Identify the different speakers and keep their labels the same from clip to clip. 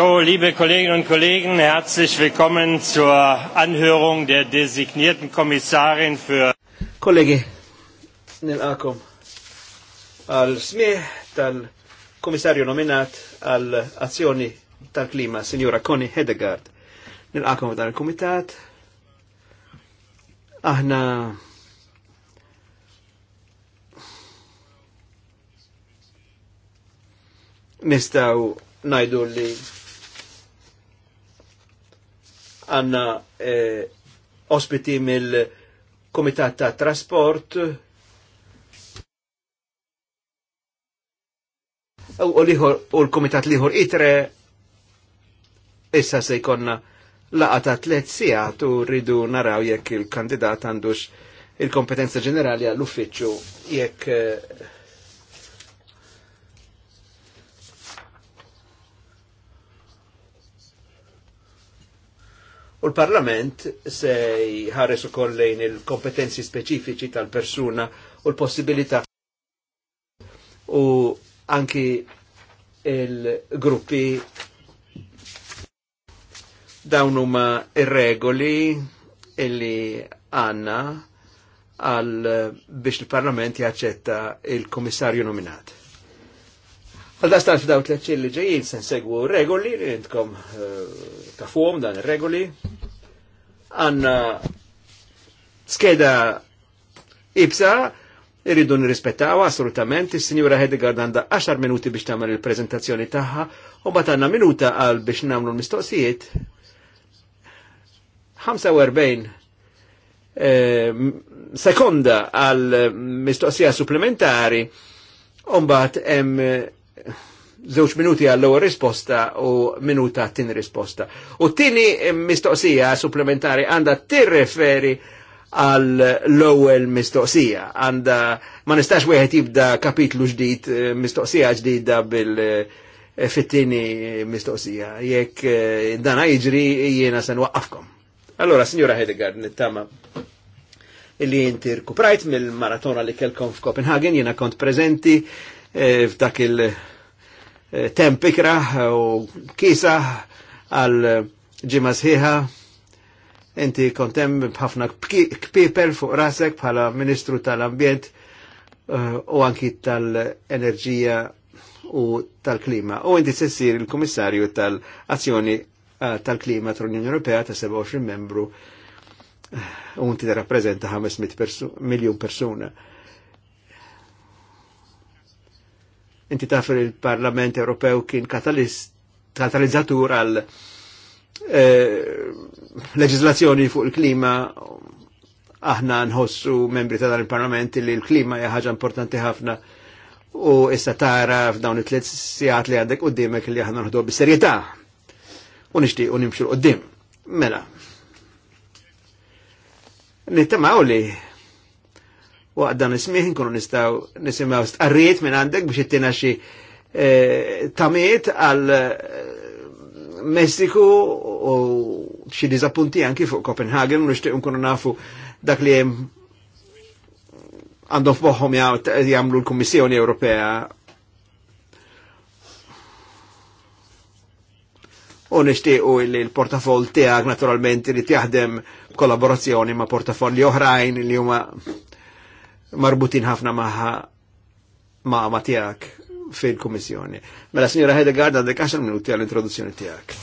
Speaker 1: So, liebe Kolleginnen und Kollegen, herzlich willkommen zur Anhörung der designierten Kommissarin für. Kollege, nil-akom għal smieħ tal kommissario nominat al azzjoni tal-klima, Signora Connie Hedegaard. Nil-akom dan il-Komitat. Aħna nistaw najdu li għanna eh, ospiti mill-Komitat ta' Trasport u liħor u l-Komitat liħor itre issa se jkonna laqa ta' tlet sigħat u rridu naraw jekk il-kandidat għandux il-kompetenza ġenerali għall-uffiċċju jekk eh, U l-Parlament se jħares ukoll lejn il-kompetenzi speċifiċi tal-persuna u l-possibilità u anki il-gruppi dawn huma ir-regoli illi għanna għal biex il-Parlament jaċċetta il-Komissarju nominat. Għal-dastan f'daw tliet li ġejjin se segwu regoli li intkom eh, tafuhom dan regoli Għanna skeda ibsa irridu nirrispettaw assolutament is signora Hedegard għandha 10 minuti biex tagħmel il prezentazzjoni tagħha u mbagħad għandna minuta għal biex namlu l-mistoqsijiet. 45 eh, sekonda għal mistoqsija supplementari u bat żewġ minuti għall-ewwel risposta u minuta tin risposta. U tini eh, mistoqsija supplementari għandha tirreferi għall-ewwel mistoqsija. Għanda ma nistax weħet jibda kapitlu ġdid, eh, mistoqsija ġdida bil eh, fit mistoqsija. Jekk dana iġri jiena se waqafkom. Allora, Signora Hedegaard, nittama illi inti rkuprajt mill-maratona li kelkom f'Kopenhagen, jiena kont prezenti f'dak il- Eh, tempikra eh, u kisa għal eh, ġimma sħiħa. Inti kontem bħafna kpiper fuq rasek bħala Ministru tal-Ambjent u anki tal-Enerġija u tal-Klima. U inti sessir il-Komissarju tal-Azzjoni tal-Klima tal-Unjoni Ewropea ta' 27 membru u inti rappresenta 500 miljon persuna. Inti taf il-Parlament Ewropew kien katalizzatur għal eh, leġizlazzjoni fuq il-klima aħna nħossu membri ta' dan il-Parlament li l-klima hija ħaġa importanti ħafna u issa tara f'dawn it-tliet sigħat li għandek qudiemek li aħna nħodu bis-serjetà u nixtiequ nimxu l-qudiem. Mela. Nittamaw li u dan ismiħ nkunu nistaw nisimaw starriet minn għandek biex jittina xi eh, tamiet għal eh, Messiku u xi diżappunti anki fuq Copenhagen u nixtieq nkunu nafu dak li hemm għandhom f'moħħom jagħmlu l-Kummissjoni Ewropea u u li l-portafol tiegħek naturalment li jaħdem kollaborazzjoni ma' portafolli oħrajn li huma marbutin ħafna maħħa ma' ma' tijak fil-Komissjoni. Mela, signora Hedegaard, għandek 10 minuti għall-introduzzjoni tijak.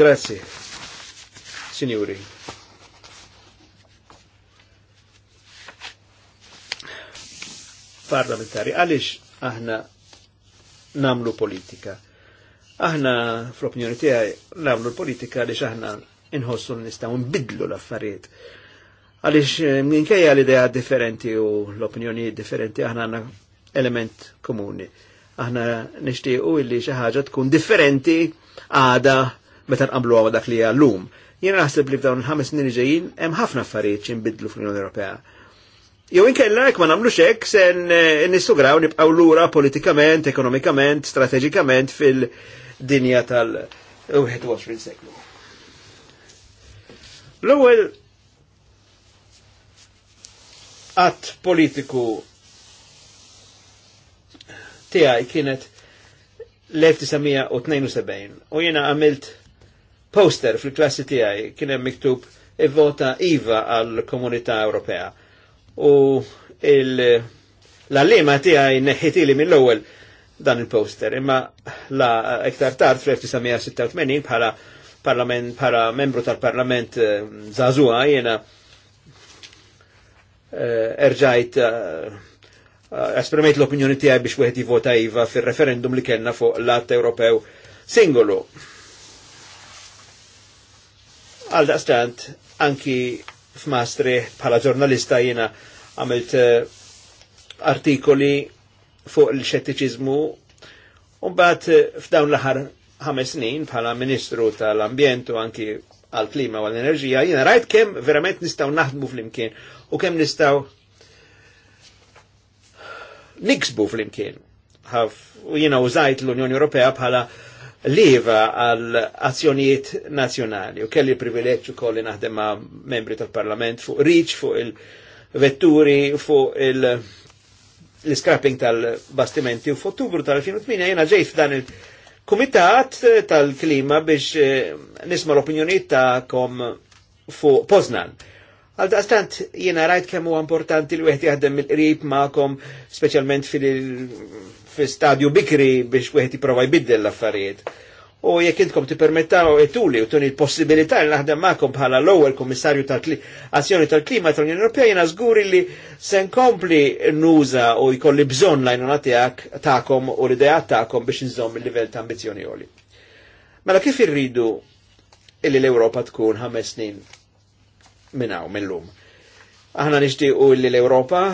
Speaker 1: Grazie, signori. Parlamentari, għalix aħna namlu politika. Aħna, fl-opinjoni tijaj, namlu politika għalix aħna inħossu nistaw nbidlu l-affarijiet Għalix eh, minkejja l-idea differenti u l-opinjoni differenti aħna għanna element komuni. Aħna nishtiqu illi xi ħaġa tkun differenti għada meta nqablu għu dak li għallum. Jena naħseb li f'dawn il-ħames snin ġejjin hemm ħafna affarijiet xinbidlu fl-Unjoni Ewropea. Jew inkella jekk ma nagħmlux hekk se eh, nissugraw nibqgħu lura politikament, ekonomikament, strateġikament fil-dinja tal-21 seklu. L-ewwel att politiku tiegħi kienet l-1972 u jena għamilt poster fil-klassi tiegħi kien hemm miktub ivvota iva għal komunità Ewropea. U il l-allima tiegħi neħħitili mill-ewwel dan il-poster, imma la iktar tard fl-1986 bħala parlament, bħala membru tal-parlament eh, Zazua jena Eh, erġajt eh, esprimejt l-opinjoni tiegħi biex wieħed jivota iva fir-referendum li kellna fuq l-att Ewropew singolu. Għal daqstant, anki f'mastri bħala ġurnalista jiena għamilt eh, artikoli fuq l-xettiċiżmu u mbagħad f'dawn l-aħħar ħames snin bħala Ministru tal-Ambjent u anki għal-klima u għal enerġija jena rajt kem verament nistaw naħdmu fl-imkien u kem nistaw niksbu fl-imkien. U jena użajt l-Unjoni Ewropea bħala leva għal azzjonijiet nazjonali u kelli privileġġ kolli naħdem ma' membri tal-Parlament fuq riċ, fuq il-vetturi, fuq il- l-scrapping tal-bastimenti u f'Ottubru tal-2008 jena ġejt dan il- kumitat tal-klima biex nisma l-opinjoniet kom fuq Poznan. Għal-daqstant jena rajt kemm huwa importanti li wieħed jaħdem il qrib ma'kom, specialment fil-stadju bikri biex wieħed jipprova jbiddel l-affarijiet u jekk intkom tippermettaw etuli u tuni l-possibilità li naħdem magħkom bħala l-ewwel kummissarju tal-azzjoni tal-klima tal-Unjoni Ewropea jiena żguri li se nkompli nuża u jkolli bżonn lajnuna tiegħek tagħkom u l-idejat tagħkom biex inżomm il-livell ta' ambizzjoni għoli. Mela kif irridu illi l-Ewropa tkun ħames snin minn hawn minnlum. Aħna nixtiequ illi l-Ewropa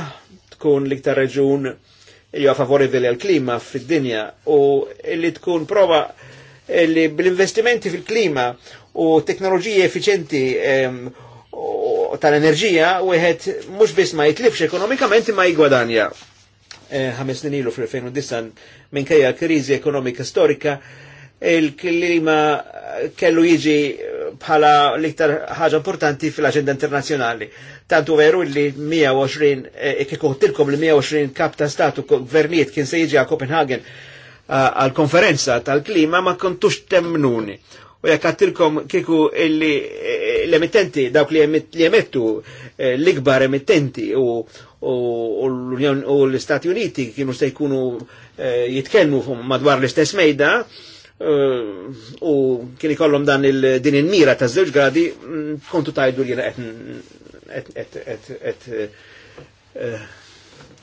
Speaker 1: tkun l-iktar reġun li favori favori klima fid-dinja u illi tkun prova li bl-investimenti fil-klima u teknoloġiji effiċenti tal-enerġija u għed mux bis ma jitlifx ekonomikament ma jgwadanja. Eh, ħames snin ilu fil-2009 minkejja krizi ekonomika storika il-klima kellu jiġi bħala liktar ħaġa importanti fil-agenda internazjonali. Tantu veru li 120, eh, kieku tilkom li 120 kap ta' statu gvernijiet kien se jiġi għal Kopenhagen Eh, għal-konferenza tal-klima ma kontux temnuni. U jek għattilkom kiku eh, l-emittenti, dawk li emettu eh, l-ikbar emittenti u l-Stati Uniti kienu se jkunu jitkelmu madwar l-istess mejda, u kien ikollhom dan il-din il-mira ta' żewġ gradi, mm, kontu tajdu li qed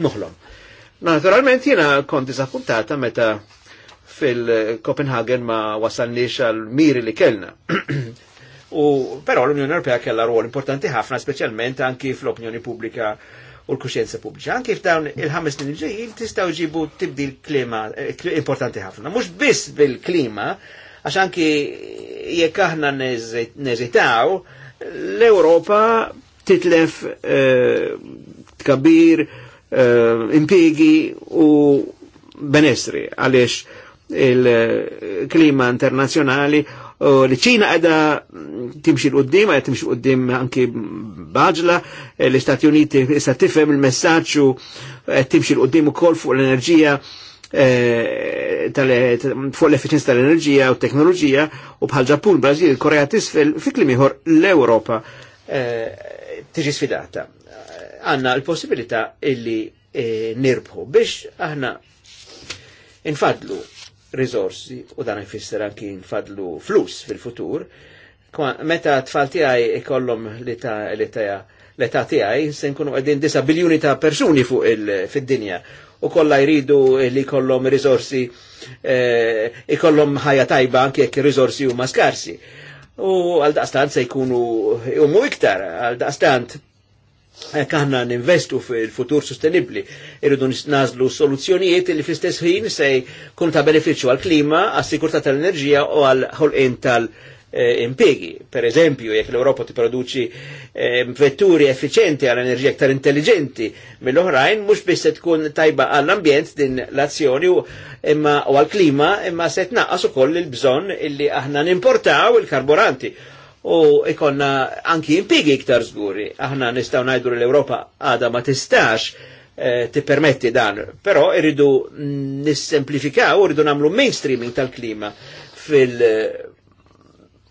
Speaker 1: noħlom. Naturalment jina kont disappuntata meta fil-Kopenhagen ma wasalniex għal miri li kellna. U però l-Unjoni Ewropea kellha rwol importanti ħafna, speċjalment anki fl-opinjoni pubblika u l-kuxjenza pubblika. Anki f'dawn il-ħames snin ġejjin tistgħu ġibu tibdil klima eh, importanti ħafna. Mhux biss bil-klima, għax anki jekk aħna neżitaw, l-Ewropa titlef eh, tkabbir Eh, impiegi u benestri għaliex il-klima internazjonali u li ċina għada timxi l-qoddim, għada timxi l-qoddim anki bħagġla, eh, l-Istati Uniti issa tifhem il-messagġu eh, timxi l-qoddim u kol fuq l-enerġija fuq l-efficienza tal-enerġija u teknoloġija u bħal Ġappun, Brazil, Korea tisfel fi klimiħor l europa tiġi sfidata għanna l-possibilità illi e, nirbħu biex aħna infadlu rizorsi u dan jfisser anki infadlu flus fil-futur. Meta tfal tiegħi ikollhom l-età tijaj se nkunu għedin disa biljuni ta' persuni fuq il-fid-dinja u kollha jridu li kollom risorsi eh, ħajja tajba anke jekk risorsi huma skarsi. U għal daqstant se jkunu jumu iktar, għal daqstant aħna ninvestu fil-futur sostenibli, irridu nazlu soluzzjonijiet li fl-istess ħin se kun ta' beneficju għal-klima, għas-sikurtà tal-enerġija u għal-ħolqien tal impiegi Per eżempju, jekk l-Europa tipproduċi eh, vetturi effiċenti għal-enerġija aktar intelligenti mill-oħrajn, mhux biss se tkun tajba għall-ambjent din l-azzjoni u għal-klima, imma se tnaqqas ukoll il-bżonn illi aħna nimportaw il-karburanti u ikonna anki impigi iktar zguri. Aħna nistaw najdu l-Europa għada ma tistax eh, ti permetti dan, però irridu nissemplifikaw, irridu namlu mainstreaming tal-klima fil-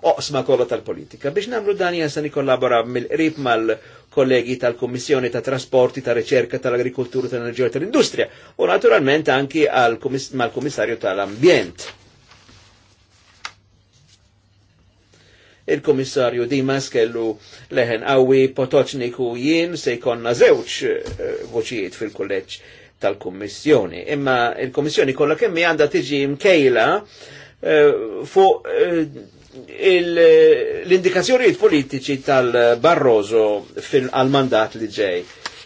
Speaker 1: oqsma kollha tal-politika. Biex namlu dan jasa nikollabora mill-qrib mal-kollegi tal-Kommissjoni ta' Trasporti, ta' Riċerka, tal-Agrikoltura, tal-Enerġija, tal-Industrija u naturalment anki mal-Kummissarju tal-Ambjent il-komissarju Dimas kellu leħen għawi potoċniku jien se jkonna zewċ eh, voċijiet fil-kolleġġ tal-kommissjoni. Imma il-kommissjoni kolla kemmi għanda tiġi mkejla eh, fuq eh, l-indikazzjonijiet politiċi tal-Barroso fil mandat li ġej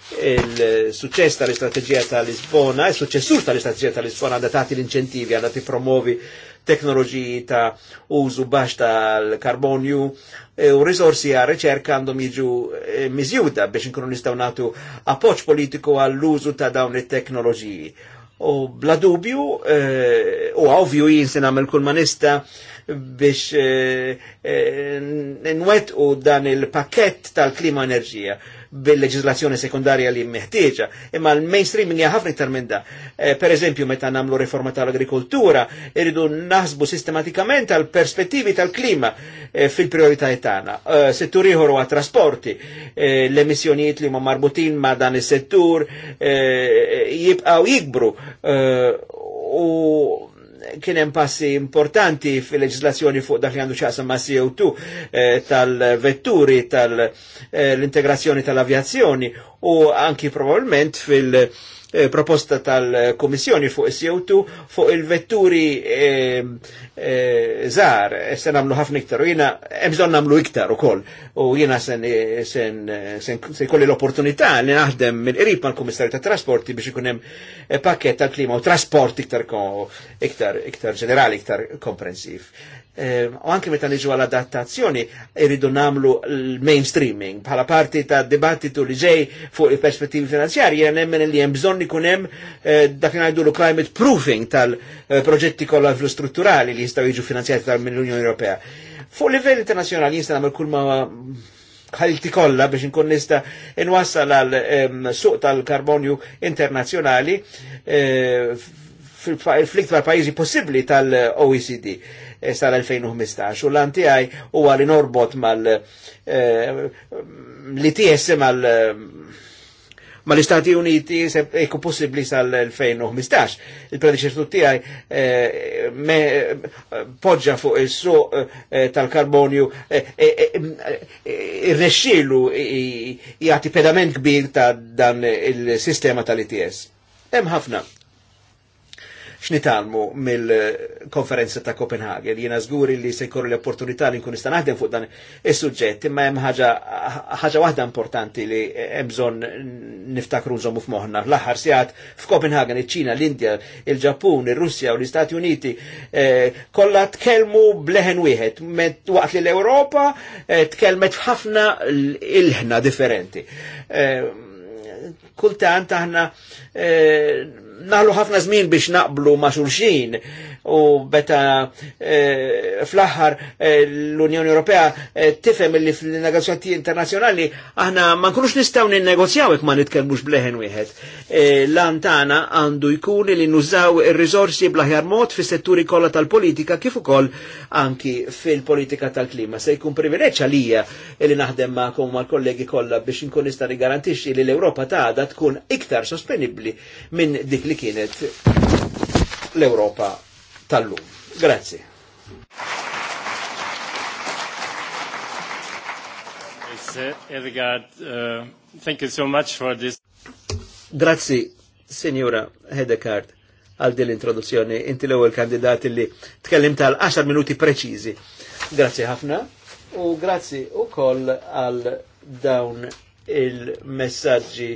Speaker 1: il-suċess tal istrategija tal-Lisbona, il-suċessur tal istrategija tal-Lisbona għanda tati l-inċentivi, għanda ti promuovi teknoloġiji ta' użu baħx tal-karbonju e, u risorsi għal riċerka għandhom jiġu e, miżjuda biex nkunu nistaw natu appoċ politiku għall-użu ta' dawn it-teknoloġiji. U bla dubju, e, u għawvju jinsin għamil kull manista biex nwet u dan il-pakket tal-klima enerġija bil-leġizlazzjoni sekundarja li meħtieġa, imma l-mainstream li ħafna iktar minn da. Eh, per eżempju, meta nagħmlu riforma tal-agrikoltura, irridu naħsbu sistematikament għal perspettivi tal-klima eh, fil-prioritajiet tagħna. Eh, settur ieħor huwa trasporti, l-emissjonijiet li ma marbutin ma dan is-settur jibqgħu jikbru u kienem passi importanti fil-leġislazzjoni fuq dak li għandu xaqsam ma' CO2 eh, tal-vetturi, tal-integrazzjoni eh, tal-avjazzjoni u anki probabilment fil- Eh, proposta tal-Komissjoni fuq is-CO2 fuq il-vetturi eh, eh, żgħar se nagħmlu ħafna iktar u jiena hemm namlu nagħmlu iktar ukoll u jiena se kolli l-opportunità li naħdem mill-qrib mal-Kummissarju tat-Trasporti biex ikun hemm pakket tal-klima u trasport iktar iktar iktar ġenerali iktar komprensiv. Ehm, u anke meta niġu għal adattazzjoni irridu namlu l-mainstreaming bħala parti ta' dibattitu li ġej fuq il-perspettivi finanzjarji jena nemmen li hemm bżonn ikun hemm eh, dak l climate proofing tal-proġetti eh, kollha infrastrutturali li jistgħu jiġu finanzjati tal-Unjoni Ewropea. Fuq livell internazjonali jista' nagħmel kulma ħalti kollha biex nkun nista' inwassal għal ehm, suq tal-karbonju internazzjonali eh, fl-iktar pajjiżi possibbli tal-OECD Eh, sal-2015 u l għaj u għali norbot mal eh, li TS mal eh, ma l-Istati Uniti ekku possibli sal-2015. Il-predeċessur tiegħi eh, poġġa fuq il-su tal-karbonju irrexxielu eh, jagħti pedament kbir ta' dan il-sistema tal-ITS. Hemm ħafna x'nitalmu mill-konferenza ta' Copenhagen. Jena zguri li se jkollu l-opportunità li nkun nista' naħdem fuq dan is-suġġett, imma hemm ħaġa waħda importanti li hemm bżonn niftakru nżommu f'moħħna. L-aħħar sigħat f'Copenhagen iċ-Ċina, l-Indja, il-Ġappun, ir-Russja u l-Istati Uniti eh, kollha tkellmu bleħen wieħed. Waqt li l-Ewropa eh, tkellmet ħafna il-ħna differenti eh, kultant aħna naħlu ħafna zmin biex naqblu ma' xulxin u beta eh, fl-aħħar eh, l-Unjoni Ewropea eh, tifhem li fil-negozjati internazzjonali aħna ma nkunux nistgħu ninnegozjaw jekk ma nitkellmux bleħen wieħed. Lantana għandu jkun li nużaw ir rizorsi blaħjar mod fis-setturi kollha tal-politika kif ukoll anki fil-politika tal-klima. Se jkun privileġġ għalija li naħdem ma l kollegi kollha biex nkun nista' nigarantixxi li l europa tagħda tkun iktar sostenibbli minn dik li kienet l-Europa tal-lum. Grazie. Edgard, uh, thank you so much for this. Grazzi, Signora Hedekard, għal din l-introduzzjoni. Inti l ewel kandidat li tkellim tal-10 minuti preċizi. Grazie ħafna u u koll għal dawn il-messaġġi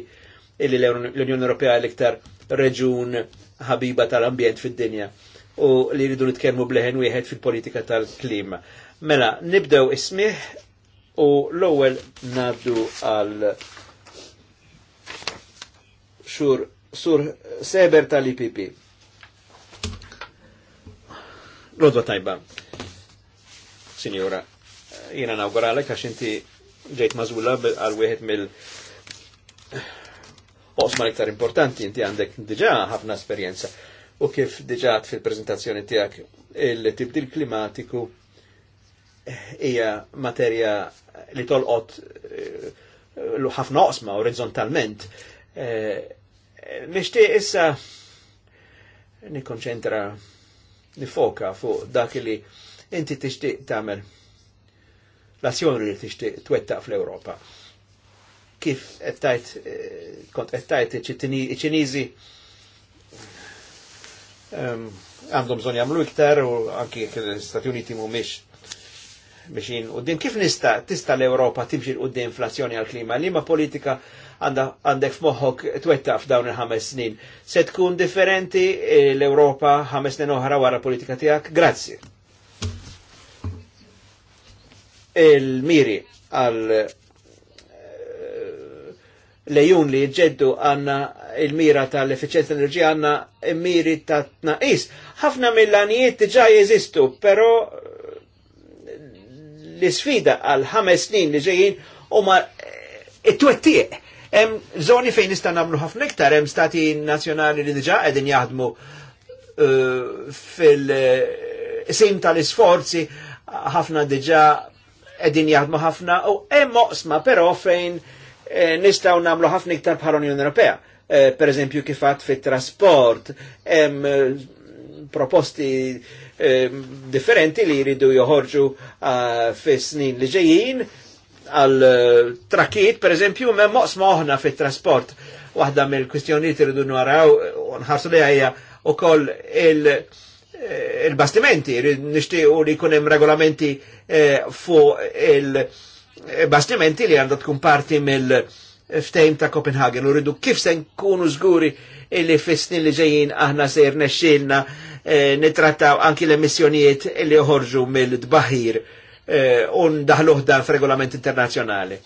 Speaker 1: illi l-Unjoni Ewropea l-iktar reġun ħabiba tal-ambjent fid-dinja u li rridu nitkellmu bleħen wieħed fil-politika tal-klima. Mela, nibdew ismih u l-ewwel naddu għal xur sur seber tal-IPP. Rodwa tajba, sinjora, jena nawguralek għax inti ġejt mażula għal wieħed mill osma l-iktar importanti, inti għandek diġa ħafna esperienza u kif diġat fil-prezentazzjoni tijak il-tibdil klimatiku hija materja li tolqot eh, ħafna osma orizzontalment. Eh, Nishtiq issa nikonċentra nifoka fuq dak li inti tixtieq tagħmel l-azzjoni li tixtieq twettaq fl-Ewropa. Kif qed tajt eh, kont qed tajt iċ-Ċiniżi għandhom bżon jamlu iktar u anki l-Stati Uniti mhumiex u din. Kif nista' tista' l-Ewropa u din inflazzjoni għall-klima? Liema politika għandek f'moħħok twetta f'dawn il-ħames snin. Se tkun differenti eh, l-Ewropa ħames snin oħra wara politika tiegħek? Grazzi. Il-miri għal lejun li jġeddu għanna il-mira tal-efficienza enerġija għanna miri ta' tnaqis. ħafna mill-għanijiet ġa jeżistu, pero l-sfida għal ħames snin li ġejjin huma eh, it-twettiq. Hemm żoni fejn nista' nagħmlu ħafna iktar, hemm stati nazzjonali li diġà qegħdin jaħdmu eh, fil-sim tal-isforzi ħafna diġà qegħdin jaħdmu ħafna u hemm oqsma però fejn Eh, nistaw namlu ħafna iktar bħal Unjoni Ewropea. Eh, per eżempju kifat fit-trasport, eh, proposti differenti li jridu joħorġu fis-snin li ġejjin għal trakit, per eżempju, me moqs moħna fit-trasport. Waħda mill-kwistjoniet li rridu naraw, nħarsu li għajja u koll il- il-bastimenti, nishtiqu li kunem regolamenti eh, fuq il- Eh, bastimenti li għandha tkun parti mill-ftejm ta' Copenhagen u rridu kif se nkunu żguri illi fis-snin li ġejjin aħna ser nexxilna eh, nitrattaw anki l-emissjonijiet li joħorġu mill-dbaħir eh, un daħluħ dan f'regolament internazzjonali.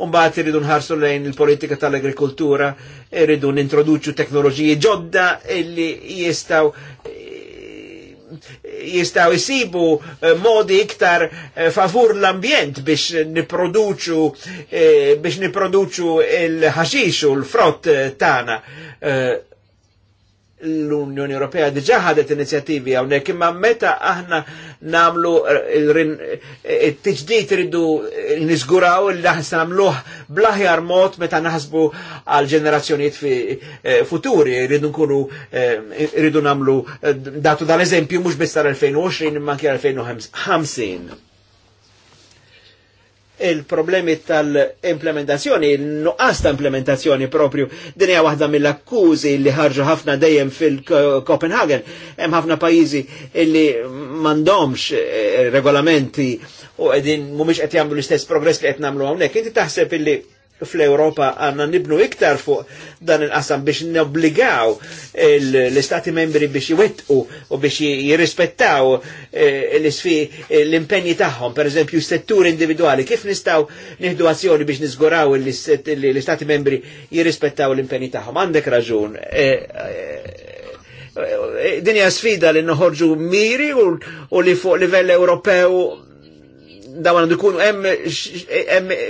Speaker 1: Umbat irridu nħarsu lejn il-politika tal-agrikultura, irridu nintroduċu teknoloġiji ġodda illi jistaw jistaw jisibu eh, modi iktar eh, favur l-ambjent biex niproduċu eh, biex niproduċu il-ħaxix u l-frott tana. Uh, l-Unjoni Ewropea diġa ħadet inizjattivi hawnhekk imma meta aħna namlu eh, eh, it-tiġdid iridu eh, niżguraw li aħna nagħmluh blaħjar mod meta naħsbu għal ġenerazzjonijiet futuri iridu nkunu iridu namlu datu dal-eżempju mhux biss tal-2020 imma anke 2050 il-problemi tal-implementazzjoni, il-nuqqas ta' implementazzjoni propju. Din hija waħda mill-akkużi li ħarġu ħafna dejjem fil-Kopenhagen. Hemm ħafna pajjiżi li m'għandhomx eh, regolamenti u qegħdin mhumiex qed jagħmlu l-istess progress li qed nagħmlu hawnhekk. Inti taħseb illi fl-Europa għanna nibnu iktar fuq dan il-qasam biex nobligaw l-istati membri biex jwettqu u biex jirrispettaw eh, l-impenji tagħhom, per eżempju, settur individuali, kif nistaw nieħdu azzjoni biex nizguraw l-istati membri jirrispettaw l-impenji tagħhom. Għandek raġun. Eh, eh, Dinja sfida li noħorġu miri u li fuq livell Ewropew dawn għandu jkunu hemm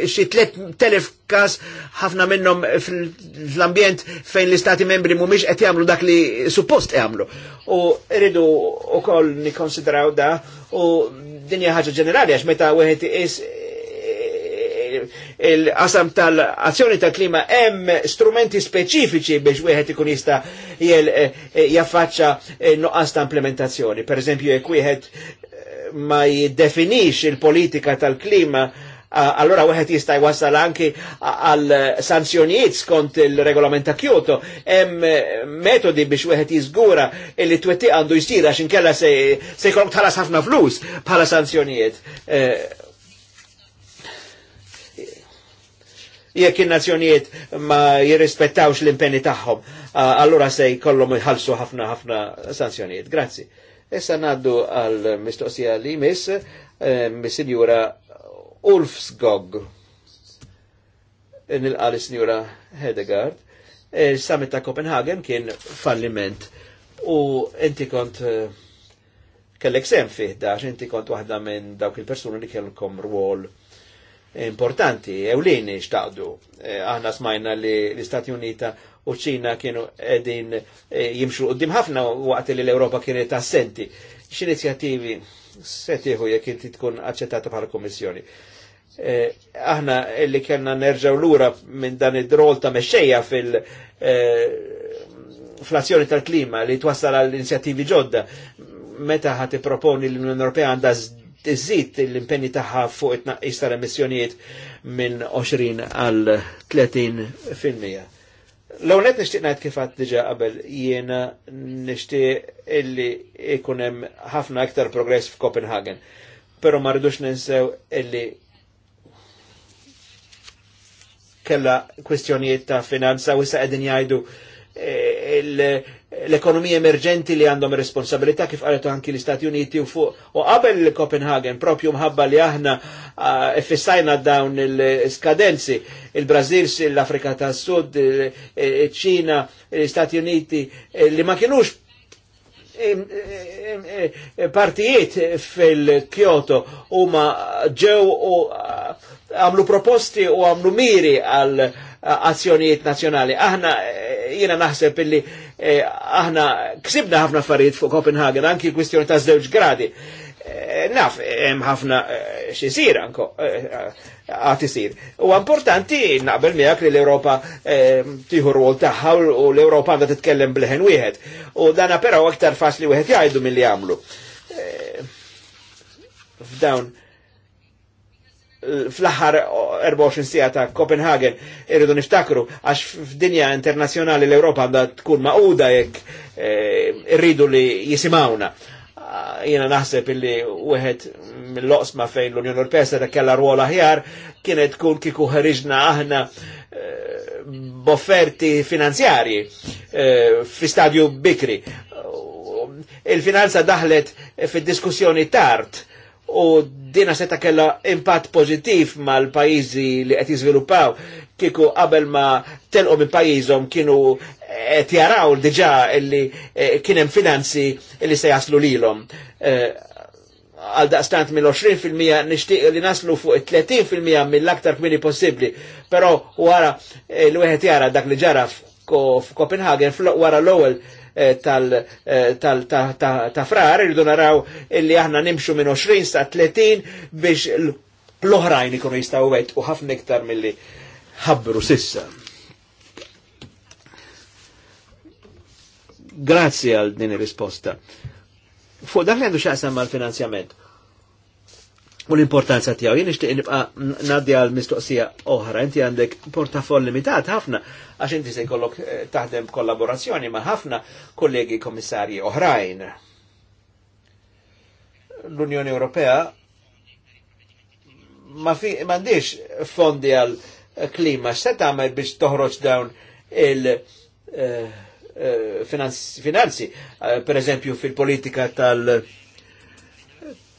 Speaker 1: xi tliet telef każ ħafna minnhom fl-ambjent fejn l-istati membri mhumiex qed jagħmlu dak li suppost jagħmlu. U rridu wkoll nikkonsidraw da u dinja ħaġa ġenerali għax meta wieħed is il-qasam tal-azzjoni tal-klima hemm strumenti speċifiċi biex wieħed ikun jista' eh, jaffaċċa eh, nuqqas ta' implementazzjoni. Per eżempju, jekk wieħed ma jiddefinix il-politika tal-klima allora wieħed jista' jwassal anki għal sanzjonijiet skont il-regolament ta' Kyoto, hemm eh, metodi biex wieħed jiżgura li twettiq għandu jsir għax inkella se jkollok tħallas ħafna flus bħala sanzjonijiet. Eh, jekk in-nazzjonijiet ma jirrispettawx l-impenni tagħhom, allura se jkollhom jħallsu ħafna ħafna sanzjonijiet. Grazzi. Issa naddu għal mistoqsija li mis, eh, mis-sinjura Ulfsgog. Nilqa l-sinjura Hedegard. Il-summit eh, ta' Copenhagen kien falliment u inti kont eh, kellek semfi da' dax, inti kont wahda minn dawk il personi li kellkom rwol importanti, ewlini xtaqdu. E, aħna smajna li l-Istati Unita u ċina kienu edin e, jimxu qoddim ħafna waqt li l-Europa kienet assenti. X'inizjattivi setiħu jek inti tkun aċċettata bħala Kommissjoni. E, aħna li kellna l lura minn dan id-rol ta' mexxejja fil- flazzjoni tal-klima li twassal għall inizjattivi ġodda meta ħati proponi l-Unjoni Ewropea għandha tżid l-impenni taħħa fuq it-tnaqqis tal-emissjonijiet minn 20 għal 30 filmija. L-għonet nishtiq najt kifat diġa qabel jiena nishtiq illi ikunem ħafna aktar progress f'Kopenhagen. Pero ma ninsew illi kella kwistjonijiet ta' finanza u issa qegħdin jgħidu eh, l-ekonomija emerġenti li għandhom responsabilità kif għalet anki l-Istati Uniti u fuq u qabel l-Kopenhagen, propju mħabba li aħna ah, fissajna dawn l skadenzi il-Brazil, l-Afrika ta' Sud, ċina, l-Istati Uniti li ma kienux partijiet fil-Kyoto u ma ġew u ah, għamlu proposti u għamlu miri għal ah, azzjonijiet nazjonali. Aħna eh, jina naħseb illi Eh, aħna ksibna ħafna farid fuq Copenhagen, anki kwistjoni ta' zewġ gradi. Eh, naf, hemm ħafna eh, xisir anko għat isir. U importanti naqbel miegħek li l europa tiħu rwol tagħha u l-Ewropa għandha titkellem bil-ħen wieħed. U dana però aktar faċli wieħed jgħidu mill-li għamlu. F'dawn fl-aħħar 24 sija ta' Copenhagen irridu niftakru għax f'dinja internazjonali l europa għanda tkun maquda jekk eh, irridu li jisimawna. Ah, Jiena naħseb illi wieħed mill-loqsma fejn l-Unjoni Ewropea se kellha rwol aħjar kienet tkun kieku ħriġna aħna eh, b'offerti finanzjarji eh, fi stadju bikri. Il-finanza daħlet fid-diskussjoni tard u dina seta kella impatt ma mal-pajizi li qed jiżviluppaw kieku qabel ma telqu minn pajjiżhom kienu qed jaraw diġà illi eh, kien hemm finanzi li se jaslu lilhom. Eh, għal daqstant mill-20% nixtieq li naslu fuq 30% mill-aktar kmini possibbli, però wara eh, l-wieħed jara dak li ġara f'Kopenhagen wara l-ewwel Eh, eh, ta' frar, irridu naraw illi aħna nimxu minn 20 sa' 30 biex l-oħrajn ikunu jistaw wet u ħafna iktar mill-li ħabbru sissa. Grazzi għal din ir-risposta. Fuq dak li għandu xaqsam mal finanzjament u l-importanza tiegħu. Jien nixtieq nibqa' naddi għal mistoqsija oħra, inti għandek portafoll limitat ħafna għax inti se jkollok eh, taħdem kollaborazzjoni ma' ħafna kollegi kommissarji oħrajn. L-Unjoni Ewropea ma fi m'għandix fondi għal klima seta' ma' biex toħroġ dawn il- eh, eh, finanzi, per eżempju fil-politika tal-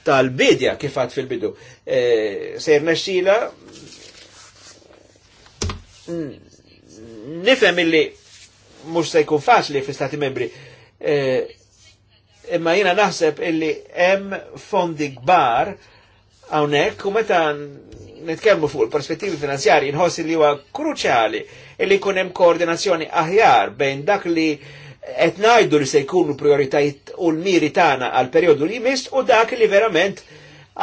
Speaker 1: tal-bidja kifat fil-bidu. E, Sejr nesċila nifem illi mux se jkun faċli fl-Stati membri. E, Imma jina naħseb illi em fondi gbar għawnek u meta nitkellmu fuq il-perspettivi finanzjari nħossi li huwa kruċjali illi jkun hemm koordinazzjoni aħjar bejn dak li qed ngħidu li se jkunu prioritajiet u l-miri tagħna għal perjodu li jmiss u dak li verament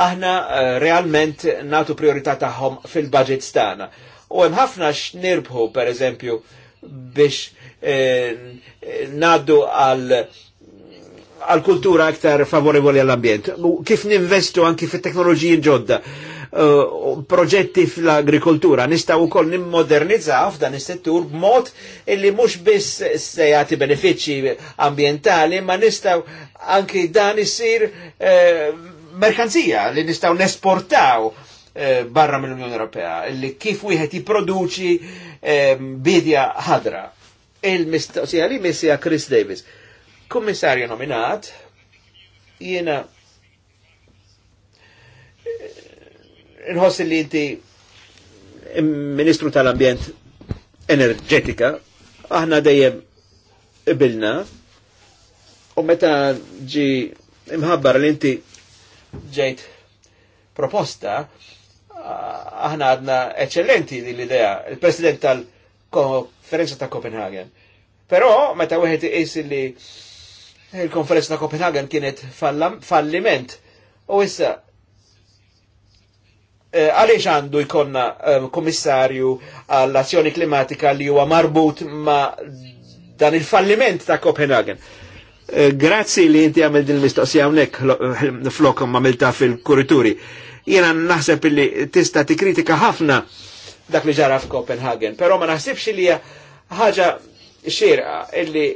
Speaker 1: aħna eh, realment natu priorità taħħom fil-budgets tagħna. U hemm ħafna x'nirbħu pereżempju biex eh, naddu għal għal kultura aktar favorevoli għall-ambjent. Kif ninvestu anki fit teknoloġiji ġodda? Eh, proġetti fl-agrikoltura. Nistaw koll nimmodernizzaw f'dan is-settur b'mod illi mhux biss se jagħti benefici ambientali, ma nistaw anki dan isir eh, merkanzija li nistaw nesportaw eh, barra mill-Unjoni Ewropea, illi kif wieħed jipproduċi bidja ħadra. Il-mistoqsija li missija Chris Davis. Kummissarju nominat, jiena nħoss li inti Ministru tal-Ambjent Enerġetika, aħna dejjem ibilna u meta ġi imħabbar li inti ġejt proposta, aħna għadna eccellenti din l-idea, il-President tal-Konferenza ta' Kopenhagen. Però, meta wieħed is li il-Konferenza ta' Kopenhagen kienet falliment, u issa Eh, għaliex għandu jkonna eh, komissarju għall-azzjoni klimatika li huwa marbut ma dan il-falliment ta' Copenhagen. Eh, grazzi li inti għamil din mistoqsija unnek flokom għamilta fil-kurituri. Jena naħseb li tista kritika ħafna dak li ġara f'Copenhagen, pero ma naħsibx li ħaġa xirqa illi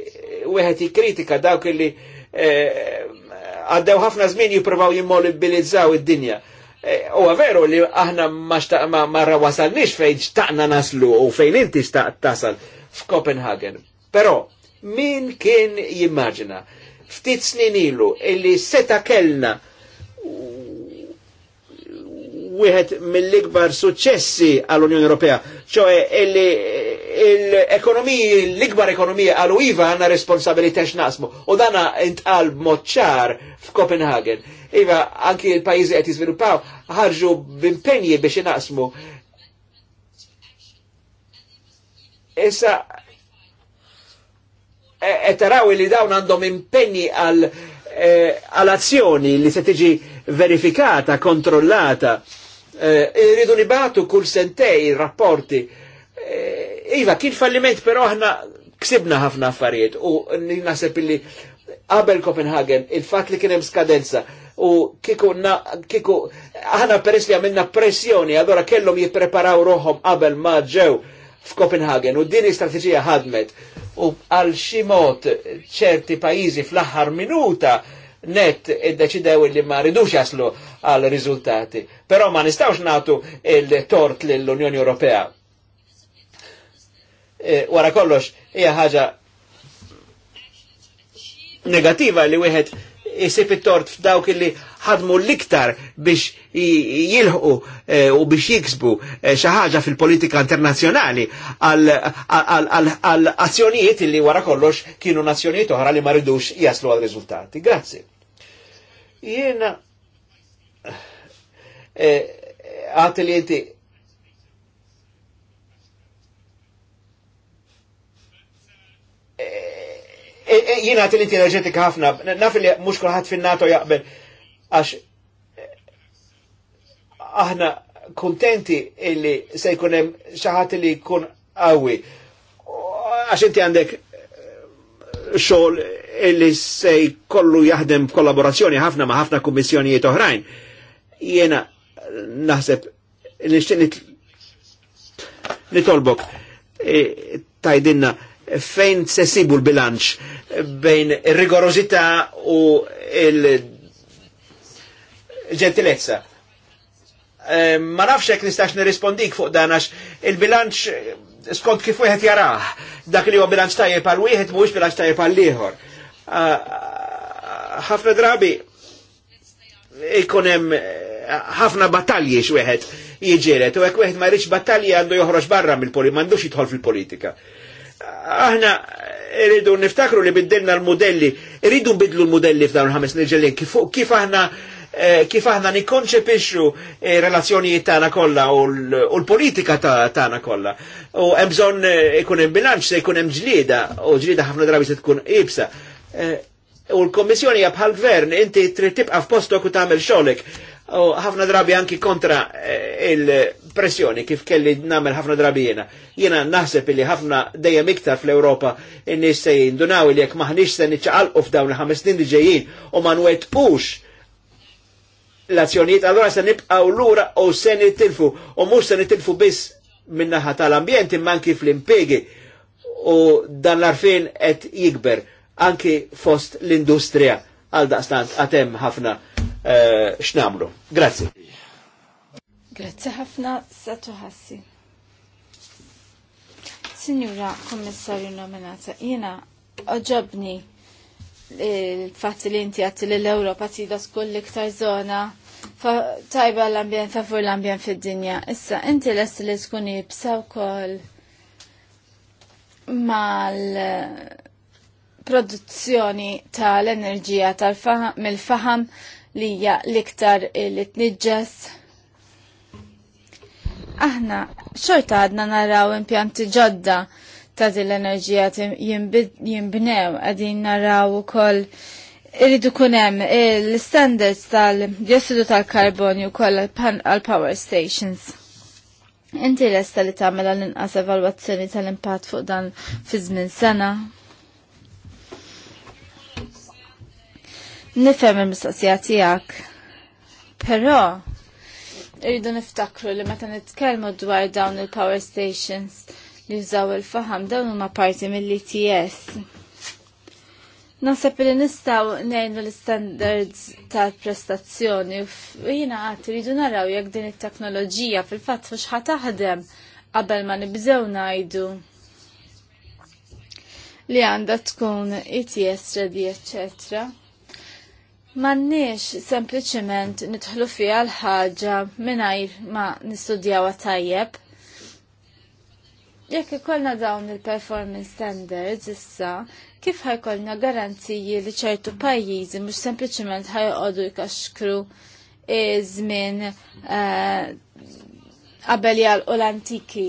Speaker 1: wieħed kritika dawk illi għaddew ħafna żmien jippruvaw jimmobilizzaw id-dinja. Eh, u veru li aħna marra wasalniex fejn xtaqna naslu u fejn inti xtaqt tasal f'Kopenhagen. Pero, min kien jimmaġina? Ftit snin ilu, illi seta kellna wieħed mill-ikbar suċċessi għall-Unjoni Ewropea, ċoe illi l-ekonomiji, l-ikbar ekonomija għal iva għanna responsabilitex nasmu, U dana intqal mod ċar f'Kopenhagen Iva, anki il-pajizi għet jizviluppaw, ħarġu b'impenji biex inaqsmu. Issa, etaraw e, li dawn għandhom impenji e, għal azzjoni li se tiġi verifikata, kontrollata. E, irridu nibatu kull sentej rapporti. Iva, kien falliment, pero aħna ksibna ħafna affarijiet u nasib li qabel Copenhagen il-fat li kienem skadenza u kiku, na, kiku aħna peress li għamilna pressjoni, allora kellhom jippreparaw roħom qabel ma ġew f'Kopenhagen u din l-istrateġija ħadmet u għal xi ċerti pajizi fl-aħħar minuta net id-deċidew li ma ridux jaslu għal riżultati. Però ma nistawx natu il-tort l-Unjoni Ewropea. E, wara kollox, hija ħaġa negativa li wieħed jisib it-tort f'dawk illi ħadmu l-iktar biex jilħu eh, u biex jiksbu eh, xaħġa fil-politika internazjonali għal azzjonijiet illi wara kollox kienu nazzjonijiet oħra li maridux jaslu għal riżultati. Grazie. Jiena eh, għat li Eh, eh, jina għat l-inti enerġetika ħafna, naf li mux kolħat fin-NATO jaqbel, għax eh, aħna kontenti illi se jkunem xaħat li kun għawi, Għax inti għandek xol illi se jkollu jahdem kollaborazzjoni ħafna ma' ħafna kummissjonijiet oħrajn. Jiena naħseb nixtieq nitolbok tajdinna fejn se l-bilanċ bejn rigorozità u il-ġentilezza. Eh, ma nafx hekk nistax nirrispondik fuq dan għax il-bilanċ skont kif wieħed jarah dak li huwa bilanċ tajjeb għal wieħed mhuwiex bilanċ tajjeb għal ieħor. Ah, ħafna drabi ikun hemm eh, ħafna battalji x'wieħed jiġieret u hekk wieħed ma jridx battalji għandu joħroġ barra mill-politika, m'għandux jidħol fil-politika aħna rridu niftakru li biddilna l-modelli, rridu nbidlu l-modelli f'dawn ħames nirġelin, kif, aħna eh, kif aħna nikkonċepixxu eh, relazzjonijiet tagħna kollha u l-politika tagħna kollha. U hemm bżonn eh, ikun hemm bilanċ se jkun hemm ġlieda u ġlieda ħafna drabi se tkun ibsa. U l-Kommissjoni hija bħal gvern inti trid tibqa' f'postok u tagħmel xogħlek. U ħafna drabi anki kontra il- pressjoni kif kelli namel ħafna drabijena. Jena naħseb li ħafna dejjem iktar fl-Europa n-nis se jindunaw li jek maħnix se niċċaqalqu f'dawn il-ħames snin li ġejjin u ma nwetqux l azzjoniet allora se nibqaw lura u se nitilfu u mhux se nitilfu biss minnaħat tal-ambjent imma anki fl-impegi u dan l-arfin qed jikber anki fost l-industrija għal daqstant għatem ħafna eh, xnamlu. Grazie.
Speaker 2: Grazzi ħafna, Satu Hassi. Signora Kommissarju nominata, jena oġobni il-fat li inti għatti li l-Europa tida skull iktar zona tajba l-ambjent, favur l-ambjent fid-dinja. Issa, inti lest li tkun jibsa wkoll mal-produzzjoni tal-enerġija tal-faham mill-faham li hija l-iktar li tniġġes aħna xorta għadna naraw impjanti ġodda ta' din l enerġija jimbnew għadin naraw u koll irridu kunem eh, l-standards tal-diossidu tal-karbonju koll għal-power stations. Inti l-esta li tagħmel l-inqas evalwazzjoni tal-impatt fuq dan fi żmien sena. Nifhem il-mistoqsija tiegħek. Però, Irridu niftakru li meta nitkellmu dwar dawn il-power stations li jużaw il-faham dawn huma parti mill-ETS. Naħseb li nistgħu ngħinu l-standards tal-prestazzjoni u jiena qatt iridu naraw jekk din it-teknoloġija fil-fatt fux ħataħdem qabel ma nibżew ngħidu li għandha tkun ETS ready, eccetera. Mannix sempliciment nidħlu fija l-ħaġa mingħajr ma nistudjawha tajjeb. Jekk ikollna dawn il-performance standards issa, kif ħajkollna garanziji li ċertu pajjiżi mhux sempliċement ħajqogħdu jkaxkru żmien eh, qabel jalqu l-antiki.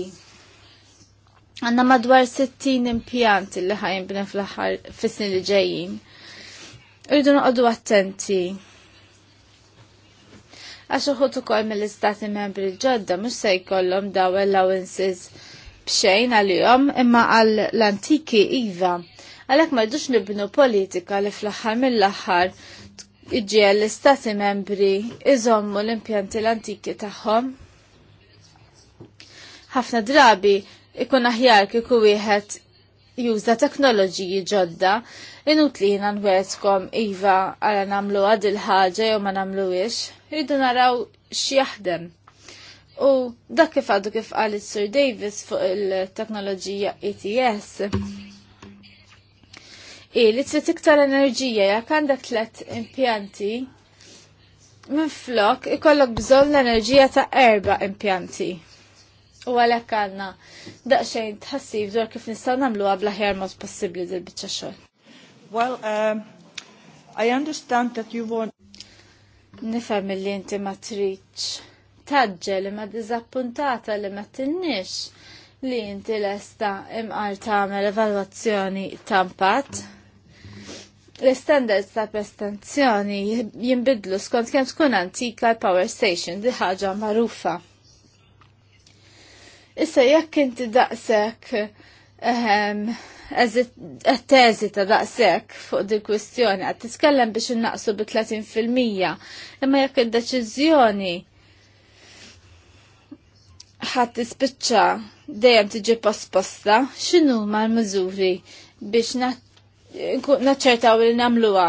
Speaker 2: Għandna madwar 60 impjanti li ħajnbna fl-aħħar fis-snin li ġejjin Irridu noqogħdu attenti. Għax uħut ukoll mill-istati membri ġodda mhux se jkollhom daw allowances b'xejn għalihom imma għall l-antiki iva. Għalhekk ma jdux nibnu politika li fl-aħħar mill-aħħar iġiel l-istati membri iżommu l-impjanti l-antiki tagħhom. Ħafna drabi ikun aħjar kieku wieħed juża teknoloġiji ġodda, inutli jina nwetkom iva għala namlu għad il-ħagġa jew ma namluwix, rridu naraw x'jaħdem. U dak kif għadu kif għalit Sir Davis fuq il-teknoloġija ETS. I li trid iktar enerġija jekk għandek tlet impjanti minn flok ikollok bżonn l-enerġija ta' erba' impjanti. U għalhekk għandna daqsxejn tħassib dwar kif nistgħu nagħmluha bl-aħjar mod possibbli dil biċċa xogħol. Well, um, I understand that you want Nifhem li inti ma tridx li imma dizappuntata li ma tinnix li inti lesta imqar tagħmel evalwazzjoni ta' impatt. L-standards ta' prestazzjoni jinbidlu skont kemm tkun antika l-power station di ħaġa magħrufa. Issa jekk inti daqsek teżi ehm, ta' daqsek fuq di kwistjoni qed tiskellem biex innaqsu bi 30% imma jekk id-deċiżjoni ħadd tispiċċa dejjem tiġi posposta, x'inhu mal-miżuri biex naċċertaw li nagħmluha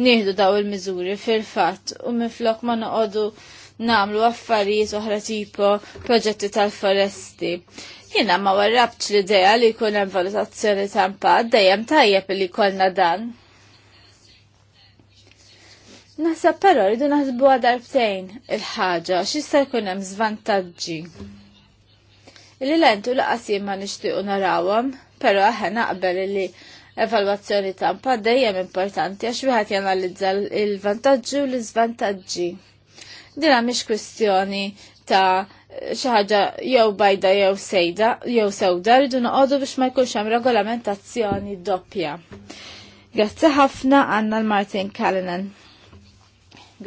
Speaker 2: nieħdu daw il-miżuri fil-fatt u minflok ma noqogħdu namlu affarijiet oħra tipo proġetti tal-foresti. Jiena ma warrabx l-idea li jkun hemm valutazzjoni ta' impatt dejjem tajjeb li jkollna dan. Naħseb però rridu naħsbu darbtejn il-ħaġa x'issa jkun hemm żvantaġġi. Illi lentu jien ma nixtiequ narawhom, però aħna naqbel li evalwazzjoni tampa dejjem importanti għax wieħed janalizza l-vantaġġi u l-iżvantaġġi. Dina mish kwestjoni ta' xi ħaġa jew bajda jew sejda jew sewda rridu noqogħdu biex ma jkunx hemm regolamentazzjoni doppja. Grazzi ħafna għanna l-Martin Kalinen.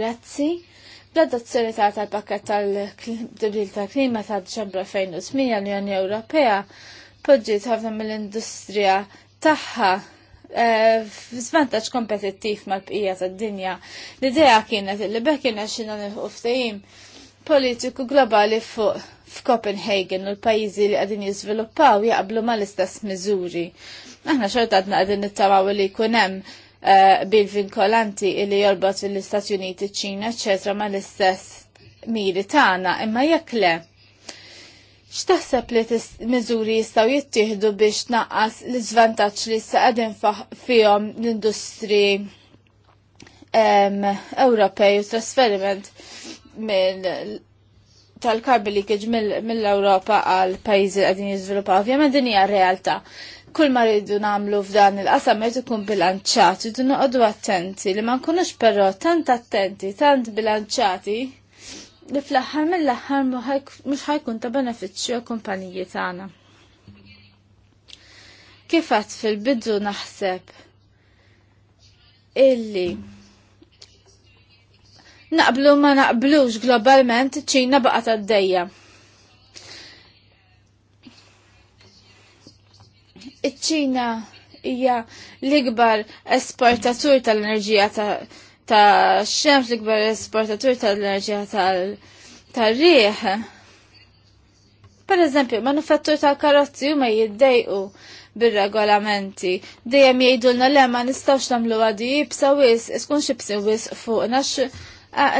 Speaker 2: Grazzi. L-adozzjoni ta' tal-pakket tal-tibdil ta' klima ta' Deċembru 2008 l-Unjoni Ewropea poġġiet ħafna mill-industrija tagħha f'svantaġġ eh, kompetittiv mal-bqija tad-dinja. L-idea kienet li bekk kienna xina nilħu politiku globali fuq f'Copenhagen u l-pajjiżi li qegħdin jiżviluppaw jaqblu mal-istess miżuri. Aħna xorta għadna qegħdin nittamaw li jkun hemm eh, bil-vinkolanti li jorbot l-Istati Uniti, ċina, eċetera, mal-istess miri tagħna, imma jekk le X'taħseb li miżuri jistgħu jittieħdu biex naqqas l-iżvantaġġ li issa qegħdin fihom l-industri Ewropej u trasferiment minn tal-karbi li kiġ mill-Ewropa għal pajjiżi qegħdin jiżviluppaw. Ovvjament din hija realtà. Kull ma rridu nagħmlu f'dan il-qasam qed ikun bilanċati. irridu noqogħdu attenti li ma nkunux però tant attenti, tant bilanċati li fl-aħħar mill-aħħar mhux ħajkun ta' benefiċċju għal-kumpaniji tagħna. Kif għadd fil-bidu naħseb illi naqblu ma naqblux globalment ċina ta' għaddejja. Iċ-Ċina hija l-ikbar esportatur tal-enerġija ta' ta' xemx l-ikbar esportatur tal-enerġija tal-riħ. Per eżempju, manufattur ta' karozzi huma jiddejqu bir-regolamenti. Dejjem jgħidulna le ma nistgħux nagħmlu għadu jibsa wis, iskun xibsi wis nax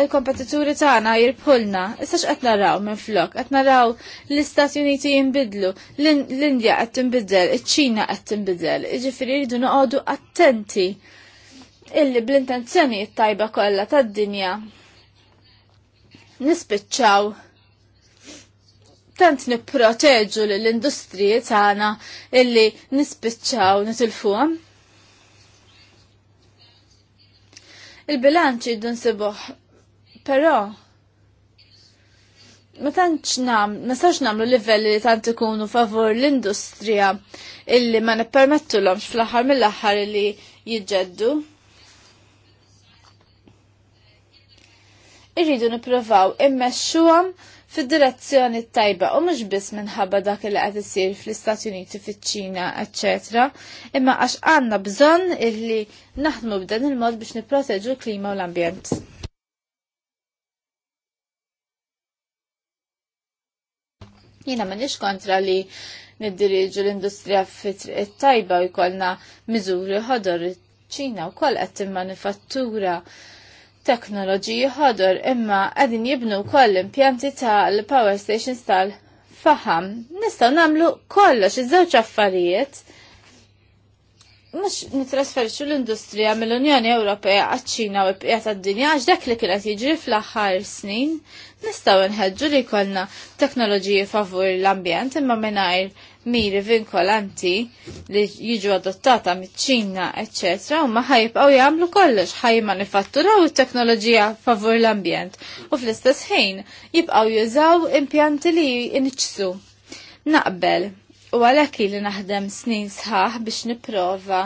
Speaker 2: il-kompetituri tagħna jirbħulna. Issa x'qed naraw minn flok, qed naraw l-Istati Uniti jinbidlu, l-Indja qed tinbidel, iċ-Ċina qed tinbidel, jiġifieri jridu noqogħdu attenti illi bl-intenzjoni tajba kollha tad-dinja nispiċċaw tant nipproteġu l-industriji tagħna illi nispiċċaw nitilfuhom. Il-bilanċ jiddu nsibuh, però ma tantx nam, ma sarx livelli li tant ikunu favur l-industrija illi ma nippermettulhomx fl-aħħar mill-aħħar illi jiġġeddu. irridu nippruvaw immexxuhom fid-direzzjoni tajba u mhux biss minħabba dak li qed isir fl-Istati Uniti fiċ-Ċina, eċċetera, imma għax għandna bżonn illi naħdmu b'dan il-mod biex nipproteġu l-klima u l-ambjent. Jiena m'għandix kontra li niddiriġu l-industrija fit tajba u jkollna miżuri ħodor ċina u koll qed timmanifattura manifattura teknoloġiji ħodor imma għadin jibnu koll impjanti tal-power stations tal-faham. Nistaw namlu kollox iż-żewġ affarijiet. Mux nitrasferxu l-industrija mill-Unjoni Ewropea għaċ-Ċina u l-bqija tad-dinja għax dak li kienet jiġri fl-aħħar snin. Nistaw nħedġu li kollna teknoloġiji favur l-ambjent imma mingħajr miri vinkolanti li jiġu adottata mit-ċina, ecc. u ma ħajbqaw jagħmlu kollox ħaj nifatturaw it-teknoloġija favur l-ambjent u fl-istess ħin jibqaw jużaw impjanti li jinċsu. Naqbel, u għalhekk li naħdem snin sħaħ biex nipprova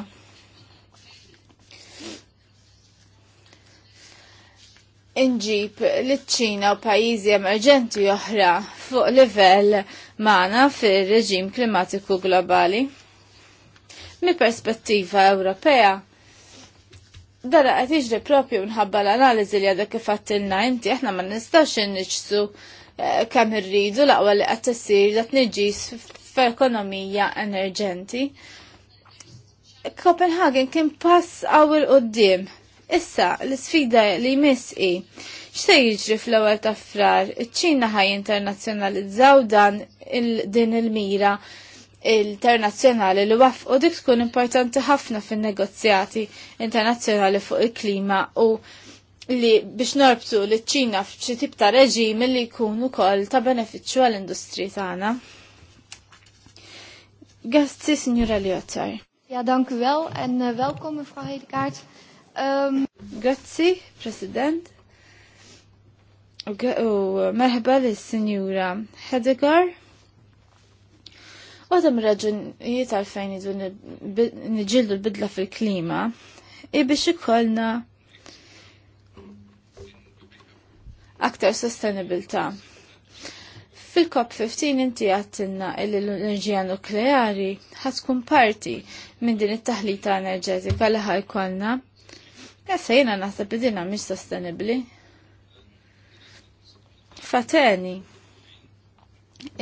Speaker 2: inġib l-ċina u pajizi emerġenti oħra fuq livell mana fil-reġim klimatiku globali. Mi perspettiva Ewropea, dara qed jiġri propju nħabba l-analiżi li għadha kif għattilna inti aħna ma nistax inniġsu eh, kemm irridu l-aqwa li qed tissir nġis niġis ekonomija enerġenti. Copenhagen kien pass għaw il-qoddim Issa, l-sfida li jmiss i, x'se jiġri fl-ewwel ta' frar, iċ-Ċina ħaj internazzjonalizzaw dan din il-mira internazzjonali li u dik tkun importanti ħafna fin-negozjati internazzjonali fuq il-klima u li biex norbtu li ċina f'xi tip ta' reġim li jkun ukoll ta' benefiċċju għall-industri tagħna. Gasti, signora Liotar. Ja, dank u wel en eh, welkom mevrouw Hedekaart. Um... Grazzi, President. U li s sinjura Hedegar. Għadam raġunijiet għalfejn idu nġildu l-bidla fil-klima, i biex ikollna aktar sostenibilta. Fil-COP15 inti għattinna l-enerġija nukleari ħatkun parti minn din it-taħlita enerġetika li ħajkolna Għasa jiena naħseb li dinha mhix sostenibbli. Fateni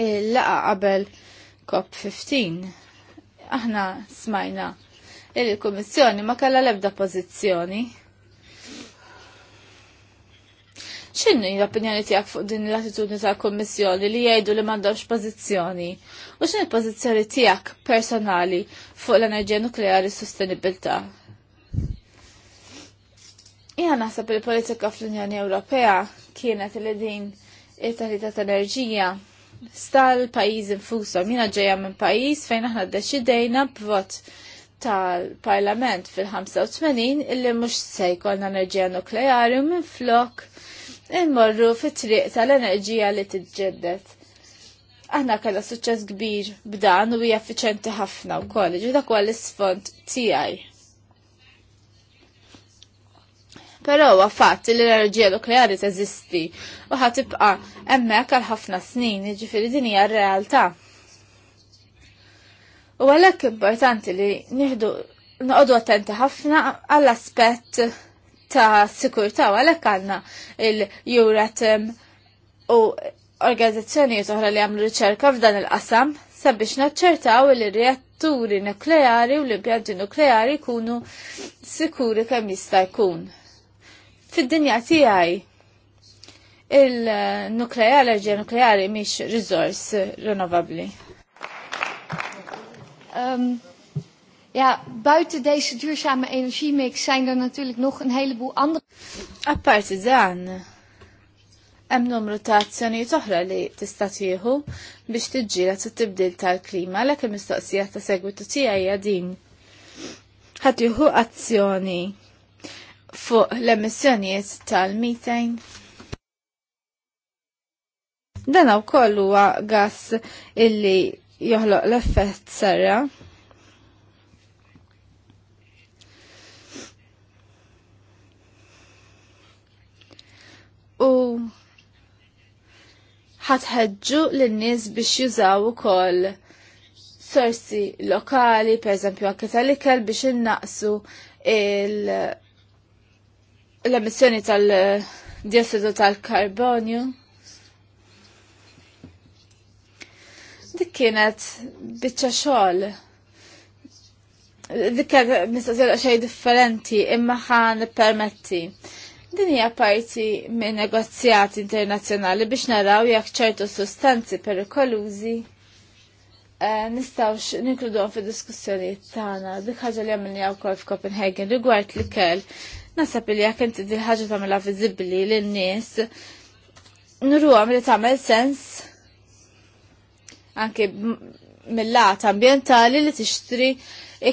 Speaker 2: il-laqa qabel COP15 aħna smajna il-Kummissjoni ma kellha l-ebda pożizzjoni. ċinni l-opinjoni tijak fuq din l-attitudni tal komissjoni li jgħidu li mandomx pozizjoni? U xin il-pozizjoni tijak personali fuq l-enerġija nukleari sostenibilta? Ija naħseb il-politika fl-Unjoni Ewropea kienet li din it-taħlita tal-enerġija stal pajiz infusom. Mina ġeja minn pajiz fejn aħna deċidejna b'vot tal-parlament fil-85 illi mux l enerġija nukleari minn flok immorru fit-triq tal-enerġija li t-ġeddet. Aħna kalla suċċess kbir b'dan u hija effiċenti ħafna wkoll, ġi dak huwa l-isfond tiegħi. Però għafat fatt li l-enerġija nukleari teżisti u ħatibqa' hemmhekk għal ħafna snin, jiġifieri din hija r-realtà. U għalhekk importanti li nieħdu noqogħdu attenti ħafna għall-aspett ta' sikurtà u għalhekk għandna il-Euratom u organizzazzjonijiet oħra li għamlu riċerka f'dan il-qasam sabiex naċċertaw li reatturi nukleari u l-impjanti nukleari kunu sikuri kemm jista' jkun fid-dinja tiegħi il-nukleari, l-enerġija nukleari miex rizors rinnovabli. Um, ehm, ja, buiten deze duurzame energiemix zijn er natuurlijk nog een heleboel andere... Apparti dan, hemm numru ta' azzjonijiet oħra li tista' tieħu biex tiġġiela tit-tibdil tal-klima l-ek mistoqsija ta' segwitu tiegħi hija din. jieħu azzjoni fuq l-emissjonijiet tal-methane. Dan wkoll huwa għas illi joħloq l-effett serra. U ħatħedġu l-nies biex jużaw ukoll sorsi lokali, per eżempju anke tal-ikel biex innaqsu il- l-emissjoni tal-diossidu tal-karbonju. Dik kienet biċċa xogħol. Dik kienet mistaqsija xej differenti imma ħan permetti. Din hija parti minn negozjat internazzjonali biex naraw jekk ċertu sostanzi perikolużi eh, nistaw ninkludu għan fi diskussjoni tagħna dik ħaġa li għamilni wkoll f'Copenhagen rigward li kell Nasab li jekk inti dil ħaġa tagħmilha viżibbli lin-nies, nruhom li tagħmel sens anke mill-lat ambjentali li tixtri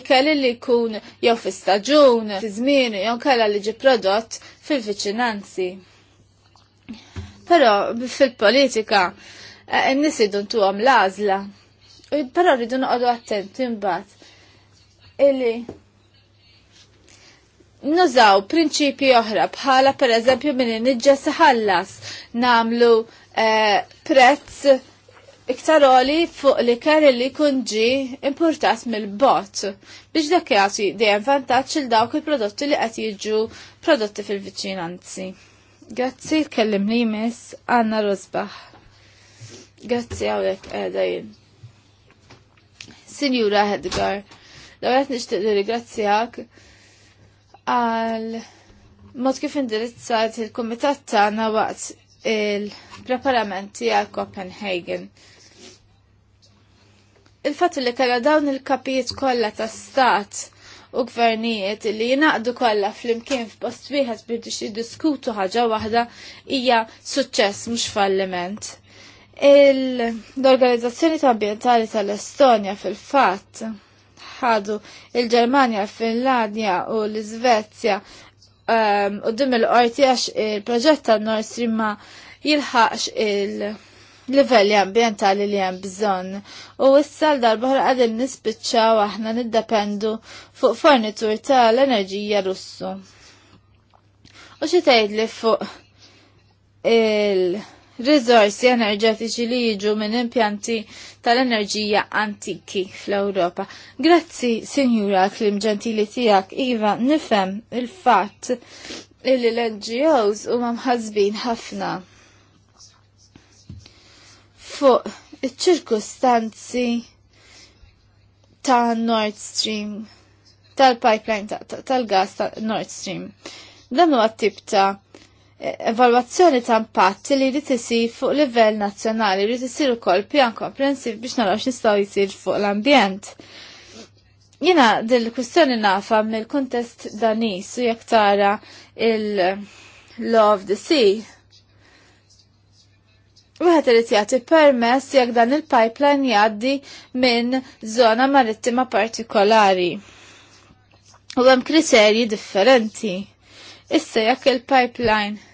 Speaker 2: ikel li jkun jew fi staġun, fi żmien, jew kellha li ġi prodott fil-viċinanzi. Però fil-politika eh, n-nies idun tuhom l-għażla. Però rridu noqogħdu attenti mbagħad illi nużaw prinċipi oħra bħala per eżempju minn nidġa saħallas namlu eh, prezz iktar oli fuq li kar li kun ġi importat mill-bot biex dak jagħti dejjem vantaġġ il dawk il-prodotti li qed jiġu prodotti fil-viċinanzi. Grazzi kellim li jmiss Anna Rosbach. Grazzi għawlek qiegħda eh, Sinjura Hedgar, l-għawet nixtieq li ringrazzjak għal mod kif indirizzat il-kumitat tagħna waqt il-preparamenti għal Copenhagen. Il-fatt li tara dawn il-kapijiet kollha ta' stat u gvernijiet li jinaqdu kollha flimkien f'post wieħed biex jiddiskutu ħaġa waħda hija suċċess mhux falliment. L-Organizzazzjoni ta' Ambjentali tal-Estonja fil-fatt ħadu il-Ġermanja, Finlandja u l-Svezja um, u dim il-qorti għax il-proġett ta' Nord Stream ma jilħaqx il-livelli ambientali li hemm bżonn. U issa l-darba qegħdin nispiċċaw aħna niddependu fuq fornitur tal-enerġija Russu. U xi tgħidli fuq il- rizorsi enerġetiċi li jiġu minn impjanti tal-enerġija antiki fl-Ewropa. Grazzi, Sinjura, klim ġentili tijak, Iva, nifem il-fat illi l-NGOs u mamħazbin ħafna fuq iċ-ċirkustanzi ta' Nord Stream, tal-pipeline tal-gas ta', ta, ta Nord Stream. Dan huwa għattib ta' evalwazzjoni ta' impatt li jrid isir fuq livell nazzjonali, jrid isir ukoll pjan komprensiv biex naraw x'nistgħu jsir fuq l-ambjent. Jiena dil-kwistjoni nafa mill-kuntest danis u jekk tara il-Law of the Sea. Wieħed irid jagħti permess jekk dan il-pipeline jgħaddi minn żona marittima partikolari. U hemm kriterji differenti. Issa jekk il-pipeline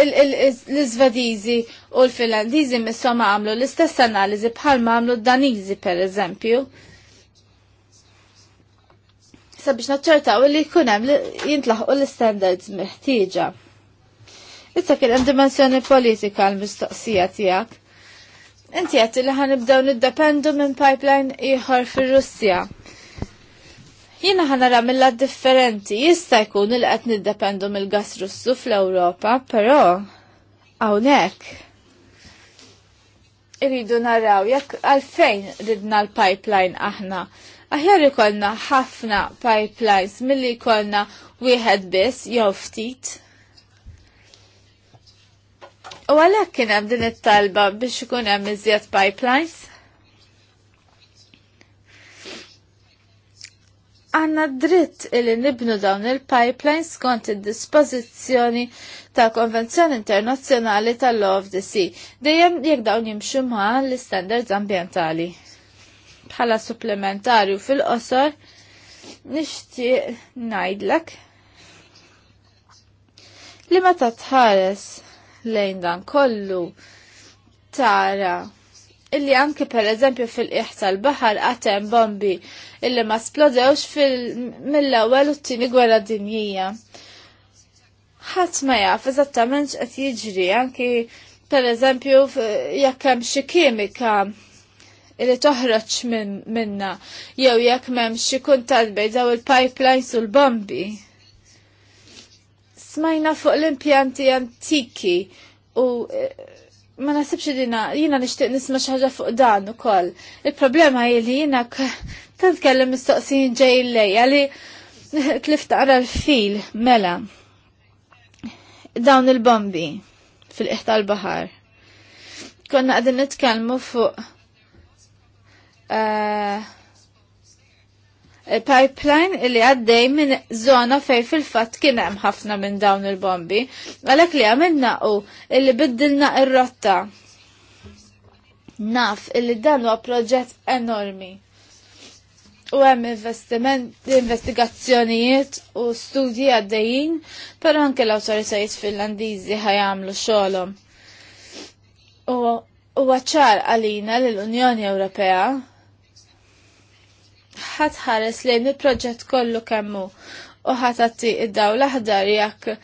Speaker 2: l-Izvedizi u l-Finlandizi missom għamlu l-istess analizi bħalma għamlu d-Danizi per eżempju. Sabiex naċċertaw li jkunem jintlaħqu l-standards meħtieġa. Issa kien hemm dimensjoni politika l-mistoqsija tiegħek. Inti qed li ħanibdew niddependu minn pipeline ieħor fir-Russja. Jiena ħanara mill differenti, jista' jkun il qed niddependu mill-gas Russu fl-Ewropa, però hawnhekk irridu naraw jekk għalfejn ridna l-pipeline aħna. Aħjar ikollna ħafna pipelines milli jkollna wieħed biss jew ftit. U għalhekk kien hemm din it-talba biex ikun hemm iżjed pipelines? għanna dritt illi nibnu dawn il-pipeline skont il-dispozizjoni ta' Konvenzjoni Internazzjonali tal Sea, dejjem jekk dawn jimxu ma' l-standards ambientali. Bħala supplementarju fil-qosor, nixtieq ngħidlek li meta tħares lejn dan kollu tara illi anke per eżempju fil iħsa tal-baħar għatem bombi illi ma splodewx mill-ewwel u t tini gwerra dinjija. Ħadd ma jaf eżattament x'qed jiġri anki pereżempju jekk hemm xi kimika li toħroġ minna jew jekk m'hemm xi kuntat bejn daw il-pipelines u l-bombi. Smajna fuq l-impjanti antiki u ma nasibx dina, jina nishtiq nisma xaġa fuq dan u koll. Il-problema li jina t tkellem mistoqsin ġej l-lej, għalli tlifta għara l-fil, mela, dawn il-bombi fil-iħta l-bahar. Konna għadin nitkellmu fuq eh, Eh, pipeline li għaddej minn zona fej fil-fat kien hemm ħafna minn dawn il-bombi. Għalhekk li għamilna u illi biddilna ir-rotta. Naf illi dan huwa proġett enormi. U hemm investigazzjonijiet u studji għaddejjin, però anke l-awtoritajiet Finlandiżi ħajamlu xogħolhom. U huwa ċar għalina l-Unjoni Ewropea ħares lejn il-proġett kollu kemmu u ħatatti id-daw l-aħdar jekk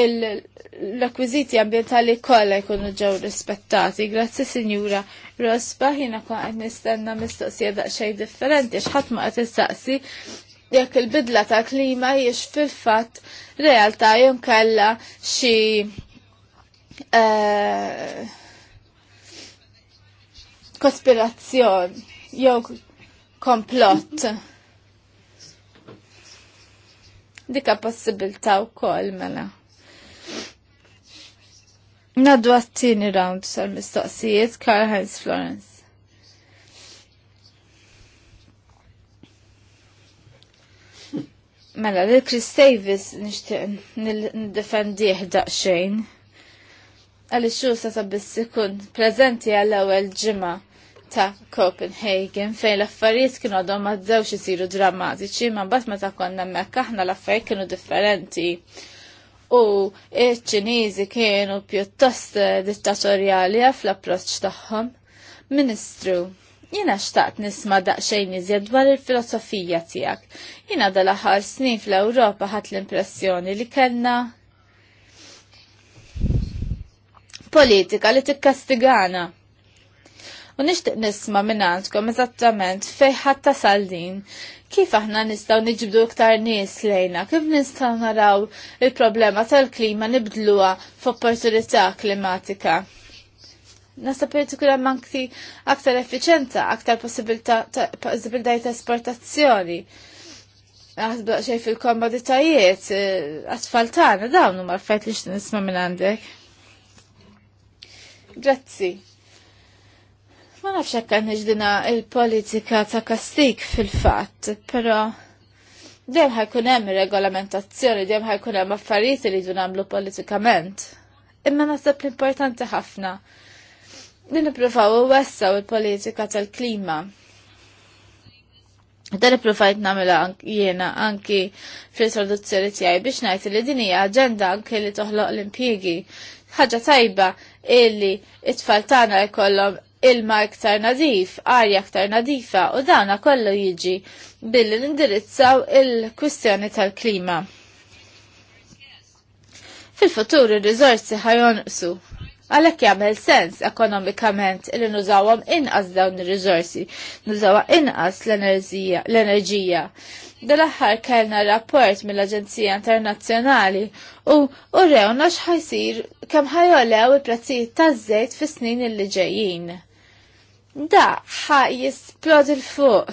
Speaker 2: l akwiziti ambientali kollha jkunu ġew rispettati. Grazzi Sinjura Rosba, jiena kwa għed nistenna mistoqsija daqsxejn differenti għax ħadd ma għed nistaqsi jekk il-bidla ta' klima jiex fil-fatt realtà jew kella xi eh, kospirazzjoni jew komplott. Dika possibilta u kol mela. Naddu għattini round sal-mistoqsijiet, Karl Heinz Florence. Mela, li Chris Davis nishtiq nil defendiħ daqxejn. Għalli xu sa sabbis ikun prezenti għall ewwel ġimma ta' Copenhagen fejn l-affarijiet kienu għadhom żewġ isiru drammatiċi ma mbagħad meta konna hemmhekk aħna l-affarijiet kienu differenti. U iċ-Ċiniżi kienu pjuttost eh, dittatorjali fl-approċċ tagħhom. Ministru, jina xtaqt nisma daqsxejn iżjed dwar il-filosofija tiegħek. Jina dal-aħħar snin fl-Ewropa ħadt l-impressjoni li kellna politika li tikkastigana u nixtieq nisma' minn għandkom eżattament fejn ħadd saldin. Kif aħna nistgħu niġbdu iktar nies lejna, kif nistgħu naraw il-problema tal-klima nibdluha f'opportunità klimatika. Nasab li tkun hemm aktar effiċenta, aktar possibilità ta' esportazzjoni għazbaq xej fil-komoditajiet, eh, asfaltana, dawn u marfajt li nisma minn għandek. Grazzi. Ma nafx hekk għandix dina il-politika ta' kastik fil-fatt, però dejjem ħajkun hemm ir-regolamentazzjoni, dejjem ħajkun hemm affarijiet li jdu nagħmlu politikament. Imma naħseb l-importanti ħafna li nippruvaw iwessaw il-politika tal-klima. Dan ippruvajt nagħmilha jiena anki fil-traduzzjoni tiegħi biex ngħid li din hija aġenda anke li toħloq l-impjiegi ħaġa tajba illi it-tfal tagħna jkollhom ilma iktar nadif, arja iktar nadifa u dana kollu jiġi billi nindirizzaw il-kwistjoni tal-klima. Fil-futur ir-riżorsi ħajonqsu għalhekk jagħmel sens ekonomikament li nużawhom inqas dawn ir-riżorsi, nużawha inqas l-enerġija. Dal-aħħar kellna rapport mill-Aġenzija Internazzjonali u urrewna x'ħajsir kemm ħajolew il-prezzijiet taż-żejt fis-snin illi ġejjin Da, ħa jisplod il-fuq.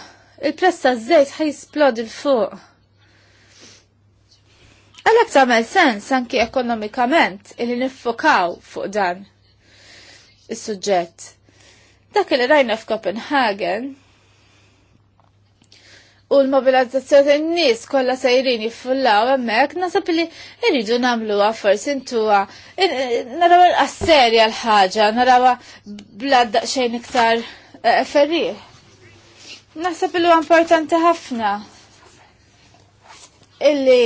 Speaker 2: Il-pressa z-zejt ħa jisplod il-fuq. Għalek tamel sens anki ekonomikament il niffokaw fuq dan is-suġġett. Dak li rajna f'Copenhagen u l-mobilizzazzjoni ta' n-nis kolla sejrin jiffullaw emmek, nasab li rridu namlu għaffar sintuwa. Naraw għasserja l-ħagġa, naraw blad daqsxejn iktar eh, ferri. Nasab li importanti ħafna illi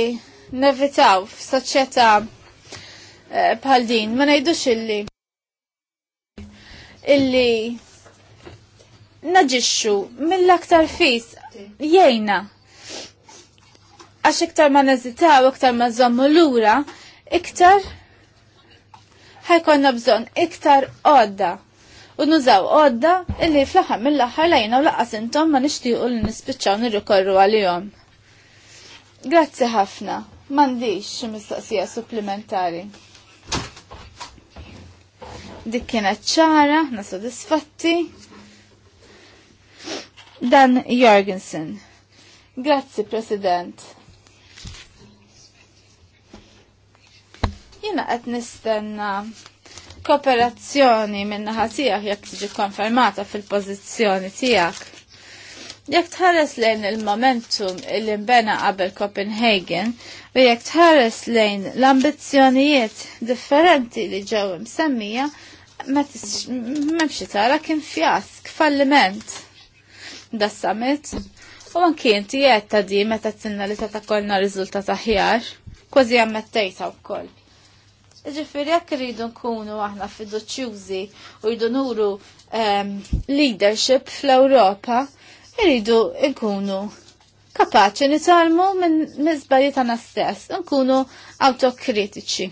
Speaker 2: nevitaw f'soċjetà eh, bħal din, ma ngħidux illi illi naġixxu mill-aktar fis Jajna. Għax iktar ma neżitaw, iktar ma zommu lura, iktar ħajkonna bżon iktar għodda. U nużaw għodda illi fl-ħam mill-ħar lajna u laqqa sintom ma nishtiqu li nispiċċaw nirrikorru għal-jom. Grazzi ħafna. Mandiċ mistoqsija supplementari. Dik kienet ċara, ħna sodisfatti. Dan Jorgensen. Grazzi, President. Jina qed nistenna kooperazzjoni minna ħatijak jek tiġi konfermata fil-pożizzjoni tiegħek. Jekk tħares lejn il-momentum il imbena qabel Copenhagen u jekk tħares lejn l-ambizzjonijiet differenti li ġew msemmija, ma memxi tara kien fjask, falliment da summit u anki inti ta' di meta t-sinna li kolna takolna rizultat aħjar, kważi għammettejta u koll. Ġifiri, jekk rridu nkunu aħna fiduċjużi u rridu nuru um, leadership fl-Europa, rridu nkunu kapaċi nitalmu minn mizbali tagħna stess, nkunu autokritiċi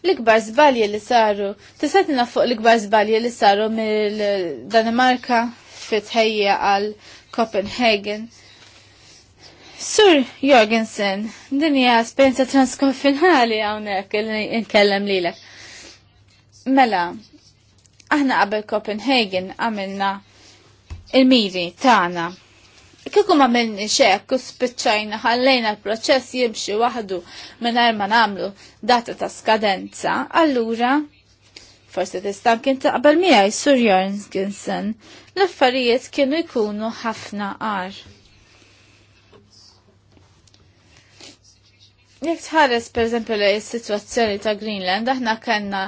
Speaker 2: l-ikbar zbalji li saru. Tisatina fuq l-ikbar zbalji li saru mill-Danimarka, fit-ħejja għal Copenhagen. Sur Jorgensen, din hija spenza transkonfinali hawnhekk nkellem lilek. Mela, aħna qabel Copenhagen għamilna il-miri tagħna. Kieku ma minni xek u spiċċajna ħallejna l-proċess jimxi waħdu mingħajr ma nagħmlu data ta' skadenza, allura forse tistan kien taqbel miegħi Sur Jorgensen l-affarijiet kienu jkunu ħafna għar. Jek tħares per eżempju li s-situazzjoni ta' Greenland, aħna kanna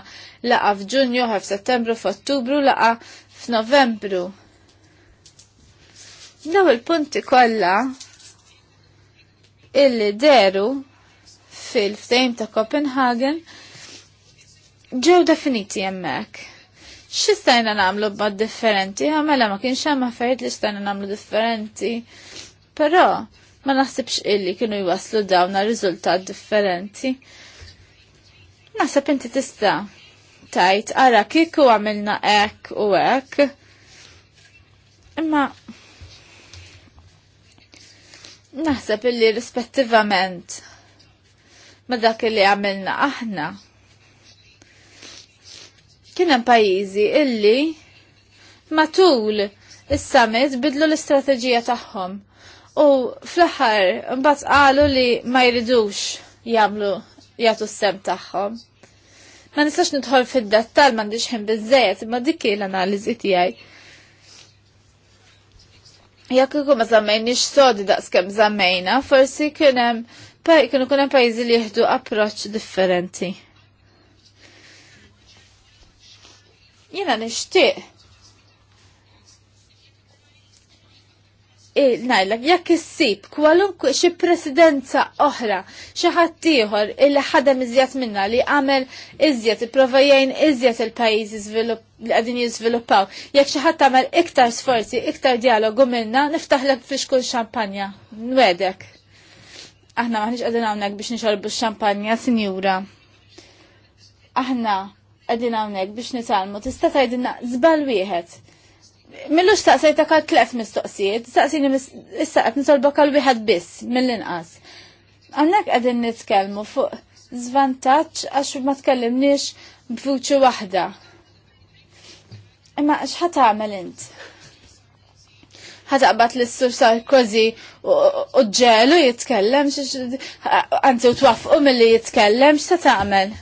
Speaker 2: laqa f'Ġunju, ħaf Settembru, f'Ottubru, laqa f'Novembru. Daw il-punti kollha illi deru fil-ftejm ta' Copenhagen ġew definiti hemmhekk x'istajna nagħmlu bad differenti, għamela ma kienx hemm affarijiet li stajna nagħmlu differenti. Però ma naħsibx illi kienu jwaslu dawn riżultat differenti. Naħseb inti tista' tajt ara kieku għamilna hekk u hekk. Imma naħseb illi rispettivament ma dak li għamilna aħna Kien hemm pajjiżi illi matul is-summit bidlu l-istrateġija tagħhom. U fl-aħħar mbagħad qalu li ma jridux jagħmlu jagħtu s-sem tagħhom. Ma nistax nidħol fid-dettal m'għandix ħin biżejjed imma dik l-analiżi tiegħi. Jekk ikun ma żammejniex sodi daqskemm żammejna, forsi kienem hemm kienu hemm pajjiżi li jieħdu approċċ differenti. Jena nishtiq. Eh, Najlek, jekk issib kwalunkwe xi presidenza oħra, xi ħadd ieħor illi ħadem iżjed minna li għamel iżjed ipprova jgħin iżjed il-pajjiżi li qegħdin jiżviluppaw. Jekk xi ħadd għamel iktar sforzi, iktar dialogu minna, niftaħlek fix kull xampanja. Nwedek. Aħna maħniex qegħdin hawnhekk biex nixorbu x-xampanja, sinjura. Aħna għedin għawnek biex nitalmu, tista tajdinna zbal wieħed. Millux taqsaj ta' kal tlef mistoqsijiet, taqsini issa qed nisolbok għal wieħed biss mill-inqas. Għannek għedin nitkellmu fuq zvantaġġ għax ma tkellimniex b'vuċi waħda. Imma x'ħat tagħmel int? għabat l-sur Sarkozy u ġelu jitkellem, għanti u t-wafqu mill-li jitkellem, x'ta tagħmel?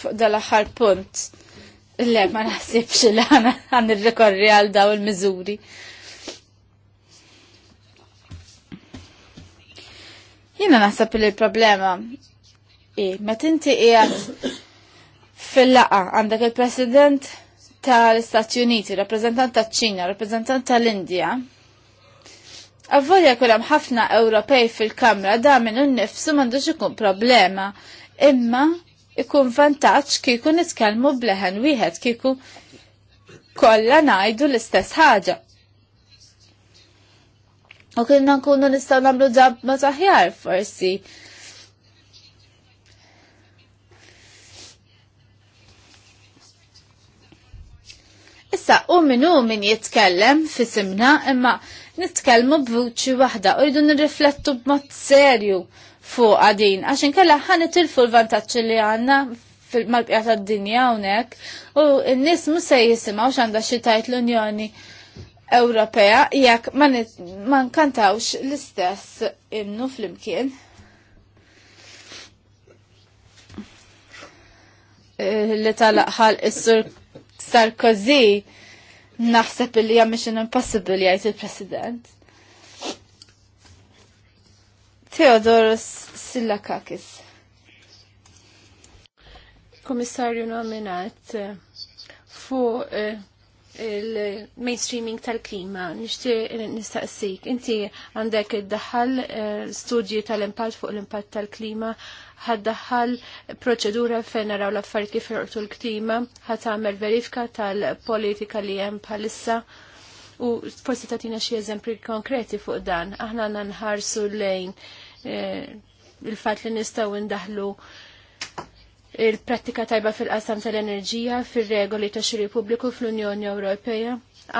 Speaker 2: fuq dal-aħħar punt. Le, ma naħsibx li għan rikorri għal daw il-mizuri. Jena naħseb li l-problema i, ma tinti qiegħed fil-laqa għandek il-President tal-Istati Uniti, rappresentant tal-Ċina, rappresentant tal-Indija, Avvolja kulam ħafna Ewropej fil-Kamra da minn un-nifsu mandux ikun problema, imma ikun vantaċ kieku nitkellmu bleħen wieħed kieku kollha ngħidu l-istess ħaġa. U kienna nkunu nistgħu nagħmlu ġab ma taħjar forsi. Issa, u minu min jitkellem fi simna, imma nitkellmu b'vuċi wahda u jidu nirriflettu b'mod serju fuq għadin, għax inkella ħan itilfu l-vantaċċi li għanna mal-bqija tad-dinja hawnhekk u n-nies mhux se u x'għandha xi tajt l-Unjoni Ewropea jekk ma nkantawx l-istess imnu flimkien. Eh, li talaqħal is-sur Sarkozy naħseb li hija impossible jgħid il-President. Theodoros Sillakakis.
Speaker 3: Komissarju nominat eh, fuq eh, il-mainstreaming tal-klima, nishti eh, nistaqsik, inti għandek id-daħal studji tal impat fuq l-impatt tal-klima, ħaddaħal proċedura fejn naraw l-affarijiet kif l-klima, ħat verifika tal-politika li hemm bħalissa u forsi tatina xi eżempji konkreti fuq dan. Aħna nħarsu lejn eh, il-fatt li nistgħu ndaħlu il-prattika tajba fil-qasam tal-enerġija fil-regoli ta' xiri pubbliku fl-Unjoni Ewropea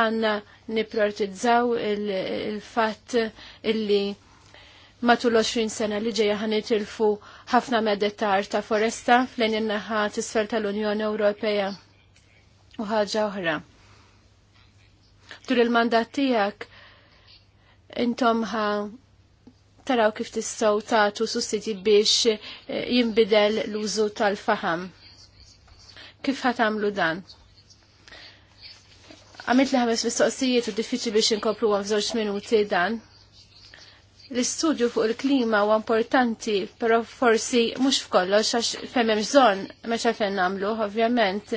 Speaker 3: għanna niprioritizzaw il-fatt illi matul 20 sena li ġeja il-fu ħafna medettar ta' foresta fl-għin naħa t-isfel tal-Unjoni Ewropea u ħaġa oħra tul il-mandat tijak intomħa taraw kif tistaw tatu sussiti biex eh, jimbidel l-użu tal-faham. Kif ħatamlu dan? Għamit li ħames mistoqsijiet u diffiċi biex inkopru għam f'żewġ minuti dan. L-istudju fuq il-klima huwa importanti, però forsi mhux f'kollox għax femem zon, bżonn meta nagħmlu, ovvjament.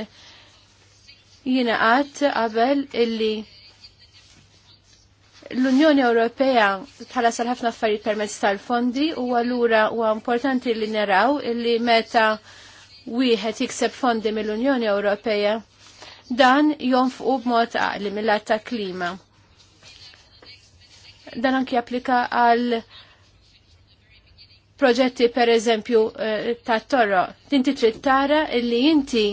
Speaker 3: Jiena qatt qabel illi l-Unjoni Ewropea sal ħafna affarijiet permezz tal-fondi u allura huwa importanti li naraw illi meta wieħed jikseb fondi mill-Unjoni Ewropea dan jonfqu b'mod għaqli mill-att ta' klima. Dan anki applika għal proġetti per eżempju eh, ta' torro. Tinti trid tara illi inti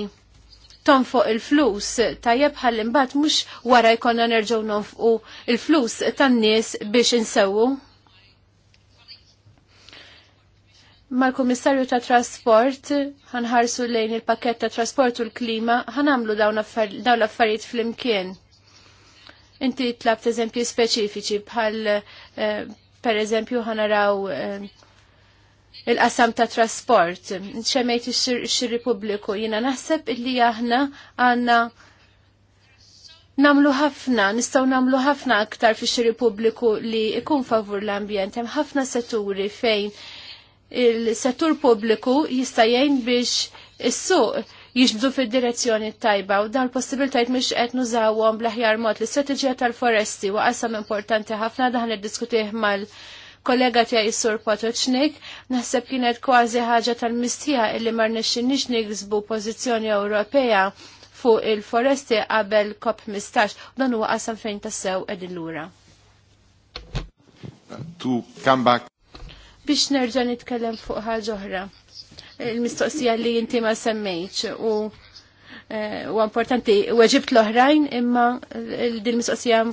Speaker 3: tonfoq il-flus tajjeb ħalli imbat mhux wara jkollna nerġgħu nonfqu il-flus tan-nies biex insewwu. Mal-Kummissarju ta' Trasport ħanħarsu lejn il-pakket ta' trasport u l-klima ħanamlu dawn l-affarijiet fl-imkien. Inti tlab eżempju speċifiċi bħal eh, per eżempju ħanaraw eh, il-qasam ta' trasport, ċemejt xirri pubbliku, jina naħseb illi aħna għanna namlu ħafna, nistaw namlu ħafna aktar fi xiri pubbliku li ikun favur l-ambjent. Hemm ħafna setturi fejn il-settur pubbliku jista' jgħin biex is-suq jiġbdu fid-direzzjoni tajba u dan l-possibiltajt mhix qed nużawhom bl-aħjar mod l istrategija tal-foresti għasam importanti ħafna daħan diskutiħ mal- kollega tiegħi is-Sur Potoċnik, naħseb kienet kważi ħaġa tal-mistija illi ma nixxinix niksbu pożizzjoni Ewropea fuq il-foresti qabel COP15 u dan huwa qasam fejn tassew qegħdin lura.
Speaker 1: To come back
Speaker 3: biex nerġa' nitkellem fuq ħaġa oħra. Il-mistoqsija li inti ma semmejċ u eh, u importanti weġibt l-oħrajn imma din mistoqsija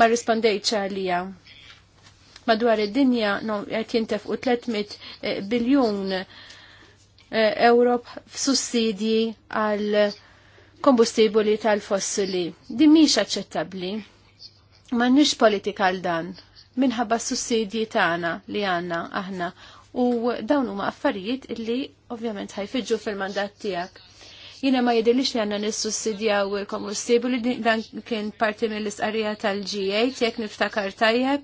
Speaker 3: ma rispondejċ għalija madwar id-dinja qed jintefqu 300 eh, biljun eh, euro f'sussidji għal kombustibuli tal-fossili. Din mhix aċċettabbli. M'għandniex politika għal dan minħabba sussidji tagħna li għandna aħna u dawn huma affarijiet illi ovvjament ħajfiġġu fil-mandat tiegħek Jiena ma jidirlix li għanna nissussidjaw il kombustibuli dan kien parti mill-isqarija tal-G8, jek niftakar tajjeb,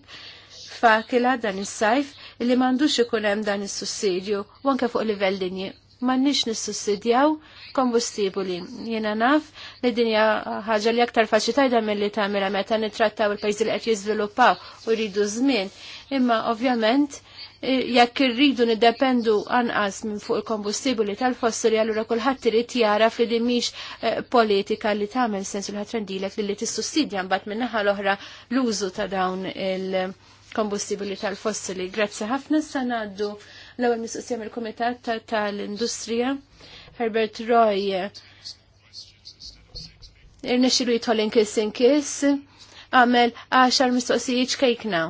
Speaker 3: fakila dan is-sajf li m'għandux ikun hemm dan is-sussidju u anke fuq livell dinji. M'għandniex nissussidjaw kombustibuli. Jiena naf li dinja ħaġa li aktar faċli tajda milli tagħmilha meta nittrattaw il-pajjiżi li qed jiżviluppaw u jridu żmien. Imma ovvjament eh, jekk irridu nidependu anqas minn fuq il kombustibuli tal-fossili allura kulħadd irid jara li din mhix eh, politika li tagħmel sensu u ħatrendilek li li tissussidja mbagħad min-naħa l-oħra l-użu ta' dawn il- kombustibili tal-fossili. Grazzi ħafna għaddu l-ewwel sussjem il kumitat tal-Industrija Herbert Roy. Irnexxi lu jitħol in inkiss għamel 10 mistoqsijiet kejkna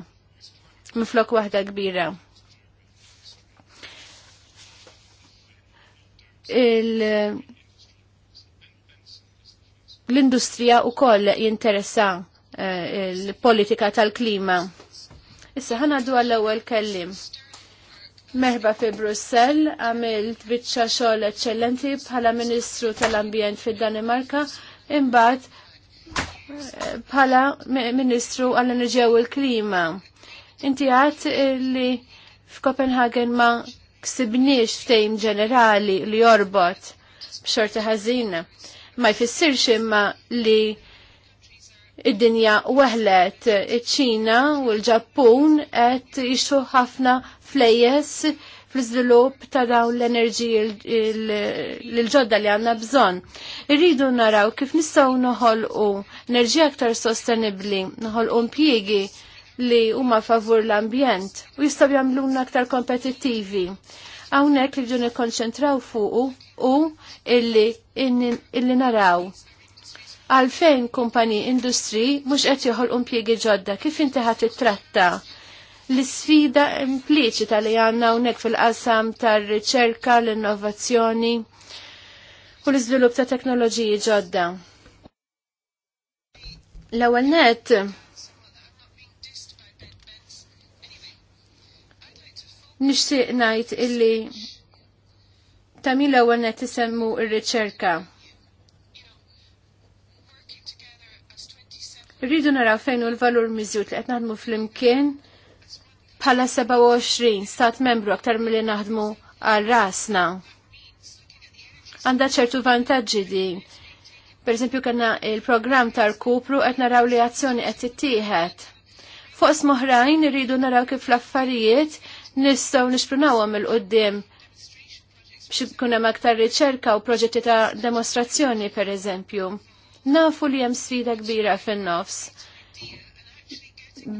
Speaker 3: minn flok waħda kbira. Il l-industrija u koll jinteressa eh, l-politika tal-klima. Issa ħanaddu għall-ewwel kellim. Meħba fi Brussell għamilt bitċa xogħol eċċellenti bħala Ministru tal-Ambjent fid-Danimarka imbagħad eh, bħala Ministru għall-Enerġija u l-Klima. Inti għat li f'Kopenhagen ma ksibniex ftejm ġenerali li jorbot b'xorta ħażin Ma jfissirx imma li id-dinja weħlet iċ-Ċina u l-Ġappun qed jixtru ħafna flejjes fl-iżvilupp ta' dawn l-enerġiji l-ġodda li għandna bżonn. Irridu naraw kif nistgħu noħolqu enerġija aktar sostenibbli, noħolqu impjiegi li huma favur l-ambjent u jistgħu jagħmluna aktar kompetittivi. Hawnhekk li ġu nikkonċentraw fuq u illi, illi naraw għalfejn kumpani industri mhux qed joħol impjiegi ġodda kif inti ħadd tratta l-sfida impliċita li għandna hawnhekk fil-qasam tar-riċerka, l-innovazzjoni u l-iżvilupp ta' teknoloġiji ġodda. L-ewwel net nixtieq ngħid illi tamil l-ewwel net isemmu r-riċerka. Rridu naraw fejn u l-valur miżjut li qed naħdmu flimkien bħala 27 stat membru aktar milli naħdmu għal rasna. Għandha ċertu vantaġġi din. Per eżempju, kanna il-program tal-kupru qed naraw li azzjoni qed tittieħed. Fuq smoħrajn irridu naraw kif l-affarijiet nistgħu nixprunawhom il qudiem biex kun hemm aktar riċerka u proġetti ta' demostrazzjoni per eżempju. Nafu li hemm sfida kbira fin-nofs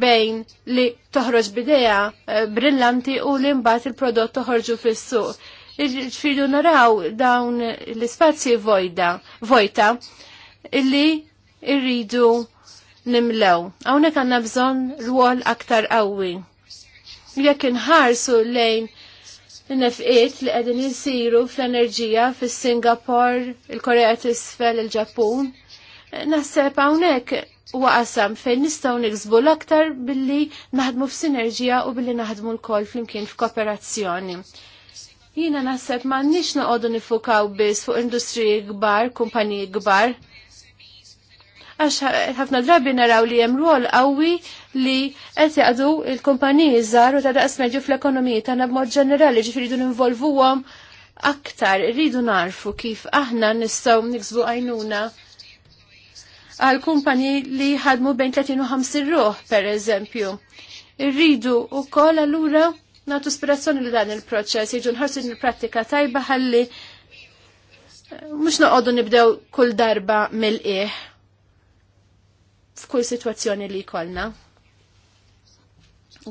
Speaker 3: bejn li toħroġ bideja eh, brillanti u li mbagħad il-prodott toħorġu fis-suq. Ġifiru naraw dawn l-ispazji vojda, vojta illi irridu nimlew. Hawnhekk għandna bżonn rwol aktar qawwi. Jekk inħarsu lejn nefqiet li qegħdin jinsiru fl-enerġija fis-Singapore, il-Korea t'isfel, il-Ġappun, il korea t'isfel il ġappun naħseb hawnhekk u għasam fejn nistgħu niksbu l-aktar billi naħdmu f'sinerġija u billi naħdmu l-koll flimkien f'kooperazzjoni. Jiena naħseb m'għandniex noqogħdu nifukaw biss fuq industriji kbar, kumpaniji kbar, għax ħafna drabi naraw li hemm rwol qawwi li qed jaqdu l-kumpaniji żgħar u ta' daqs medju fl-ekonomija tagħna b'mod ġenerali ġifieri involvu għom aktar, rridu narfu kif aħna nistgħu niksbu għajnuna għal kumpani li ħadmu bejn 30 u 50 ruħ, per eżempju. Irridu u kol allura natu spirazzjoni li dan il-proċess, jiġu nħarsu il-prattika tajba ħalli eh, mux noqodu nibdew kull darba mill-ieħ f'kull situazzjoni li kolna.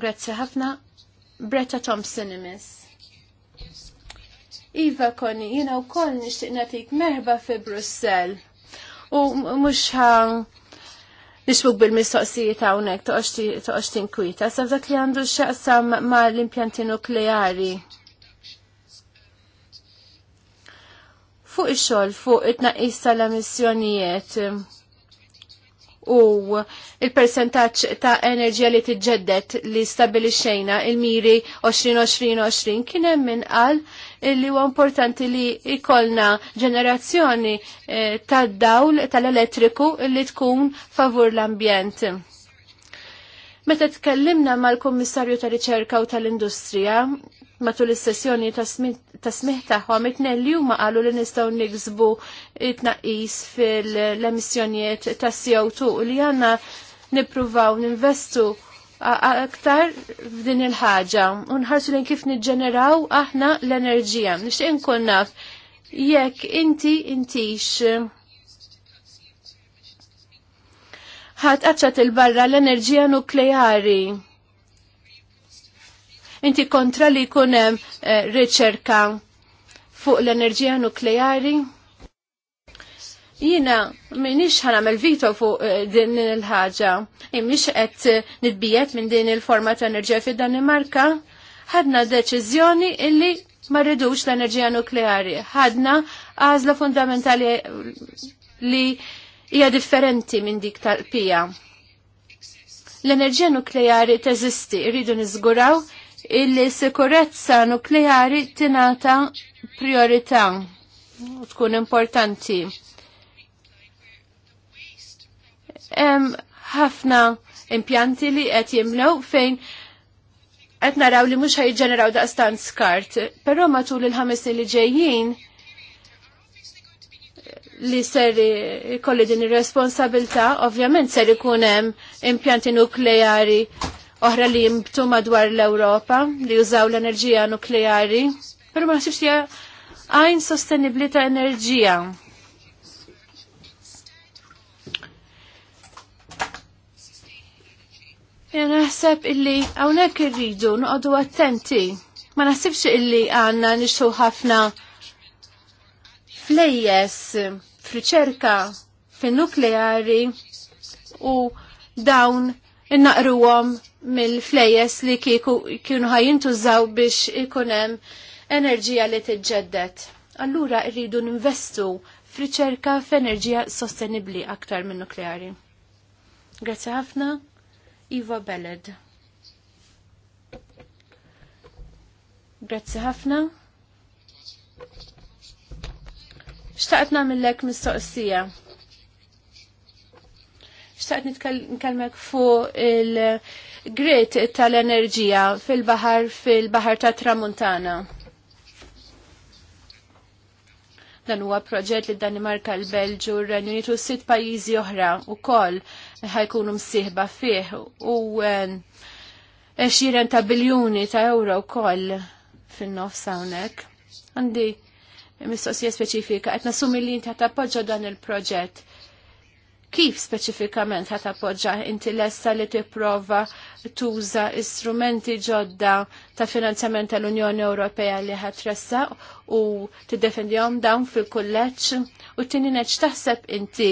Speaker 3: Grazzi ħafna. Bretta Thompson imis. Iva koni, jina u koll nishtiq natik merba fi Brussel u mhux nixbuk bil-mistoqsijiet hawnhekk toqgħodx tinkwita. Sa dak li għandu x'aqsam ma' l-impjanti nukleari. Fuq il xogħol fuq it naqis tal-emissjonijiet u il-percentaċ ta' enerġija li tiġġeddet li stabilixxejna il-miri 20-20-20 kien hemm min qal li huwa importanti li ikolna ġenerazzjoni eh, tad-dawl tal-elettriku li tkun favur l-ambjent. Meta tkellimna mal-Kummissarju tal-Riċerka u tal-Industrija, matul is-sessjoni ta' smih tagħhom it li huma qalu li nistgħu niksbu it-tnaqqis fil-emissjonijiet ta' CO2 li għandna nippruvaw ninvestu aktar f'din il-ħaġa u nħarsu lejn kif niġġeneraw aħna l-enerġija. Nixtieq inkun naf jekk inti intix ħat qaċċat il-barra l-enerġija nukleari Inti kontra li jkun hemm eh, riċerka fuq l-enerġija nukleari? Jina minix mel vito fuq eh, din il-ħaġa. Imix qed eh, nitbijet minn din il-forma ta' enerġija fi danimarka Ħadna deċiżjoni illi ma rridux l-enerġija nukleari. Ħadna għażla fundamentali li hija differenti minn dik tal-pija. L-enerġija nukleari teżisti, rridu niżguraw il-sikurezza nukleari tingħata priorità u tkun importanti. Hemm ħafna impjanti li qed jimlew fejn qed naraw li mhux ħajġeneraw daqstan skart, però matul il-ħames li ġejjin li ser ikolli din ir-responsabilità, ovvjament ser ikun hemm impjanti nukleari oħra li jimbtu madwar l-Ewropa li jużaw l-enerġija nukleari, pero ma nasibx li għajn sostenibli ta' enerġija. Jena naħseb illi għawnek irridu nuqdu attenti. Ma naħsibx illi għanna nixu ħafna flejjes f'riċerka fin-nukleari u dawn innaqruhom mill-flejes li kienu ħajintużaw biex ikunem enerġija li tiġġeddet. Allura rridu ninvestu f'riċerka f'enerġija sostenibli aktar minn nukleari. Grazzi ħafna, Iva Beled. Grazzi ħafna. Xtaqt namillek mistoqsija xtaqt nitkellmek fuq il- grid tal-enerġija fil-bahar fil baħar ta' Tramuntana. Dan huwa proġett li Danimarka, l-Belġu, r-Renju Unitu sitt pajjiżi oħra wkoll ħajkunu msieħba fih u xiren ta' biljuni ta' euro wkoll fin-nofs hawnhekk. Għandi mistoqsija speċifika qed nassumi li inti tappoġġa dan il-proġett kif speċifikament ħat appoġġa inti lesta li tipprova tuża istrumenti ġodda ta' finanzjament tal-Unjoni Ewropea li ħatressa u tiddefendihom dawn fil kulleċ u tini neċ taħseb inti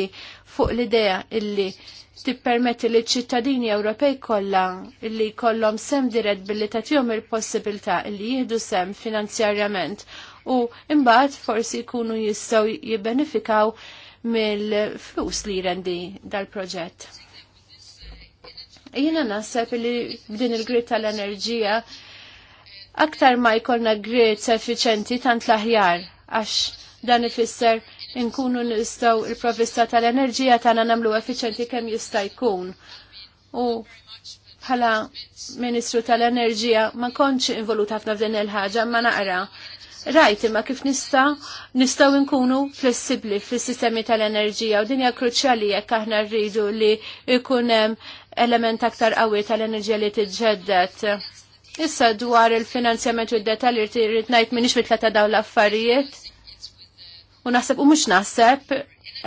Speaker 3: fuq l-idea illi tippermetti li ċittadini Ewropej kollha illi kollhom sem dirett billi tagħtihom il-possibilità illi jieħdu sem finanzjarjament u imbagħad forsi jkunu jistgħu jibbenefikaw mill-flus li jrendi dal-proġett jina naħseb li b'din il-grid tal-enerġija aktar ma jkollna grid effiċenti tant l-aħjar għax dan ifisser inkunu nistgħu il-provista tal-enerġija tagħna nagħmlu effiċenti kemm jista' jkun. U bħala Ministru tal-Enerġija ma kontx involut ħafna f'din il-ħaġa ma naqra rajt imma kif nista nistaw nkunu flessibli fis-sistemi tal-enerġija u dinja kruċjali jekk aħna rridu li jkun hemm element aktar qawwi tal-enerġija li tiġġeddet. Issa dwar il-finanzjament u d-detalji rrid ngħid minix mitla ta' dawn l-affarijiet. U naħseb u mhux naħseb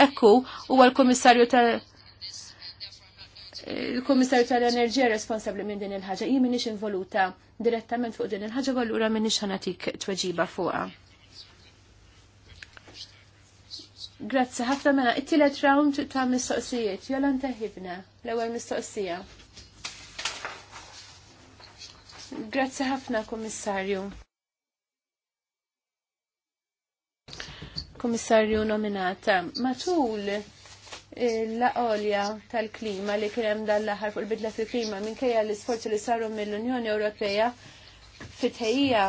Speaker 3: ekku huwa l-Kummissarju tal- il-Kummissarju tal-Enerġija responsabbli minn din il-ħaġa. Jien minix involuta direttament fuq din il-ħaġa, allura minix ħanatik tweġiba fuqha. Grazzi, ħafna mela, it-tielet round ta' mistoqsijiet. Jola ntaħibna. l-ewwel mistoqsija. Grazzi ħafna, Kummissarju. Kummissarju nominata. Matul eh, l-għolja tal-klima li kienem dal-laħar fuq il-bidla fil-klima minkejja l-isforzi li saru mill-Unjoni Ewropea fitħejja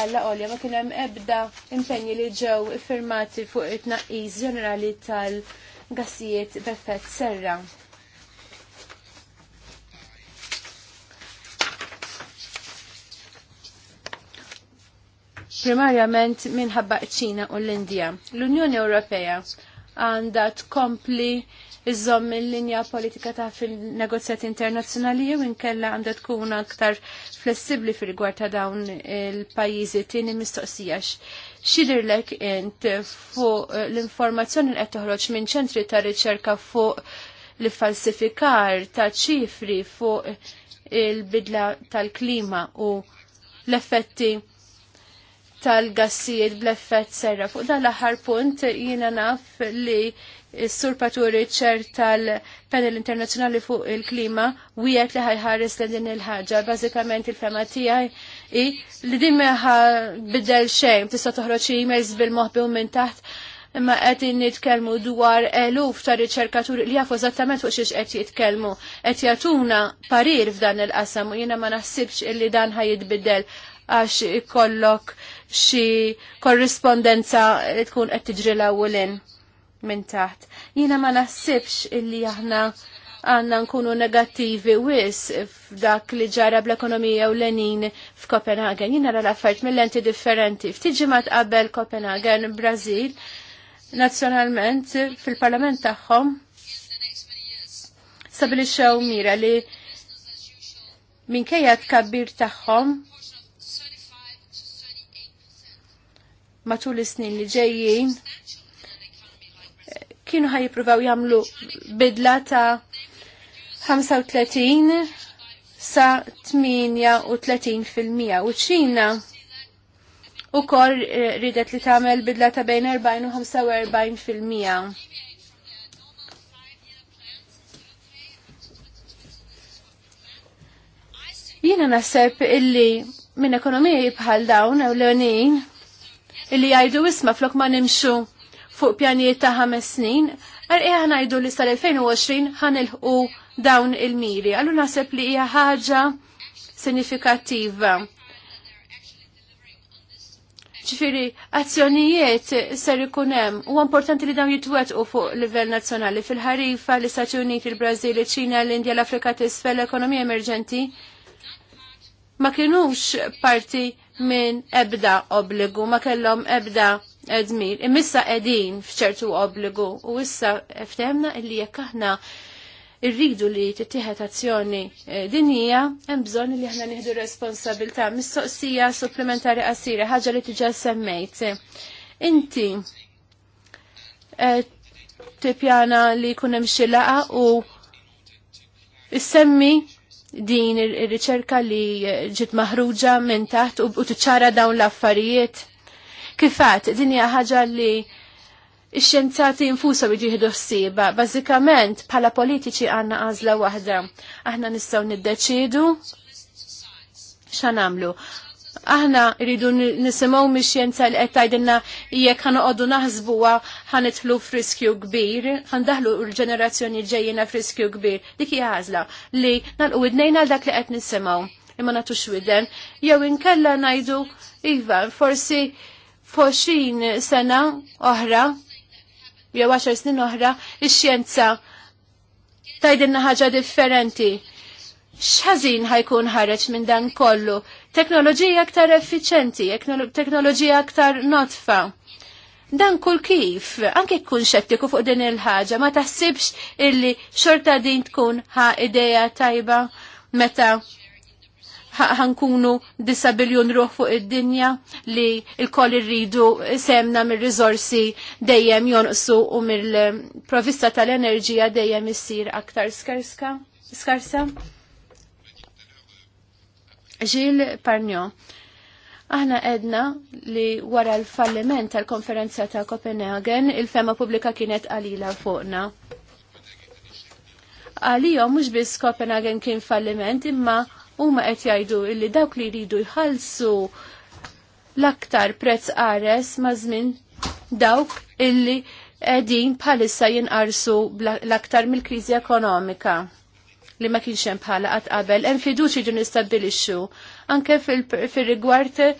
Speaker 3: għalla għolja ma kienem ebda impenji li ġew iffirmati fuq it naqqis ġenerali tal-gassijiet b'effett serra. Primarjament minħabba ċina u l-Indja. L-Unjoni Ewropea għandha tkompli kompli iżomm il-linja politika ta' fil-negozjat internazzjonali jew inkella għandha tkun aktar flessibbli fil-rigward ta' dawn il-pajjiżi tieni mistoqsijax. Xidirlek int fuq l-informazzjoni li qed toħroġ minn ċentri ta' riċerka fuq l-falsifikar ta' ċifri fuq il-bidla tal-klima u l-effetti tal-gassijiet bl-effett serra. Fuq dan l-aħħar punt jiena naf li Is-Sur Paturi ċer tal-Panel Internazzjonali fuq il-Klima wieħed li ħajħares li din il-ħaġa. Bażikament il-fema tiegħi li din meħa biddel xejn, tista' toħroġ emails bil-moħbi minn taħt imma qegħdin nitkellmu dwar eluf ta' riċerkaturi li jafu eżattament fuq xiex qed jitkellmu. Qed jagħtuna parir f'dan il-qasam u jiena ma naħsibx illi dan ħajjitbidel għax ikollok xi korrispondenza li tkun qed tiġri l-awwelin minn taħt. Jiena ma naħsibx illi aħna għanna nkunu negattivi wis f'dak li ġara bl-ekonomija u l-enin f'Kopenhagen. Jiena ra l mill enti differenti. Ftiġi ma tqabel Kopenhagen, Brazil, nazzjonalment fil-parlament tagħhom stabilixxew mira li minkejja tkabbir tagħhom matul is-snin li ġejjin kienu ħaj jipruvaw jamlu bidla ta' 35 sa 38 fil-mija u ċina u kol eh, ridet li tamel bidla ta' bejn 40 u 45 fil-mija. Jina nasib illi minn ekonomija jibħal dawn ewlenin illi jajdu isma flok ma nimxu fuq pjanijiet ta' ħames snin, għarqiegħa er ngħidu li sal-2020 ħanilħu dawn il-miri. Għallu naħseb li hija ħaġa sinifikattiva. Ġifiri, azzjonijiet ser ikunem hemm u importanti li dawn jitwettqu fuq livell nazzjonali fil-ħarifa l-Istati Uniti, il-Brażil, il ċina l-Indja, l-Afrika t'isfel, l-ekonomija emerġenti ma kienux parti minn ebda obbligu, ma kellhom ebda għadmir, Imissa qegħdin f'ċertu obbligu u issa ftemna illi jekk aħna irridu li tittieħed azzjoni eh, dinija, hemm bżonn li aħna nieħdu responsabilità mistoqsija supplementari qasira, ħaġa li tiġa semmejt. Inti eh, tipjana li jkun hemm xi laqa u issemmi din ir-riċerka li ġiet maħruġa minn taħt u tiċċara dawn l-affarijiet Kifat, din hija ħaġa li ix-xjenzati infushom jiġieħdu ħsieba. Bażikament bħala politiċi għandna għażla waħda. Aħna nistgħu niddeċidu x'għamlu. Aħna rridu nisimgħu mix-xjenza li qed tgħidilna jekk ħanoqogħdu naħsbuha ħanitlu f'riskju kbir, ħandaħlu l-ġenerazzjoni ġejjina f'riskju kbir. Dik hija għażla li nagħlqu idnejna dak li qed nisimgħu imma nagħtux widen, jew inkella ngħidu iva, forsi Poxin sena oħra, jew 10 snin oħra, ix-xjenza tajdinna ħaġa differenti. X'ħażin ħajkun ħareġ minn dan kollu? Teknoloġija aktar effiċenti, teknoloġija aktar notfa dan kull kif, anke kun xettiku fuq din il-ħaġa, ma taħsibx illi xorta din tkun ħa ideja tajba meta ħankunu disabiljon ruħ fuq id-dinja li il-koll irridu semna mir-rizorsi dejjem jonqsu u mill-provista tal-enerġija dejjem issir aktar skarska, skarsa. Gil Parnio. Aħna edna li wara l-falliment tal-konferenza ta' Copenhagen, il-fema pubblika kienet għalila fuqna. Għalijom mux biss Copenhagen kien falliment, imma huma qed jgħidu illi dawk li jridu jħallsu l-aktar prezz qares ma' żmien dawk illi qegħdin bħalissa jinqarsu l-aktar mill-kriżi ekonomika li ma kienx hemm bħala qatt qabel hemm fiduċi ġu nistabbilixxu anke fir rigward eh,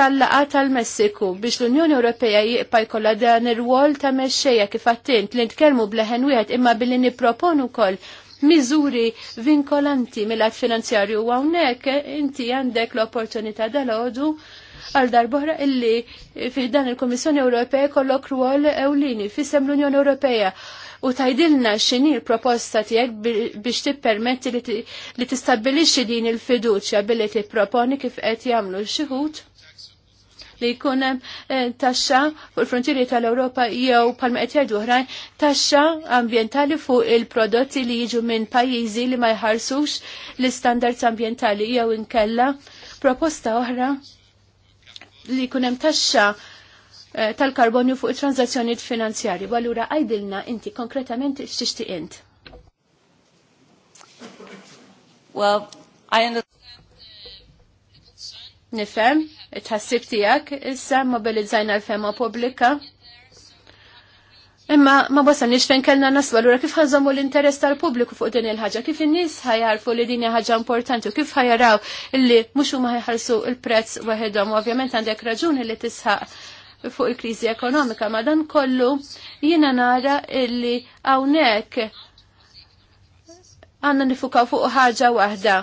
Speaker 3: tal-laqa tal-Messiku biex l-Unjoni Ewropea jiqpa' jkollha dan ir wol ta' mexxejja kif attint li nitkellmu bleħen wieħed imma billi nipproponu wkoll miżuri vinkolanti mill-għad finanzjarju u għawnek inti għandek l-opportunità dal-ħodu għal darbohra illi fiħdan il-Komissjoni Ewropea kollok ruol ewlini fissem l-Unjoni Ewropea u tajdilna xini l-proposta tijek biex tippermetti li tistabbilixi din il-fiduċja billi tipproponi kif qed jagħmlu xi li jkun hemm eh, taxxa fuq il-frontieri tal-Ewropa jew palma qed jgħidu oħrajn taxxa ambjentali fuq il-prodotti li jiġu minn pajjiżi li ma jħarsux l-istandards ambjentali jew inkella proposta oħra li jkun hemm taxxa eh, tal-karbonju fuq it-transazzjonijiet finanzjarji. allura għajdilna inti konkretament x'tixti int. Well, I understand. Nifhem tħassib tijak, issa mobilizzajna l-fema publika. Imma ma bosan fejn kellna naslu ura kif ħażomu l-interess tal-pubbliku fuq din il-ħaġa, kif in-nies ħajarfu li din ħaġa importanti u kif ħajaraw illi mhux huma ħajħallsu l-prezz waħedhom. Ovvjament għandek raġuni li tisħaq fuq il-kriżi ekonomika, ma dan kollu jiena nara illi hawnhekk għandna nifukaw fuq ħaġa waħda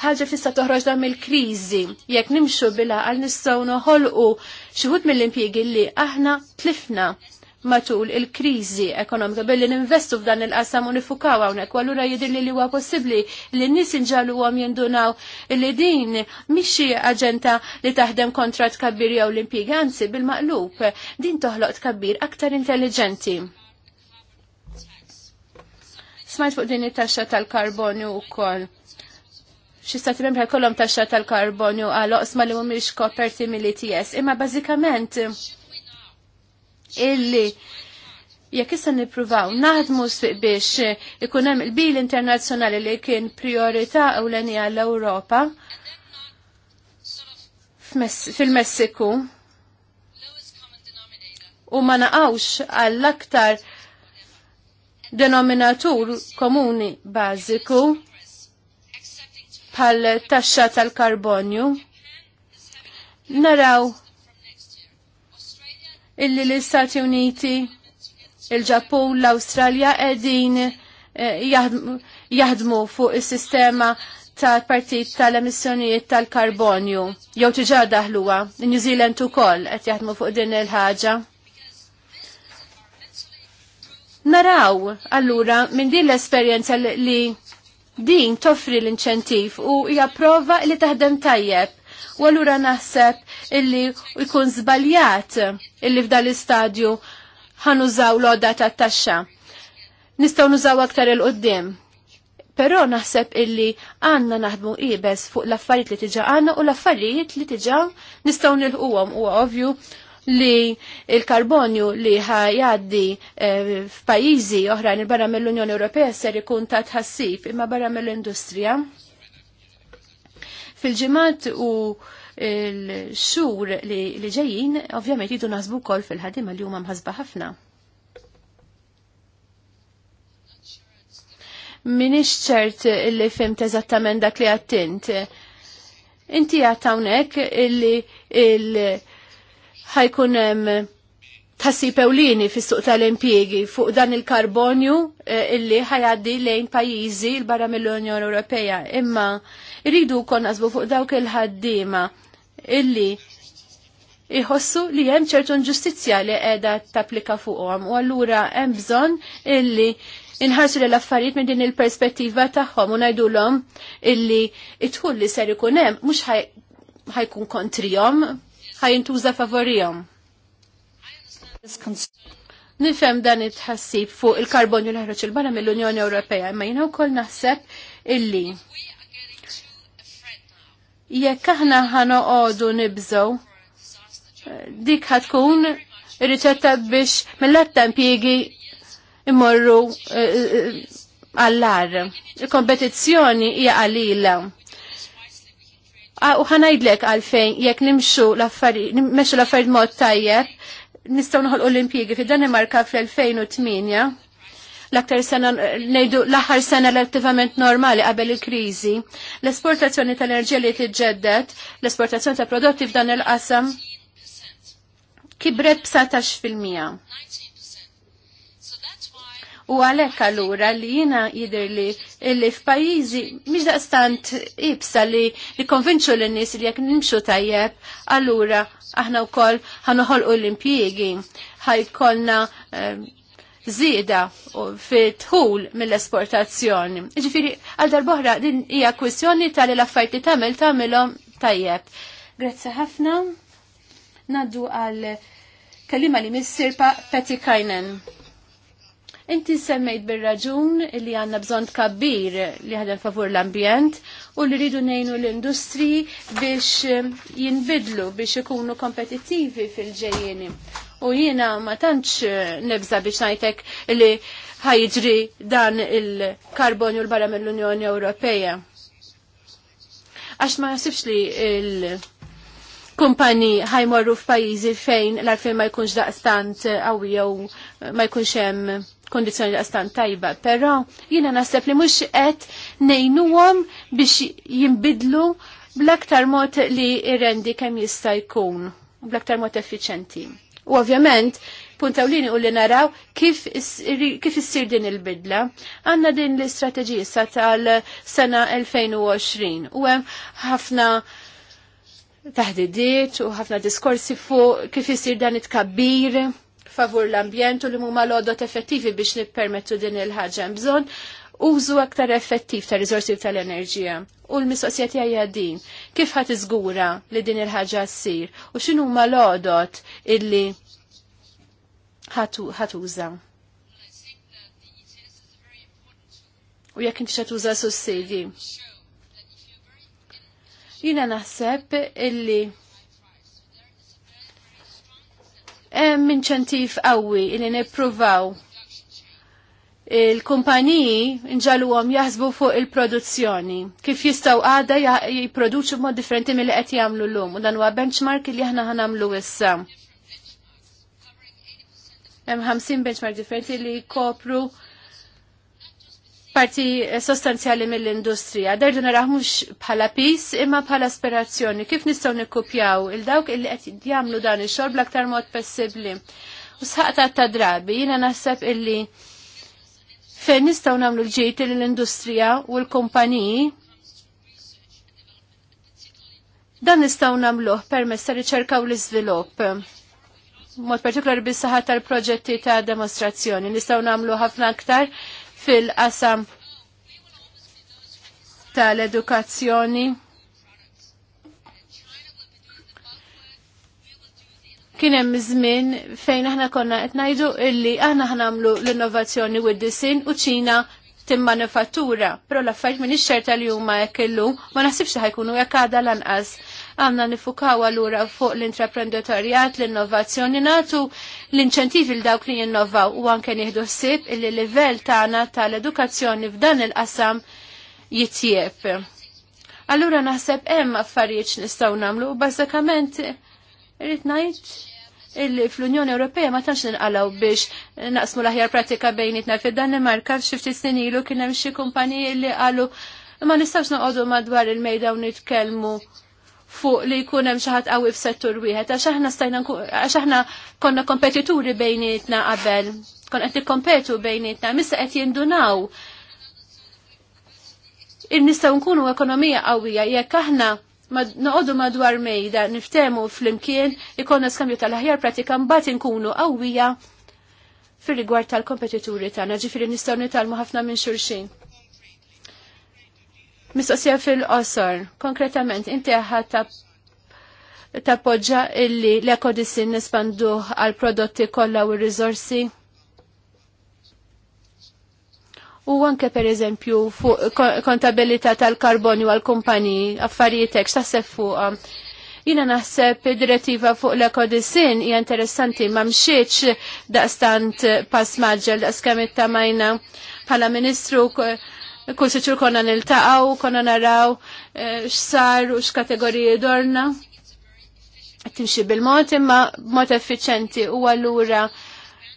Speaker 3: ħaġa tista' toħroġ dan il kriżi jekk nimxu bila għal nistgħu noħolqu xi wħud mill-impjiegi li aħna tlifna matul il-kriżi ekonomika billi ninvestu f'dan il-qasam u nifukaw hawnhekk allura jidhirli li huwa possibbli li n-nies inġalu għom jindunaw li din mhixi aġenta li taħdem kontra tkabbir jew l-impjiganzi bil-maqlub din toħloq tkabbir aktar intelligenti. Smajt fuq din it-taxxa tal-karbonju wkoll xi stati membri kollhom taxxa tal-karbonju għal oqsma li mhumiex koperti mill-ITS. Imma bażikament illi jekk issa nippruvaw naħdmu biex ikun hemm il-bil internazzjonali li kien priorità ewlenija l europa fil-Messiku u ma naqawx għall-aktar denominatur komuni bażiku bħal taxxa tal-karbonju. Naraw illi l-Istati Uniti, il-Ġappun, l australja edin eh, jaħdmu fuq is-sistema tal-partit tal-emissjonijiet tal-karbonju. Jew tiġa daħluwa, New Zealand ukoll qed jaħdmu fuq din il-ħaġa. Naraw allura minn din l-esperjenza li Din toffri l-inċentiv u hija prova li taħdem tajjeb. U allura naħseb illi jkun żbaljat illi f'dan l-istadju ħanużaw l-oda ta' taxxa. Nistgħu nużaw aktar il qudiem Però naħseb illi għanna naħdmu qibes fuq l-affarijiet li tiġa għanna u l-affarijiet li tiġa nistgħu nilħuhom u ovvju li il-karbonju li ħajaddi eh, f'pajjiżi oħrajn il-barra mill-Unjoni Ewropea ser ikun ta' tħassib imma barra mill-industrija. Fil-ġimgħat u l-xur li ġejjin ovvjament jidu naħsbu wkoll fil-ħadima li huma mħasba ħafna. Minix ċert li fimt eżattament dak li għattint. Inti għattawnek li il- ħajkun hemm tħassib ewlieni fis-suq tal-impjiegi fuq dan il-karbonju eh, illi ħajaddi lejn pajjiżi l barra mill-Unjoni Ewropea. Imma rridu kon nasbu fuq dawk il-ħaddiema illi iħossu li hemm ċertu ġustizzja li qiegħda tapplika fuqhom u allura hemm bżonn illi inħarsu l affarijiet minn din il-perspettiva tagħhom u ngħidulhom illi it li ser ikun hemm mhux ħajkun kontrihom ħajintuża favorijom. Nifhem dan it-ħassib fuq il-karbonju l ħroċ il-barra mill-Unjoni Ewropea, imma u koll naħseb illi jekk aħna ħanoqogħdu nibżgħu dik ħatkun ir-riċetta biex mill-atta impjiegi imorru eh, eh, eh, għallar. Il-kompetizzjoni hija qalila. Ah, u ħanajdlek għalfejn jekk nimxu l-affarijiet mod tajjeb, nistgħu noħolqu l-impjiegi fid-Danimarka fl-2008 l-aktar sena, nejdu l-axar sena relativament normali qabel il-krizi. L-esportazzjoni tal-enerġija li t-ġeddet, l-esportazzjoni ta' prodotti f'dan il-qasam kibret fil-mija. U għalhekk allura li jiena jidher li li f'pajjiżi mhix daqstant ibsa li konvinċu lin nies li jekk nimxu tajjeb, allura aħna wkoll ħanoħolqu l-impjiegi ħajkolna zida ehm, u fitħul mill-esportazzjoni. Ġifiri, għal darbohra din hija kwistjoni tal l-affarijiet li tagħmel tagħmilhom tajjeb. Grazzi ħafna. Naddu għal kalima li missirpa Peti Kajnen. Inti semmejt bil-raġun li għanna bżont kabbir li ħadem favur l-ambjent u li rridu nejnu l-industri biex eh, jinbidlu biex ikunu kompetittivi fil-ġejjeni. U jiena ma tantx eh, nebza biex najtek li ħajġri dan il-karbonju l-barra mill-Unjoni Ewropeja. Għax ma jasibx li il- kumpani ħajmorru f'pajjiżi fejn l-arfin ma jkunx daqstant eh, għawi jew ma jkunx hemm kondizjoni l-astan tajba, però jiena naħseb li mhux qed ngħinuhom biex jinbidlu bl-aktar mod li irrendi kemm jista' jkun, bl-aktar mod effiċenti. U ovvjament, punta u li naraw kif issir din il-bidla. Għanna din l-istrateġija tal-sena 2020 u hemm ħafna taħdidiet u ħafna diskorsi fuq kif issir dan it-kabbir favur l-ambjent u li mumma l-għodot effettivi biex nippermettu din il-ħaġa bżonn użu aktar effettiv ta' rizorsi tal-enerġija. U l-mistoqsija tiegħi din, kif ħadd iżgura li din il-ħaġa ssir u x'inhu huma l-għodot illi ħatuża. U jekk inti tuża sussidji. Jina naħseb illi hemm inċentiv qawwi li nippruvaw il-kumpaniji nġaluhom jaħsbu fuq il-produzzjoni. Kif jistgħu għada jipproduċu mod differenti mill qed jagħmlu llum u dan huwa benchmark li aħna ħanamlu issa. Hemm 50 benchmark differenti li jkopru parti eh, sostanzjali mill-industrija. Dardu naraħmux bħala pis imma bħala aspirazzjoni. Kif nistaw nikkupjaw il-dawk illi qed jagħmlu dan ix-xogħol bl-aktar mod possibbli. U sħaqta ta' drabi jiena naħseb illi fejn nistgħu nagħmlu l-ġejt l-industrija u l-kumpaniji dan nistgħu nagħmluh permezz ta' riċerka u l-iżvilupp mod partikolari bis-saħħa tal-proġetti ta' demostrazzjoni Nistgħu nagħmlu ħafna aktar fil-qasam tal-edukazzjoni. Kien hemm żmien fejn aħna konna qed ngħidu illi aħna ħnamlu l-innovazzjoni u d-disin u Ċina timmanufattura, però l-affarijiet mhinix ix-xerta li huma hekk illum ma naħsibx ħajkunu hekk għadha lanqas għanna nifukaw għalura fuq l-intraprenditorjat, l-innovazzjoni, natu l-inċentivi l-dawk li jinnovaw u anke nieħdu ssib il livell tagħna tal-edukazzjoni f'dan il-qasam jitjieb. Allura naħseb hemm affarijiet nistgħu nagħmlu u bażikament irid ngħid illi fl-Unjoni Ewropea ma tantx ninqalgħu biex naqsmu l-aħjar pratika bejnietna fid-Danimarka f'xi ftit snin ilu kien hemm xi kumpaniji li qalu ma nistgħux noqogħdu madwar il-mejda u nitkellmu fuq li jkun hemm xi ħadd qawwi f'settur wieħed għax aħna stajna għax aħna konna kompetituri bejnietna qabel. Kon qed nikkompetu bejnietna, missa qed jindunaw. Nistgħu nkunu ekonomija qawwija jekk aħna noqogħdu madwar mejda niftemu flimkien ikonna skambju tal-aħjar pratika mbagħad inkunu qawwija fir-rigward tal-kompetituri tagħna, ġifieri nistgħu nitalmu ħafna minn xulxin. Mistoqsija fil-qosor, konkretament, inti ħat poġġa illi l-ekodisin nispandu għal prodotti kollha u r-riżorsi? U anke per eżempju fuq kontabilità tal-karbonju għal-kumpaniji, affarijiet x'taħseb fuqhom. Jina naħseb direttiva fuq l-ekodisin hija interessanti ma mxietx daqstant pass maġġel daqs kemm ittamajna bħala Ministru kull siċur konna nil-taqaw, konna naraw eh, x'sar u x'kategoriji dorna. Timxi bil mot imma mot effiċenti u allura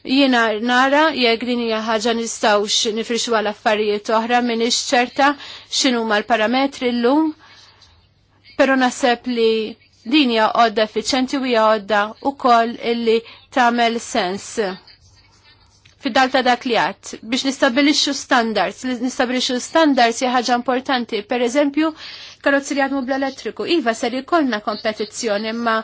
Speaker 3: jiena nara jekk din hija ħaġa nistgħux nifrixu għal affarijiet oħra m'iniex ċerta x'inhuma l-parametri llum. Pero naħseb li din hija għodda effiċenti u hija għodda wkoll illi tagħmel sens fid-dal ta' dak li għat biex nistabilixxu standards. Nistabilixxu standards hija ħaġa importanti. Per eżempju, karozzi li elettriku Iva ser jkollna kompetizzjoni imma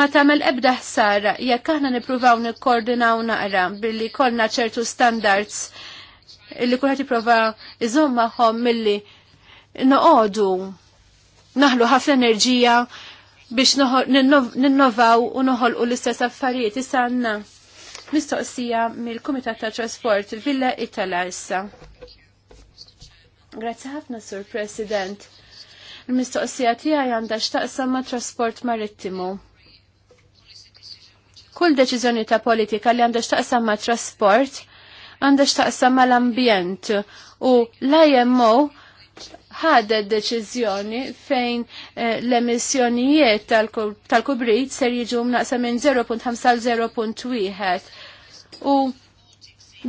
Speaker 3: ma tagħmel ebda ħsara jekk aħna nippruvaw nikkoordinaw naqra billi kollna ċertu standards li kulħadd jipprova iżomm magħhom milli noqogħdu naħlu ħafna enerġija biex ninnovaw u noħolqu l-istess affarijiet issa għandna mistoqsija mill-Kumitat ta' Trasport Villa Itala issa. Grazzi ħafna, Sur President. Il-mistoqsija tiegħi għandha x'taqsam ma' trasport marittimu. Kull deċiżjoni ta' politika li għandha x'taqsam ma' trasport għandha x'taqsam mal-ambjent u l-IMO Ħadet deċiżjoni fejn eh, l-emissjonijiet tal-kubrit ser jiġu mnaqsa minn 0.5-0.1. U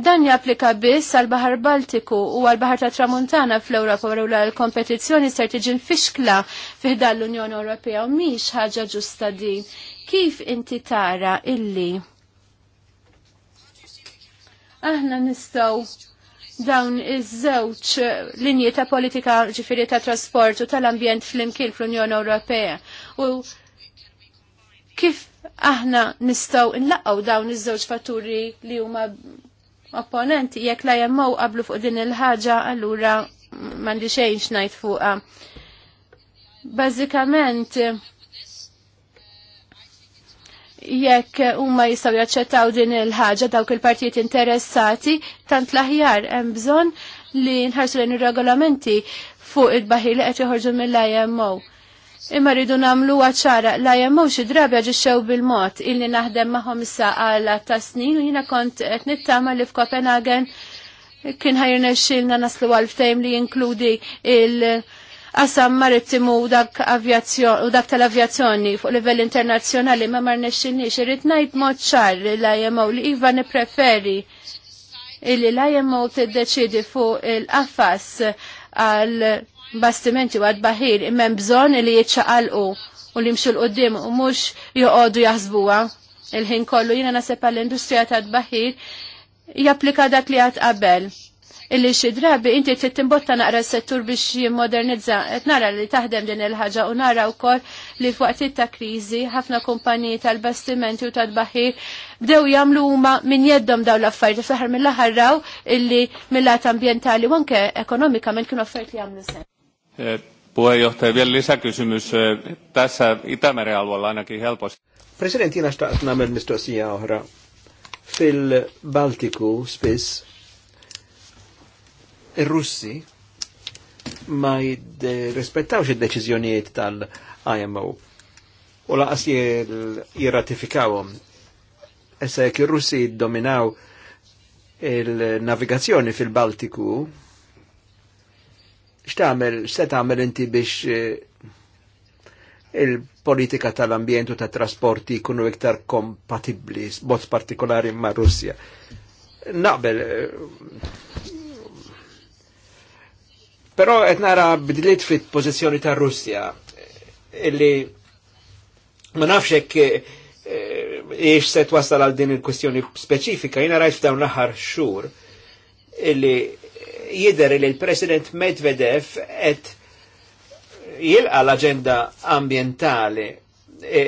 Speaker 3: dan japplika biss għal bahar Baltiku u għal bahar ta' Tramuntana fl-Ewropa u l-kompetizzjoni ser tiġi fixkla fiħda l-Unjoni Ewropea u miex ħaġa ġusta din. Kif inti tara illi? Aħna nistaw dawn iż-żewġ linji ta' politika ġifiri ta' trasport u tal-ambjent fl-imkien fl-Unjoni Ewropea. U kif aħna nistaw nlaqgħu dawn iż-żewġ fatturi li huma opponenti jekk la jemmgħu qablu fuq din il-ħaġa allura m'għandi xejn x'ngħid fuqha. Bażikament jekk huma jistgħu jaċċettaw din il-ħaġa dawk il-partijiet interessati tant l-aħjar hemm bżonn li nħarsu lejn ir-regolamenti fuq il-baħir li qed joħorġu mill-IMO. Imma rridu namlu għacċara la jemmu xi drabi ġiċċew bil-mod illi naħdem maħom issa għala ta' snin u jina kont qed nittama li f'Kopenhagen kien ħajrna xilna naslu għal-ftejm li jinkludi il- qasam marittimu u dak, tal-avjazzjoni fuq livell internazzjonali ma mar nexxinniex irid ngħid mod ċar l-IMO li iva nippreferi illi l-IMO t-deċidi fuq il-qafas għal bastimenti u għad baħir imman bżon li jitxaqalqu u li mxu l-qoddim u mux joqodu jahzbuwa il-ħin kollu jina nasepa l industrija ta' baħir japplika dak li għad qabel illi xi drabi inti trid timbotta naqra s-settur biex jimmodernizza. Qed nara li taħdem din il-ħaġa u nara wkoll li f'waqtiet ta' kriżi ħafna kumpaniji tal-bastimenti u tal-baħir bdew jagħmlu huma min jeddhom dawn l-affarijiet fl-aħħar mill-aħħar raw illi mill-lat ambjentali u anke ekonomikament kienu affarijiet li jagħmlu sen.
Speaker 1: Eh, puheenjohtaja, vielä lisäkysymys. Eh, tässä Itämeren alueella ainakin helposti. xtaqt nagħmel mistoqsija oħra. Fil-Baltiku spiss ir-Russi ma jirrispettawx id-deċiżjonijiet tal-IMO u laqas jirratifikawhom. Issa jekk ir-Russi dominaw il-navigazzjoni fil-Baltiku, x'tagħmel se tagħmel inti biex eh, il-politika tal-ambjent u tat-trasporti jkunu iktar kompatibbli b'mod partikolari ma' Russja. Naqbel eh, Però qed nara bidliet fit-pożizzjoni ta' Russja illi ma nafx hekk eh, iex se twassal għal din il-kwestjoni speċifika, jiena rajt f'dawn l-aħħar xhur illi jider li l-President Medvedev qed jilqa l-aġenda ambientali e,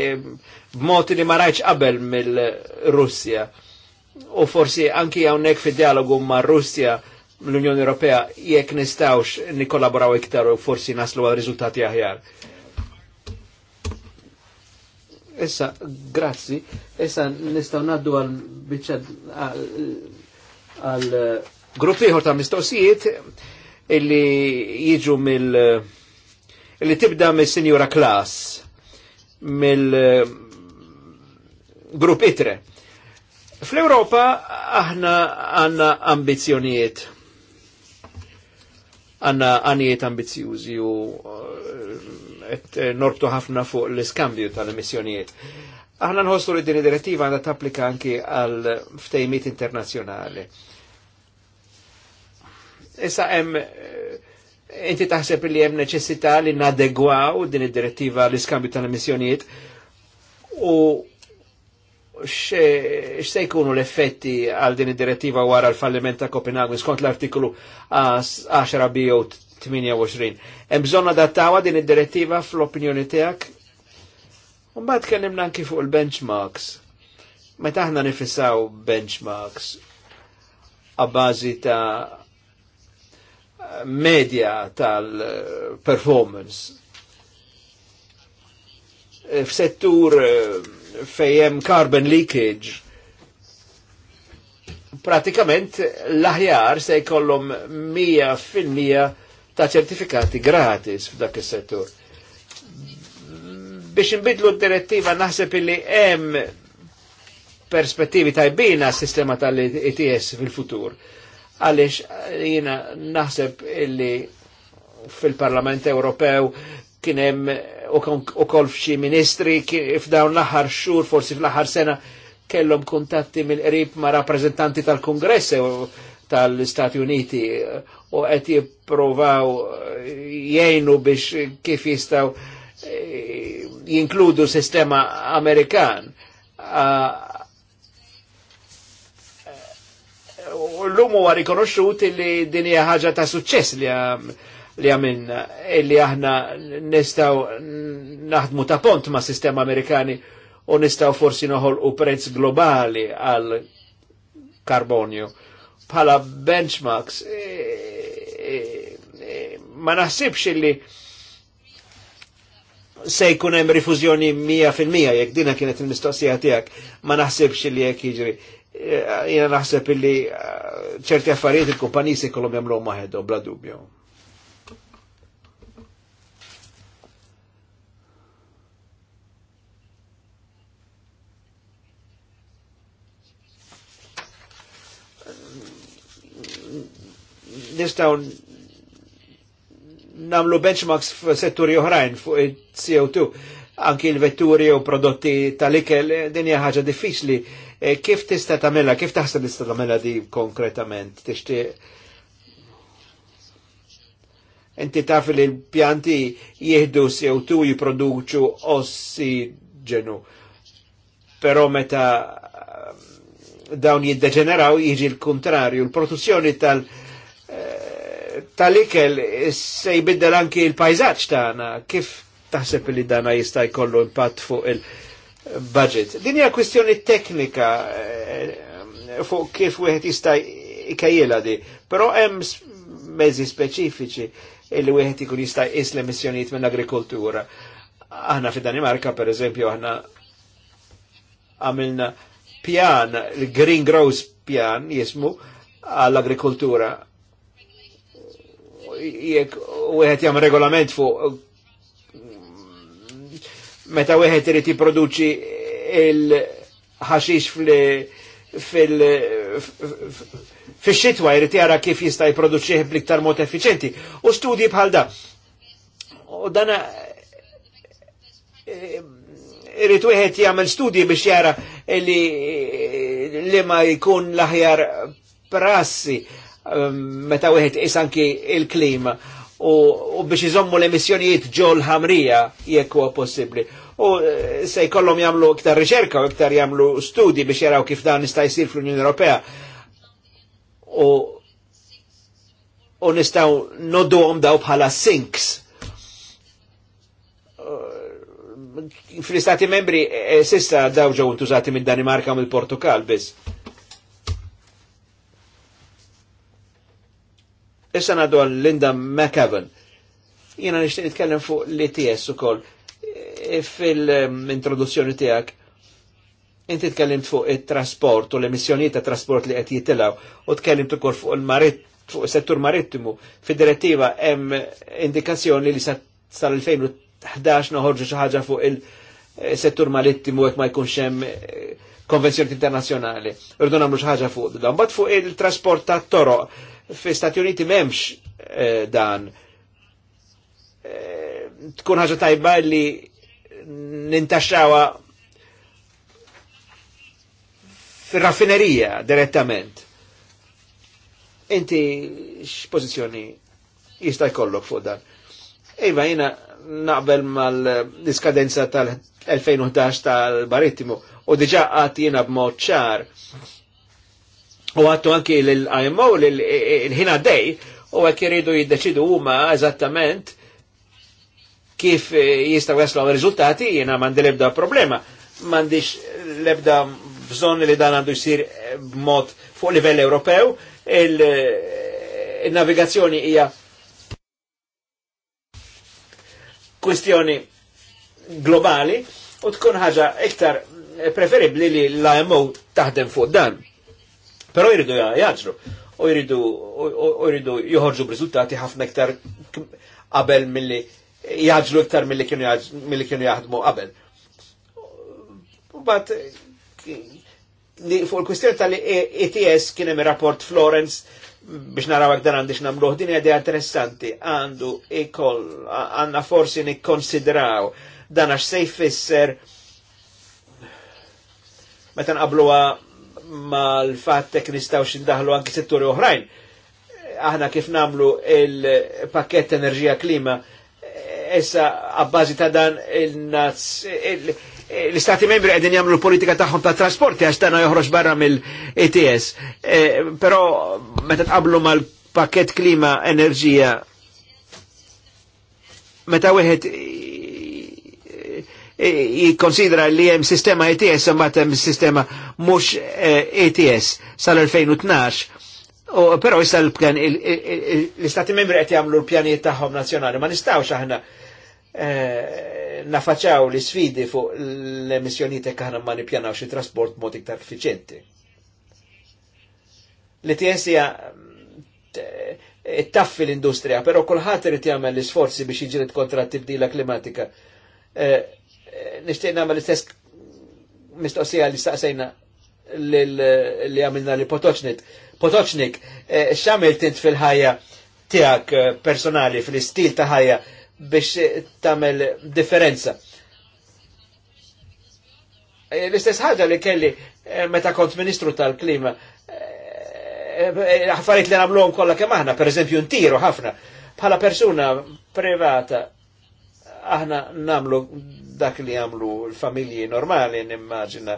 Speaker 1: b'mod li ma rajtx qabel mill-Russja. U forsi anki hawnhekk fid-dialogu ma' Russja l-Unjoni Ewropea jekk nistawx nikollaboraw iktar u forsi naslu għal riżultati aħjar. Issa, grazzi, issa nistaw naddu għal biċċad għal gruppi ħor ta' mistoqsijiet illi jiġu mill illi tibda mill sinjura Klas mill grupp itre. Fl-Europa aħna għanna ambizjonijiet għanna għanijiet ambizjużi u uh, eh, norbtu ħafna fuq l-iskambju tal-emissjonijiet. Aħna nħossu li din id-direttiva għandha tapplika anki għal ftejmiet internazzjonali. Issa hemm eh, inti taħseb li hemm neċessità li nadegwaw din id-direttiva l-iskambju tal-emissjonijiet u x'se jkunu l-effetti għal din id-direttiva wara l-falliment ta' Kopenhagen skont l-artiklu 10 bio 28. Hemm bżonn adattawa din id-direttiva fl-opinjoni tiegħek? Mbagħad tkellimna anki fuq il-benchmarks. Meta aħna nifissaw benchmarks għabbażi ta' medja tal-performance f'settur eh, fejjem carbon leakage. Pratikament l-aħjar se jkollhom 100% ta' ċertifikati gratis f'dak is-settur. Biex inbidlu d-direttiva naħseb li hemm perspettivi tajbina s-sistema tal-ETS fil-futur. Għalix eh, jina naħseb illi fil-Parlament Ewropew kienem u kol f'xi ministri f'dawn l ħar xur, forsi fl ħar sena kellom kontatti mill-qrib ma' rappresentanti tal-Kongress tal stati Uniti u għet jiprovaw eh, jajnu biex kif jistaw eh, jinkludu sistema Amerikan. Eh, u l lumu għar rikonoxxut li dinja hija ħaġa ta' suċċess li li għamilna, illi aħna nistaw naħdmu ta' pont ma' sistema Amerikani u nistaw forsi noħol u prezz globali għal karbonju. Pala benchmarks, e, e, e, ma naħsibx illi se jkun hemm rifużjoni 100% jekk dina kienet il-mistoqsija tiegħek, ma naħsibx li jekk jiġri e, jena naħseb illi e, ċerti affarijiet il-kumpaniji se jkollhom jagħmluhom waħedhom bla dubju. nistaw namlu benchmarks f-setturi oħrajn fuq il-CO2, anki il-vetturi u prodotti tal-ikel, din hija ħaġa diffiċli. E, kif tista' Tamela? kif taħseb tista' tamela di konkretament? Tishti... Inti taf li l-pjanti jieħdu CO2 jiproduċu ossiġenu. Però meta um, dawn jiddeġeneraw jiġi l-kontrarju, l-produzzjoni tal- tal-ikel se jibiddel anki il-pajzaċ tagħna kif taħseb li dana jista' jkollu impatt fuq il-budget. Din hija kwistjoni teknika eh, fuq kif wieħed jista' ikejjela di, però hemm mezzi speċifiċi li wieħed ikun jista' jqis l-emissjonijiet agrikoltura Aħna fi danimarka per eżempju, aħna għamilna pjan, il-Green Growth pjan jismu, għall-agrikoltura jekk wieħed jam regolament fuq meta wieħed irid produċi il-ħaxix fil- fil-xitwa jrid jara kif jista' jipproduċih bl-iktar mod effiċenti. U studji bħal da. U dana irrit wieħed jagħmel studji biex jara li ma jkun l-aħjar prassi Um, meta wieħed isanki il-klima u biex iżommu l-emissjonijiet ġol ħamrija jekk huwa possibbli. U eh, se jkollhom jagħmlu iktar riċerka u iktar jagħmlu studi biex jaraw kif dan nista' jsir fl-Unjoni Ewropea. U u nistgħu nodduhom daw bħala sinks. Uh, fl-istati membri eh, sissa daw ġew intużati minn Danimarka u mill-Portugal biss. Issa nadu għal Linda McEwan. Jena nishtiq nitkellem fuq l-ITS u koll. E, fil-introduzzjoni tijak, inti tkellimt fuq il-trasport u l-emissjonijiet ta' trasport li qed jitilaw u tkellimt ukoll fuq il settur marittimu. Fid-direttiva hemm indikazzjoni li sal-2011 noħorġu xi ħaġa fuq il-settur marittimu jekk ma jkunx hemm eh, konvenzjoni internazzjonali. Rdu nagħmlu xi ħaġa fuq fuq il-trasport ta' toroq Fi Stati Uniti memx eh, dan. Eh, tkun ħaġa tajba li nintaxxawa fil-raffinerija direttament. Inti x-pozizjoni jista' jkollok fuq dan. Iva, jina naqbel mal-diskadenza tal-2011 tal barittimu u diġa għat jina b'mod ċar u għattu anki l-IMO l-ħina dej u għek jiridu jiddeċidu huma eżattament kif eh, jistaw jaslu rizultati jena mandi lebda problema mandiċ lebda bżon li dan għandu jisir eh, mod fuq livell Ewropew eh, il-navigazzjoni hija kwistjoni globali u tkun ħaġa iktar preferibli li l-IMO taħdem fuq dan Pero jiridu jaġru, u jiridu, u jiridu joħorġu b'rizultati ħafna iktar qabel milli jaġru iktar milli kienu jaħdmu qabel. Bat, fuq il-kwistjoni tal-ETS e kien hemm rapport Florence biex naraw għak dan għandix namluħ din idea interessanti għandu ikoll għanna forsi nikkonsidraw dan għax se jfisser meta nqabluha ma l fattek nistaw xindahlu anki setturi oħrajn. Aħna kif namlu il-pakket enerġija klima, essa għabbażi ta' dan il-nazz, l-istati membri għedin jamlu politika taħħom ta' trasporti għax tana joħroġ barra mill-ETS. E, Pero meta tqablu mal-pakket klima enerġija, meta wieħed E, jikonsidra li hemm sistema ETS imma hemm sistema mhux ETS e sal-2012. Però issa l-istati l membri qed jagħmlu l-pjanijiet tagħhom nazzjonali ma nistgħux aħna e, nafaċaw l sfidi fuq l-emissjonijiet jekk aħna ma nippjanaw xi trasport mod iktar efficienti. L-ETS hija taffi l-industrija, pero kullħat irid jagħmel l-isforzi biex jiġrid kontra t-tibdila klimatika nishtiq namel l-istess mistoqsija li staqsejna li għamilna li Potoċnik. Potoċnik, e, xamil tint fil-ħajja tijak e, personali, fil istil ta' ħajja biex tamel differenza. E, l-istess ħagġa li kelli meta kont ministru tal-klima, għaffariet li namlom kolla kem aħna, per eżempju, ntiru ħafna, bħala persuna privata, aħna namlu dak li għamlu l-familji normali nimmaġina.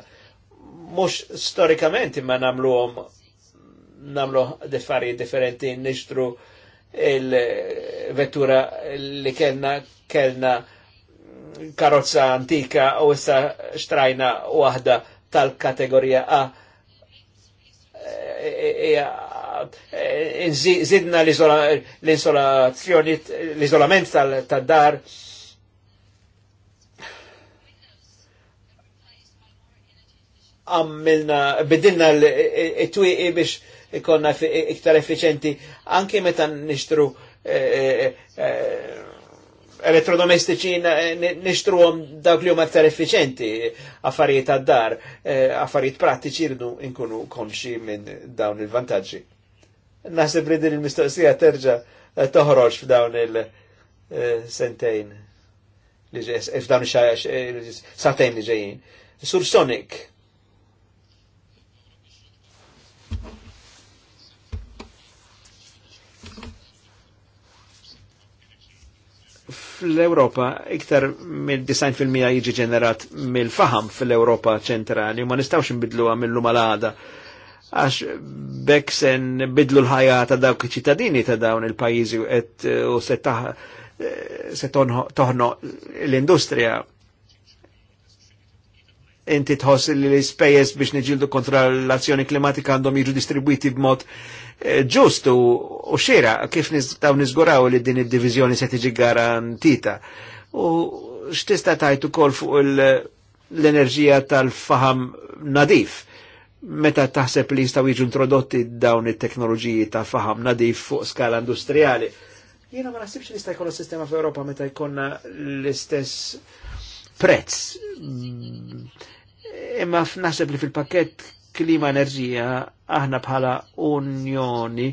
Speaker 1: Mux storikament imma għom namlu affarijiet differenti Nistru il-vettura li kellna kellna karozza antika u issa xtrajna waħda tal-kategorija A e, e, e, zidna l isolament tal-dar għammilna, bidilna l-twiqi biex ikonna iktar effiċenti anke meta nishtru elettrodomestiċi nishtru għom dawk li huma aktar effiċenti affarijiet għad-dar, affarijiet prattiċi rridu nkunu konxi minn dawn il-vantaġġi. Nasib li din il-mistoqsija terġa toħroġ f'dawn il-sentejn li f'dawn il-satejn li ġejjin. Sur Sonic, fl-Europa iktar mill-90% jiġi ġenerat mill-faham fl-Europa ċentrali, ma nistawx nbidluha mill-lum għal-għada. Għax bekk sen bidlu l-ħajja ta' dawk ċittadini ta' dawn il-pajizi u se toħno l-industrija inti tħoss li l-spejjeż biex niġildu kontra l-azzjoni klimatika għandhom jiġu distribwiti b'mod eh, ġustu u xira kif nistaw nizguraw li din id-divizjoni se tiġi garantita. U x'tista' tajtu ukoll fuq l-enerġija tal-faham nadif meta taħseb li jistgħu jiġu introdotti dawn it-teknoloġiji ta' faham nadif fuq skala industrijali. Jiena ma naħsibx li jista' jkollu sistema f'Ewropa meta jkollna l-istess prezz. Imma f'naħseb li fil-pakket klima enerġija aħna bħala unjoni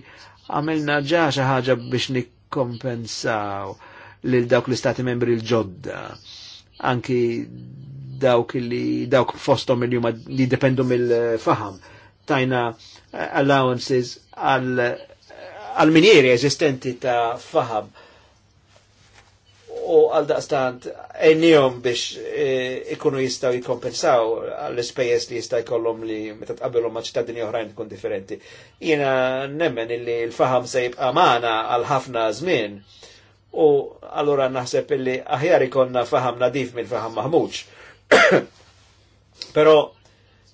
Speaker 1: għamilna ġa xi ħaġa biex nikkompensaw lil dawk l-istati membri l-ġodda. Anki dawk li dawk fostom il li dependu mill-faham. Tajna allowances għal għal minieri eżistenti ta' faham u għal daqstant enjom biex e, ikunu jistaw jikompensaw għall-spejjes li jistaw jkollhom li meta tqabbilhom ma' ċittadini oħrajn tkun differenti. Jiena nemmen illi l-faham se jibqa' magħna għal ħafna żmien u allura naħseb illi aħjar ikonna faham nadif minn faham maħmuċ. Però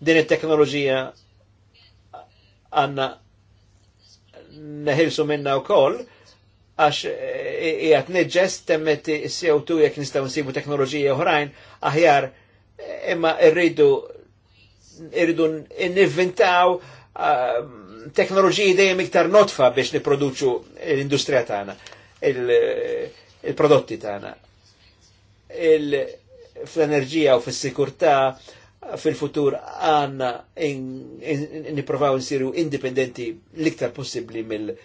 Speaker 1: din it-teknoloġija għandna neħilsu minna wkoll għax e, e, jgħat neġġess temmet CO2 jek nistaw nsibu teknoloġija oħrajn aħjar e, imma irridu irridu n-inventaw teknoloġiji dejjem iktar notfa biex niproduċu l-industrija tagħna, il-prodotti tagħna. Fl-enerġija u fis-sikurtà fil-futur għanna niprofaw nsiru indipendenti l-iktar possibbli mill-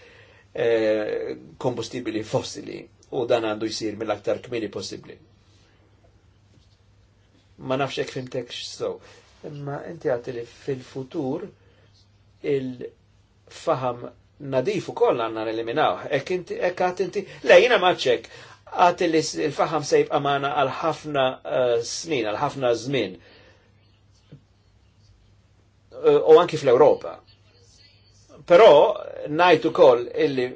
Speaker 1: E, kombustibili fossili u dan għandu jisir mill-aktar kmini possibli. Ma nafx hekk fimtek so. Imma inti għati li fil-futur il-faham nadif u koll għanna eliminaw. Ek inti, ek għati inti, le jina maċċek, li il-faham sejb għamana għal-ħafna uh, e, snin, għal-ħafna zmin. E, u uh, anki fl-Europa Però najt ukoll illi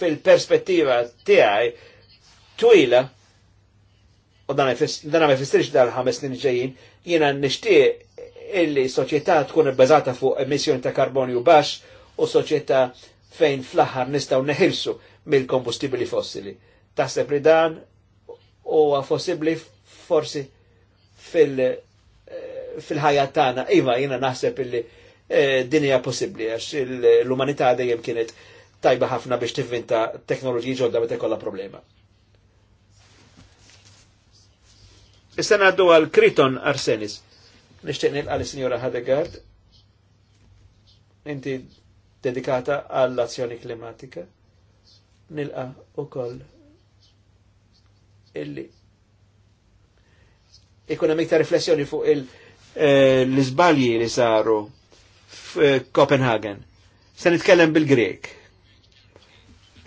Speaker 1: fil-perspettiva tiegħi twila u dan ma jfissirx dal-ħames snin ġejjin, jiena nixtieq illi soċjetà tkun bbażata fuq emissjoni ta' karbonju baxx u soċjetà fejn fl-aħħar nistgħu neħilsu mill-kombustibili fossili. Taħseb li dan huwa fossibbli forsi fil- eh, fil-ħajja tagħna. Iva, jiena naħseb illi Eh, din hija possibbli għax l-umanità dejjem kienet tajba ħafna biex tivvinta teknoloġiji ġodda meta kollha problema. Issa għaddu għal Kriton Arsenis. Nishtiq nilqa l signora Hadegard. Inti dedikata għall-azzjoni klimatika. Nilqa u koll illi ikun hemm riflessjoni fuq il eh, l-iżbalji li saru f'Copenhagen. Se nitkellem bil-Grek.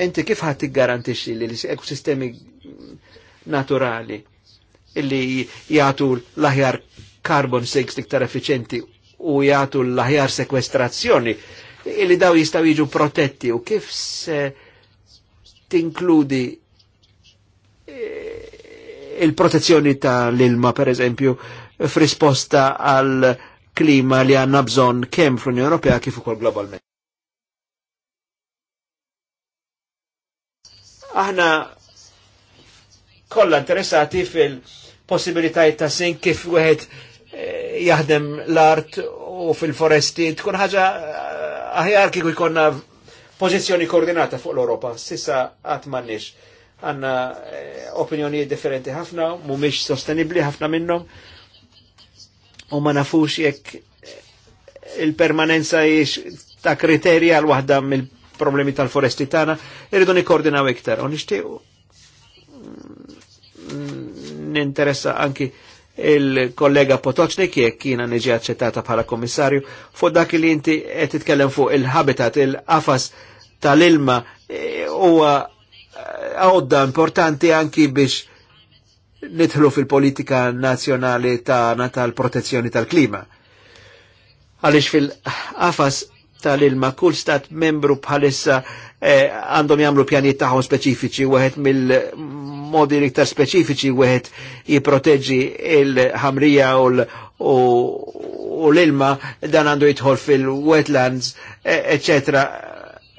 Speaker 1: Inti kif ħadd tiggarantixxi li l-ekosistemi naturali illi jagħtu l-aħjar carbon sinks iktar effiċenti u jagħtu l-aħjar sekwestrazzjoni illi daw jistgħu jiġu protetti u kif se tinkludi eh, il-protezzjoni tal-ilma, per eżempju, f'risposta għal klima li għanna bżon kemm fl-Unjoni Ewropea kif ukoll globalment. Aħna kollha interessati fil-possibilitajiet ta' sin kif wieħed eh, jaħdem l-art u fil-foresti tkun ħaġa eh, aħjar kieku jkollna pożizzjoni koordinata fuq l europa Sissa għat m'għandniex għandna eh, opinjonijiet differenti ħafna, mhumiex sostenibbli ħafna minnhom u ma nafux jekk il-permanenza jiex ta' kriterja l-wahda mill-problemi tal-foresti tagħna, irridu nikordinaw iktar. U nixtiequ mm, ninteressa anki il-kollega Potocznik jekk kiena niġi accettata bħala komissarju fuq dak li inti qed titkellem fuq il-habitat, il-qafas tal-ilma e, huwa għodda importanti anki biex nidħlu fil-politika nazjonali ta' natal protezzjoni tal-klima. Għaliex fil-qafas tal-ilma kull stat membru bħalissa eh, għandhom eh, jagħmlu pjanijiet tagħhom speċifiċi wieħed mill-modi iktar speċifiċi wieħed jipproteġġi il-ħamrija u l-ilma dan għandu jitħol fil-wetlands, eccetera eh,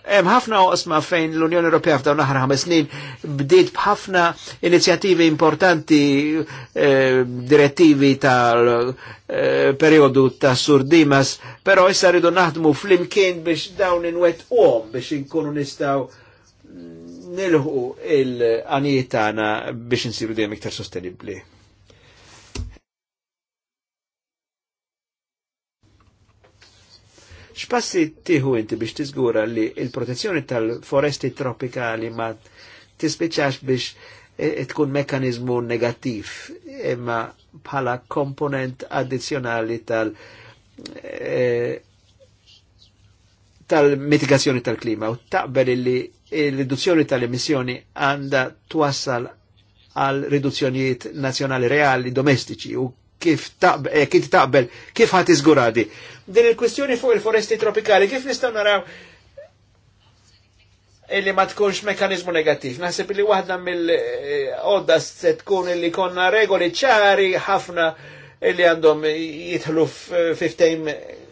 Speaker 1: Hemm ħafna oqsma fejn l-Unjoni Ewropea f'dawn aħħar ħames snin bdiet b'ħafna inizjattivi importanti eh, direttivi tal eh, periodu ta' Sur Dimas, però issa rridu naħdmu flimkien biex dawn inwet uom biex inkunu nistgħu nilħu il-għanijiet tagħna biex insiru dejjem iktar sostenibbli. X'passi tieħu inti biex tiżgura li il-protezzjoni tal-foresti tropikali ma tispiċax biex e, e, tkun mekkanizmu negattiv imma bħala komponent addizjonali tal e, tal-mitigazzjoni tal-klima u taqbel li l-riduzzjoni tal-emissjoni għanda twassal għal riduzzjonijiet nazjonali reali domestiċi u Eh, kif taqbel, kif taqbel, kif ħat iżguradi. Din il-kwistjoni fuq il-foresti tropikali, kif nistaw naraw illi ma tkunx mekanizmu negativ. Naħseb li waħda mill-odda se tkun illi konna regoli ċari ħafna illi għandhom jitħlu 15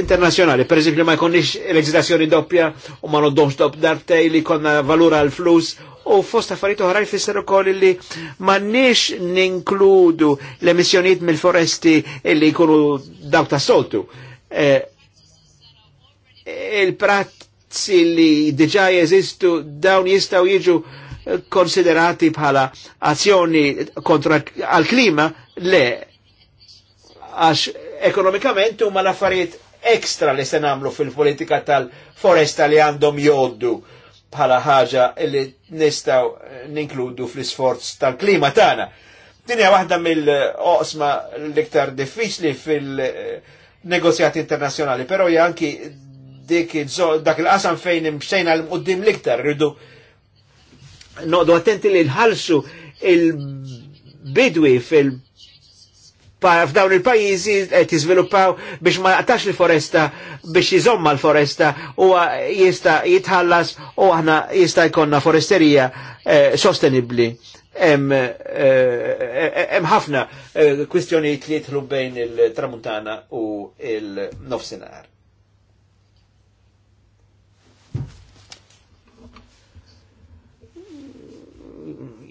Speaker 1: internazjonali. Per eżempju, ma jkunniex leġislazzjoni doppja u ma noddomx dopp dartej li konna valura għal-flus u fost affarijiet oħrajn fisser ukoll li ma nix ninkludu l-emissjonijiet mill-foresti li jkunu dawk ta' soltu. E, il-prazzi li diġà jeżistu dawn jistgħu jiġu konsiderati bħala azzjoni kontra għal-klima le għax ekonomikament huma l-affarijiet ekstra li se namlu fil-politika tal-foresta li għandhom joddu bħala ħaġa li nistaw ninkludu fl-isforz tal-klima tagħna. Dinja waħda mill-oqsma l-iktar diffiċli fil-negozjati internazzjonali, però janki dik dak il-qasam fejn imxejna l-qoddim l-iktar, rridu noqdu attenti li l-ħalsu il-bidwi fil- f'dawn il pajizi qed jiżviluppaw biex ma jaqtax il-foresta biex jiżomma l-foresta u jista' jitħallas u aħna jista' jkollna foresterija eh, sostenibbli. Hemm eh, eh, ħafna kwistjonijiet li jidħlu bejn il-tramuntana u il-nofsinhar.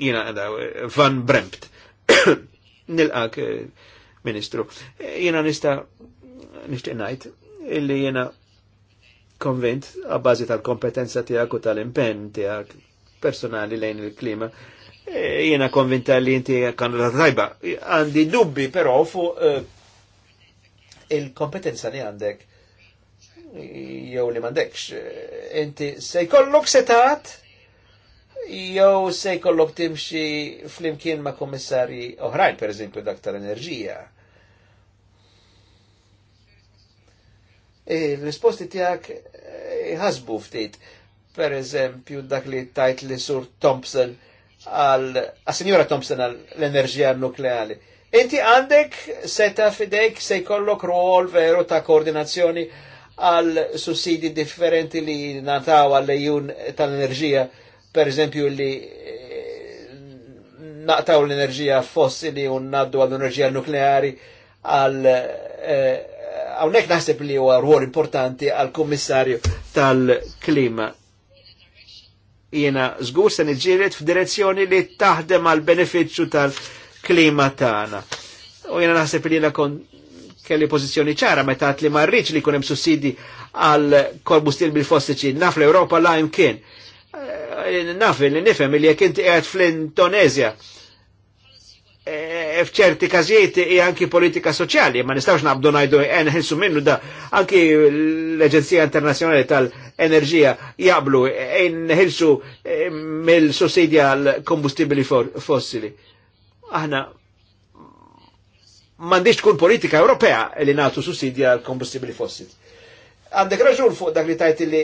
Speaker 1: Jina, Van Brempt. nilqak Ministru. Jena nista nishtiq ngħid illi jena konvint għabbażi tal-kompetenza tijak u tal-impenn tijak personali lejn il-klima. Eh, jena konvinta li inti kandidata tajba. Għandi dubbi però fu eh, il-kompetenza li għandek jew li mandekx. Eh, inti sej kollok setat jew se jkollok timxi flimkien ma' kommissarji oħrajn, per eżempju dak tal-enerġija. Eh, l risposti tijak jħasbu eh, ftit, per eżempju dak li tajt li sur Thompson għal, għas-senjora Thompson għal l-enerġija nukleali. Inti għandek seta fidejk se jkollok rol veru ta' koordinazzjoni għal sussidi differenti li nataw għal lejun tal-enerġija per eżempju li eh, naqtaw l-enerġija fossili u naddu għall-enerġija nukleari għal għawnek eh, naħseb li huwa rwol importanti għal kommissarju tal-klima. Jena zgur se niġġieled f'direzzjoni li taħdem għal beneficju tal-klima tagħna. U jena naħseb li jena kon kelli pożizzjoni ċara meta li marriċ li kunem sussidi għal korbustil bil-fossiċi naf l-Europa la jimkien. Eh, nafi li nifem li jekk inti qiegħed fl-Indonezja e, fċerti każijiet i anki politika soċjali, ma nistawx nabdu najdu nħilsu minnu da, anki l-Aġenzija Internazjonali tal-Enerġija jablu e, nħilsu e, mill-sussidja l kombustibili fossili. Aħna mandiċ tkun politika Ewropea li natu sussidja l kombustibili fossili. Għandek raġun fuq dak li tajt li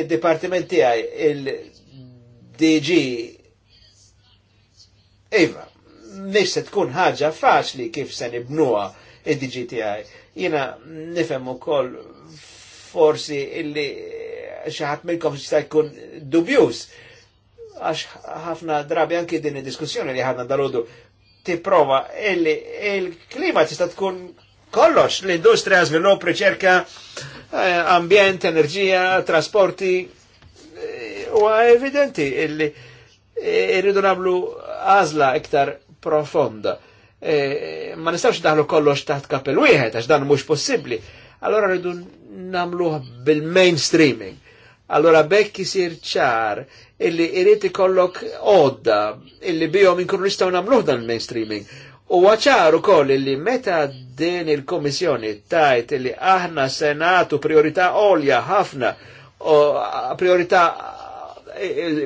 Speaker 1: il-departiment tiegħi DG. Iva, nix se tkun ħaġa faċli kif se nibnuha id dgti Jina nifem u ukoll forsi illi xaħat ħadd minnkom jkun dubjus għax ħafna drabi anki din id-diskussjoni li ħadna ti prova illi il-klima tista' tkun kollox l-industrija, svilupp, riċerka, eh, ambjent, enerġija, trasporti, u evidenti illi irridu nagħmlu għazla iktar profonda. E, ma nistax daħlu kollox taħt kapel wieħed għax dan mhux possibbli. Allora rridu nagħmluh bil-mainstreaming. Allora bekk isir ċar illi irriti kollok odda illi bihom inkunu nistgħu nagħmluh dan il-mainstreaming. U għaċar ukoll illi meta din il-Komissjoni tajt illi aħna senatu priorità olja ħafna priorità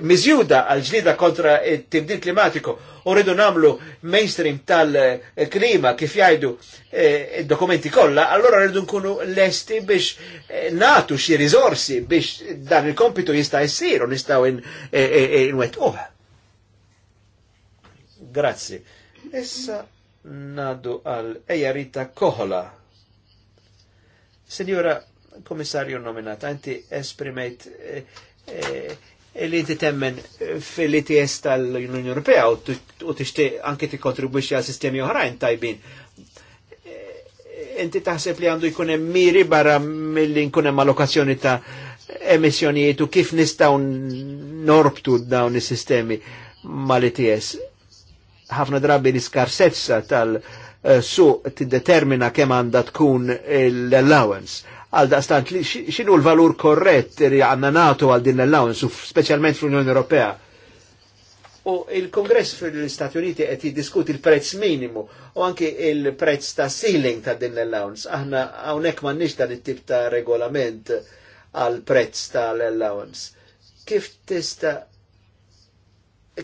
Speaker 1: miżjuda għal ġlida kontra il tibdil klimatiku u rridu namlu mainstream tal-klima kif jajdu eh, il dokumenti kolla, allora rridu nkunu lesti biex eh, natu xie rizorsi biex dan il-kompitu jista' jessir u eh, in-wet uħ. Grazzi. Issa nadu għal Ejarita Kohola. Signora Komissarju nominata, anti esprimejt li inti temmen fil-ITS tal-Unjoni Ewropea u anki anke tikkontribwixxi għal sistemi oħrajn tajbin. Inti taħseb li għandu jkun hemm miri barra milli nkun hemm allokazzjoni ta' emissjonijiet u kif nistgħu norbtu dawn is-sistemi mal-ITS. Ħafna drabi l-iskarsezza tal- eh, su determina kemm għandha tkun l-allowance għal daqstant li xinu l-valur korrett li għanna natu għal din l-allowance, specialment fl-Unjoni Ewropea. U il-Kongress fil-Stati Uniti qed jiddiskuti l prezz minimu u anki il-prezz ta' ceiling ta' din l-allowance. Aħna hawnhekk m'għandniex dan it-tip ta' regolament għal prezz ta' l-allowance. Kif tista'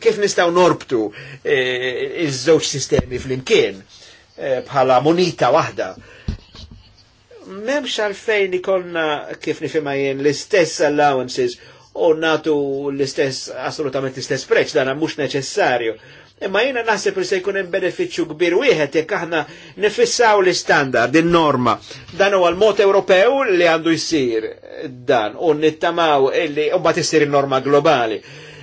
Speaker 1: kif nistaw norbtu eh, iż-żewġ sistemi fl-imkien eh, bħala monita waħda? memx għalfejn ikonna kif nifima jien l-istess allowances u natu l-istess, assolutament l-istess prezz, dan mux neċessarju. Imma jina naħseb li se jkun hemm benefiċċju kbir wieħed jekk aħna nifissaw l-istandard, in-norma. Dan huwa l-mod Ewropew li għandu jsir dan u nittamaw illi u mbagħad issir in-norma globali.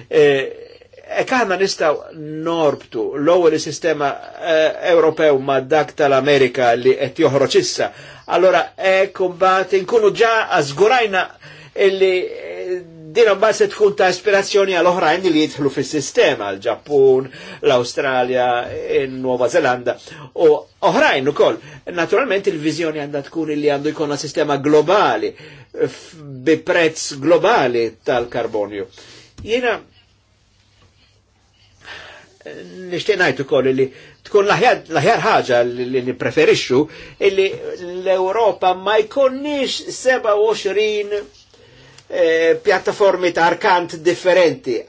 Speaker 1: Eh, E Kaħna nistaw norbtu l-ewwel sistema eh, Ewropew ma dak tal-Amerika li qed joħroġ issa. Allora hekk imbagħad inkunu ġa żgurajna illi eh, din mbagħad se tkun ta' ispirazzjoni għal oħrajn li jidħlu fis-sistema l-Ġappun, l-Awstralja, in-Nuova Zelanda u oħrajn ukoll. Naturalment il-viżjoni għandha tkun illi għandu jkollna sistema globali bi prezz globali tal-karbonju. Jiena nishtiq ngħid ukoll li tkun l ħaġa li nipreferixxu illi l europa ma jkunniex 27 eh, pjattaformi ta' arkant differenti.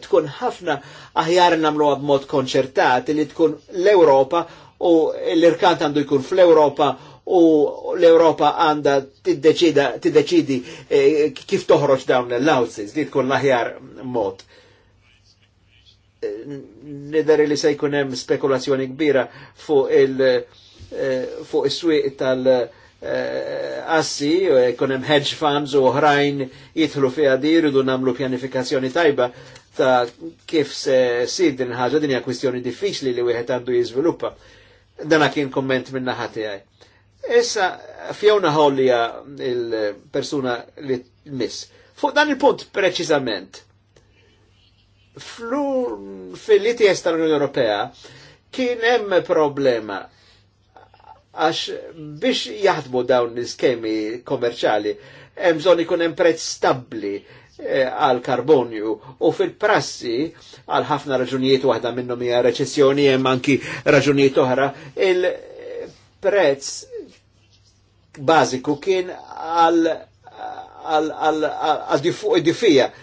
Speaker 1: Tkun ħafna aħjar namluha b'mod konċertat li tkun l europa u l-irkant għandu jkun fl europa u l-Europa għanda tiddeċidi deċidi eh, kif toħroġ dawn l-lawsis, li tkun laħjar mod nidari li se jkun hemm spekulazzjoni kbira fuq il eh, fuq is-swieq tal eh, assi, eh, jkun hemm hedge funds u oħrajn jitħlu fiha di u nagħmlu pjanifikazzjoni tajba ta' kif se sid din ħaġa din hija kwistjoni diffiċli li wieħed għandu jiżviluppa. Dana kien komment minn naħa tiegħi. Issa fjawna ħollija il-persuna li miss. Fuq dan il-punt preċiżament flu fil-ITS tal-Unjoni Ewropea kien hemm problema għax biex jaħdmu dawn l-iskemi kommerċali hemm bżonn ikun hemm prezz stabbli għal karbonju u fil-prassi għal ħafna raġunijiet waħda minnhom hija reċessjoni hemm anki raġunijiet oħra il-prezz bażiku kien għal għal għal għal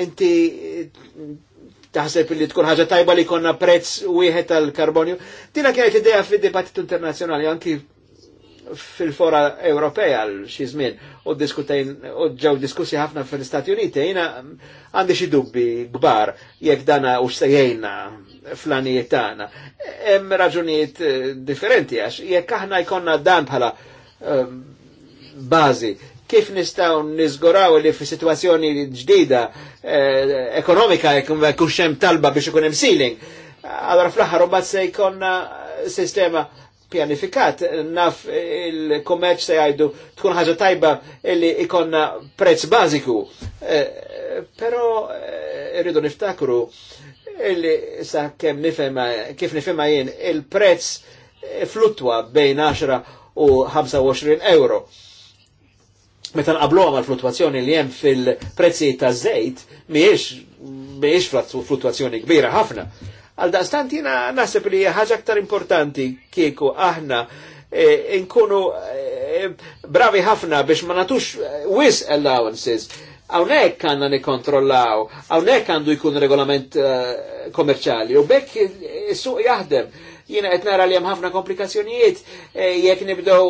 Speaker 1: inti taħseb li tkun ħaġa tajba li konna prezz wieħed tal-karbonju. Tina kienet idea fid-dibattitu internazjonali, anki fil-fora Ewropea l xi żmien u diskutajn u ġew diskussi ħafna fil-Stati Uniti, jina għandi xi dubbi gbar jekk dana u sejjejna fl-anijiet tagħna. Hemm raġunijiet eh, differenti għax jekk aħna jkollna dan bħala eh, bażi kif nistaw nizguraw li fi situazzjoni ġdida eh, ekonomika jkun xem talba biex ikun hemm ceiling. Allora fl-aħħar mbagħad se jkollna sistema pjanifikat, naf il kummerċ se jgħidu tkun ħaġa tajba illi ikonna prezz bażiku. Eh, però rridu eh, niftakru illi sa kemm nifema kif nifema jien il-prezz fluttwa bejn 10 u 25 euro meta nqabluha mal-fluttwazzjoni li hemm fil-prezzi ta' żejt mhijiex mhijiex fluttwazzjoni kbira ħafna. Għal daqstant jiena naħseb li ħaġa aktar importanti kieku aħna e, nkunu e, bravi ħafna biex ma natux wis allowances. Hawnhekk għandna nikkontrollaw, hawnhekk għandu jkun regolament uh, kommerċali u bekk suq jaħdem. Jiena qed nara li hemm ħafna komplikazzjonijiet e, jekk nibdew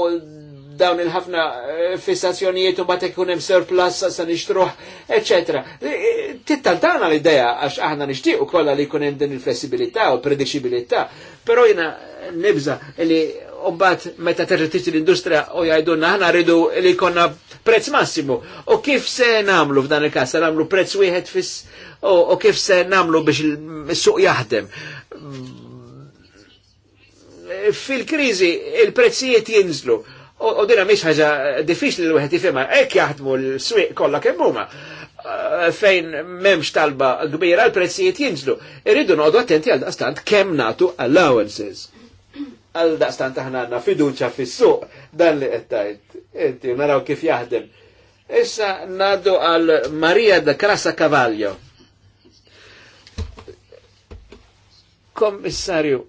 Speaker 1: dawn il-ħafna eh, fissazzjonijiet u bat ikun hemm surplus sa nixtruh, eċetera. E, e, Tittantana l-idea għax aħna nixtieq kolla li jkun hemm din il-flessibilità u prediċibilità, però jiena nibża li bat meta territiġi l-industrija u jgħidulna aħna rridu li jkollna prezz massimu. U kif se nagħmlu f'dan il kas se prezz wieħed fis u kif se nagħmlu biex il-suq jaħdem fil-krizi il-prezzijiet jinżlu U dina miex ħaġa diffiċ li l wħet jifhimha, ek jaħdmu l swiq kolla kemmuma, eh, fejn memx talba kbira l-prezzijiet jinżlu. Irridu noqogħdu attenti għal daqstant kem natu allowances. Għal daqstant aħna għanna fiduċa fis-suq dan li għettajt. tajt. Inti naraw kif jaħdem. Issa nadu għal Maria da Krasa Cavallo. Kommissarju,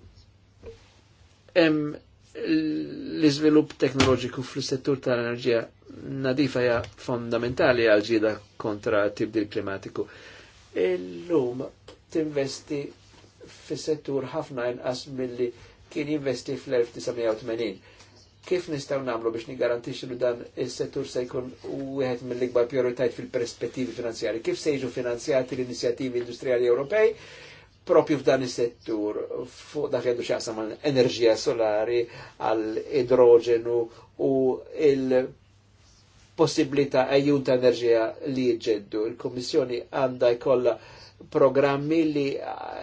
Speaker 1: l izvilup teknoloġiku fl-settur tal-enerġija nadifa hija fondamentali għal ġida kontra tibdil klimatiku. Illum tinvesti fis-settur ħafna inqas mill-li kien jinvesti fl-1980. Kif nistaw namlu biex nigarantixxu li dan is-settur se jkun għed mill-ikbar prioritajt fil-perspettivi finanzjari? Kif se jiġu finanzjati l inizjativi industrijali Ewropej propju f'dan is-settur fuq dak għandu xaqsam l enerġija solari, għal idroġenu u il- possibilità ejjun ta' enerġija li jġeddu. Il-Kommissjoni għandha jkollha programmi li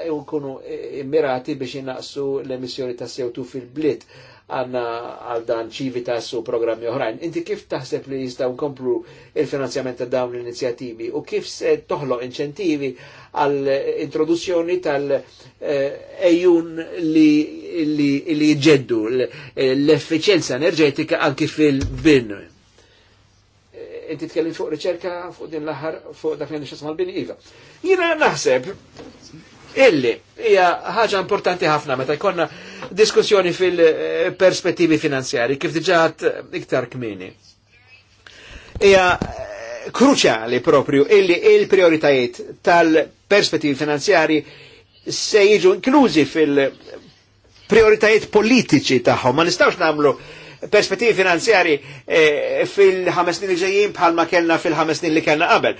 Speaker 1: jkunu immirati biex jinaqsu l-emissjoni ta' CO2 fil-blit għanna għal dan ċivi ta' su programmi oħrajn. Inti kif taħseb li jistaw nkomplu il-finanzjament ta' dawn l-inizjativi u kif se toħloq inċentivi għall-introduzzjoni tal-ejjun li jġeddu l-effiċenza enerġetika anki fil-bin. Inti tkellim fuq riċerka fuq din l-aħħar fuq dak li nixas mal-bin iva. Jina naħseb illi hija ħaġa importanti ħafna meta jkollna diskussjoni fil-perspettivi finanzjari kif diġà iktar kmini. Hija kruċjali propju illi il-prioritajiet tal-perspettivi finanzjari se jiġu inklużi fil-prioritajiet politiċi tagħhom. Ma nistgħux nagħmlu perspettivi finanzjari eh, fil-ħames snin li ġejjin ma kellna fil-ħames snin li kellna qabel.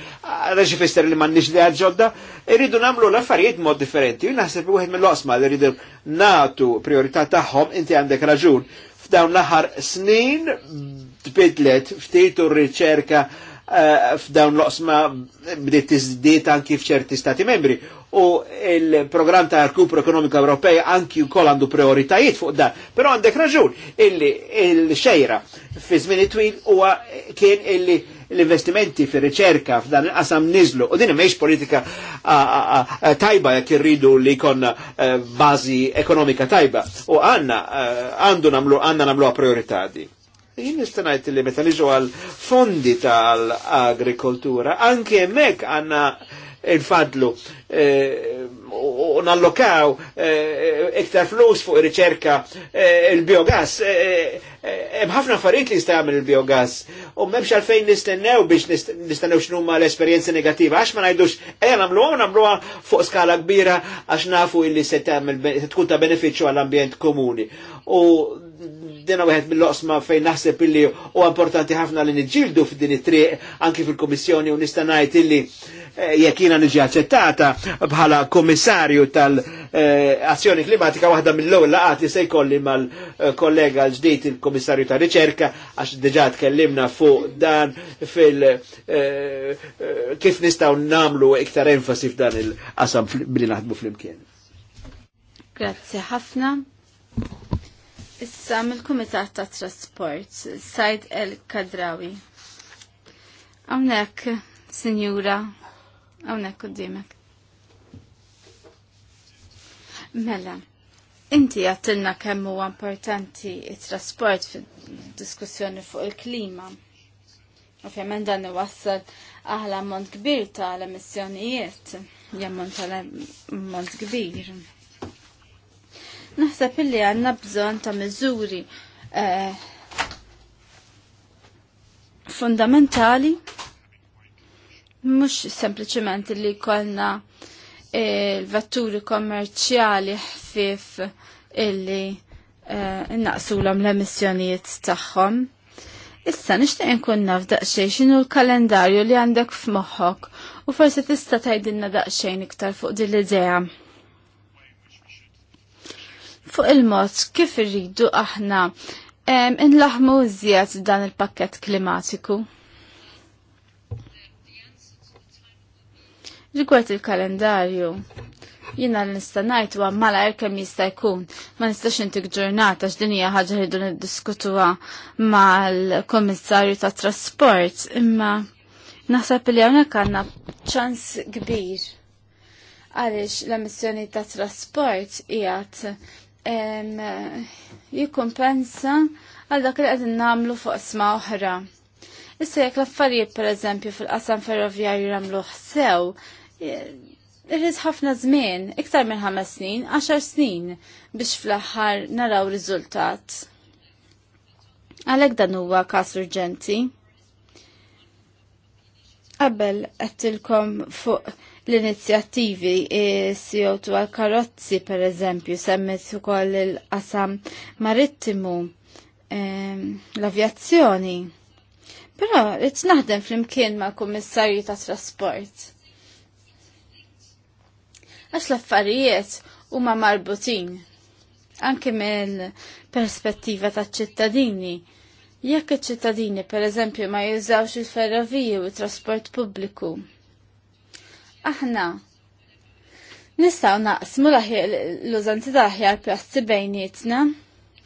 Speaker 1: Reġi fister li m'għandniex idea ġodda, irridu nagħmlu l-affarijiet mod differenti. Jien naħseb wieħed mill-osma li rridu nagħtu priorità tagħhom, inti għandek raġun, f'dawn l-aħħar snin tbidlet ftit u r-riċerka Eh, f'dawn l-osma bdiet tizdiet anki f'ċerti stati membri. U il program ta' rkupru ekonomika Ewropej anki wkoll għandu prioritajiet fuq dan. Però għandek raġun illi il-xejra fi żmien twil huwa kien illi l-investimenti fi riċerka f'dan il-qasam nizlu. U din mhijiex politika tajba jekk irridu li jkollna eh, bażi ekonomika tajba. U għandna eh, għandu namlu għandna namluha priorità di. Jien nistanajt li meta niġu għal fondi tal-agrikoltura, anke mek għanna il-fadlu eh, u nallokaw Eh, iktar flus fuq riċerka eh, il-biogas. Eh, hemm ħafna affarijiet li jagħmel il-biogas u m'hemmx għalfejn nistennew biex nistennew x'numa l esperjenza negattiva għax ma ngħidux ejja nagħmluha nagħmluha fuq skala kbira għax nafu illi se tagħmel se tkun ta' benefiċċju għall-ambjent komuni. U dina wieħed mill-oqsma fejn naħseb illi u importanti ħafna li niġġieldu f'din it-triq anki fil-Kummissjoni u nista' ngħid illi jekk jiena niġi aċċettata bħala kommissarju tal- Eh, azzjoni klimatika waħda mill-ewwel laqat li se jkolli mal-kollega l il-Komissarju ta' Riċerka għax diġà tkellimna fuq dan fil eh, kif nistgħu nagħmlu iktar enfasi f'dan il-qasam billi naħdmu flimkien.
Speaker 2: Grazzi ħafna. Issa mill-Kumitat ta' Trasport, Said El Kadrawi. Hawnhekk, Sinjura, hawnhekk dimek. Mela, inti għattilna kemm huwa importanti il trasport fid-diskussjoni fuq il-klima. Ovvjament dan iwassal aħla ammont kbir tal-emissjonijiet, mont tal mont kbir. Naħseb illi għanna bżon ta' miżuri eh, fundamentali mux sempliciment li kolna il-vetturi kommerċjali ħfif illi eh, innaqsu l l-emissjonijiet tagħhom. Issa nixtieq inkun naf daqsxejn x'inhu l-kalendarju li għandek f'moħħok u forsi tista' tgħidilna daqsxejn iktar fuq din l-idea. Fuq il-mod kif irridu aħna inlaħmu iżjed dan il-pakkett klimatiku. Rigward il-kalendarju, jina l-nistanajt u għammala erkem jista' jkun. Ma nistax intik ġurnata x'dinija ħagġa rridu niddiskutuha mal-Komissarju ta' Trasport, imma naħseb li hawnhekk għandna ċans kbir għaliex l-emissjoni ta' trasport qiegħed jikkumpensa għal dak li qegħdin nagħmlu fuq sma oħra. Issa jekk l-affarijiet pereżempju fil-qasam ferroviarju jagħmlu sew, irrid ħafna żmien, iktar minn ħames snin, għaxar snin biex fl-aħħar naraw riżultat. Għalhekk dan huwa każ urġenti. Qabel qedtilkom fuq l-inizjattivi e, CO2 għal karozzi per eżempju semmet ukoll il-qasam marittimu e, l-avjazzjoni. Però rrid naħdem flimkien mal-Kummissarju tat Trasport għax l-affarijiet huma marbutin anke mill perspettiva ta' ċittadini. Jekk iċ-ċittadini per eżempju ma jużawx il-ferroviji u trasport pubbliku. Aħna nistgħu naqsmu l-użanti ta' ħjar plasti bejnietna,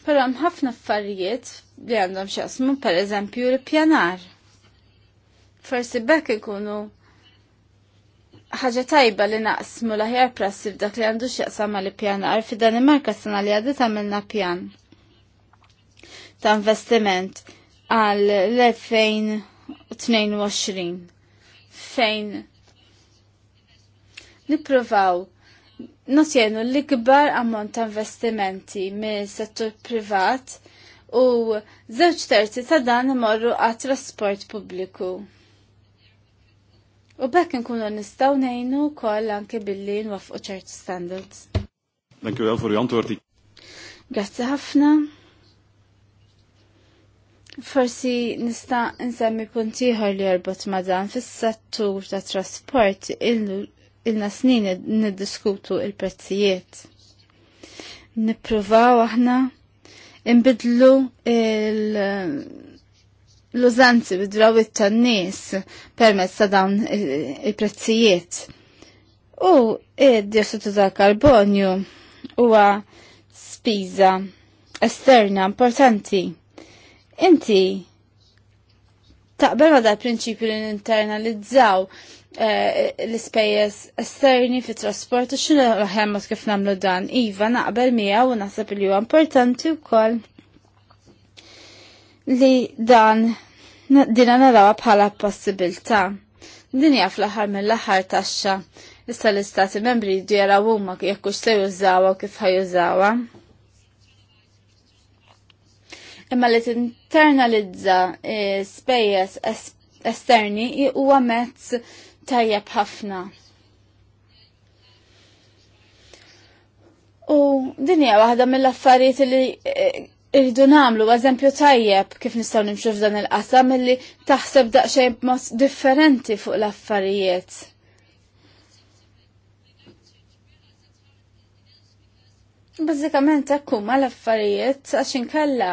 Speaker 2: però hemm ħafna affarijiet li għandhom x'asmu per eżempju l-pjanar. Forsi bekk ikunu ħaġa tajba li naqsmu l-aħjar prassi f'dak li għandu x'jaqsam li pjanar fi Danimarka sena li għadet għamilna pjan ta' investiment għal l-2022 fejn niprovaw notjenu l-ikbar ammont ta' investimenti mill-settur privat u zewċ terzi ta' dan imorru għat trasport pubbliku. U bekk nkunu nistgħu ngħinu wkoll anke billi nwaffqu ċert standards.
Speaker 1: Thank you well for your antworti.
Speaker 2: Grazzi ħafna. Forsi nista' nsemmi punt ieħor li jorbot ma' dan fis-settur ta' trasport ilna snin niddiskutu il-prezzijiet. Nippruvaw aħna inbidlu il l-użanzi bidrawit tan-nies permezz ta' dawn il-prezzijiet. U id-dioxidu tal-karbonju huwa spiża esterna importanti. Inti taqbel ma dal prinċipju li ninternalizzaw eh, l-ispejjeż esterni fit trasport u xinu raħemmot kif namlu dan. Iva naqbel miegħu u naħseb li huwa importanti wkoll li dan dina narawa bħala possibilità. Dinja fl-aħħar mill-aħħar taxxa. Issa l-istati membri jridu jaraw huma jekk hux se jużawha kif ħajużawha. Imma li tinternalizza eh, spejjeż esterni huwa mezz tajjeb ħafna. U dinja waħda mill-affarijiet li eh, irridu namlu eżempju tajjeb kif nistgħu nimxu f'dan il-qasam milli taħseb daqsxejn b'mod differenti fuq l-affarijiet. Bazzikament hekk huma l-affarijiet għax inkella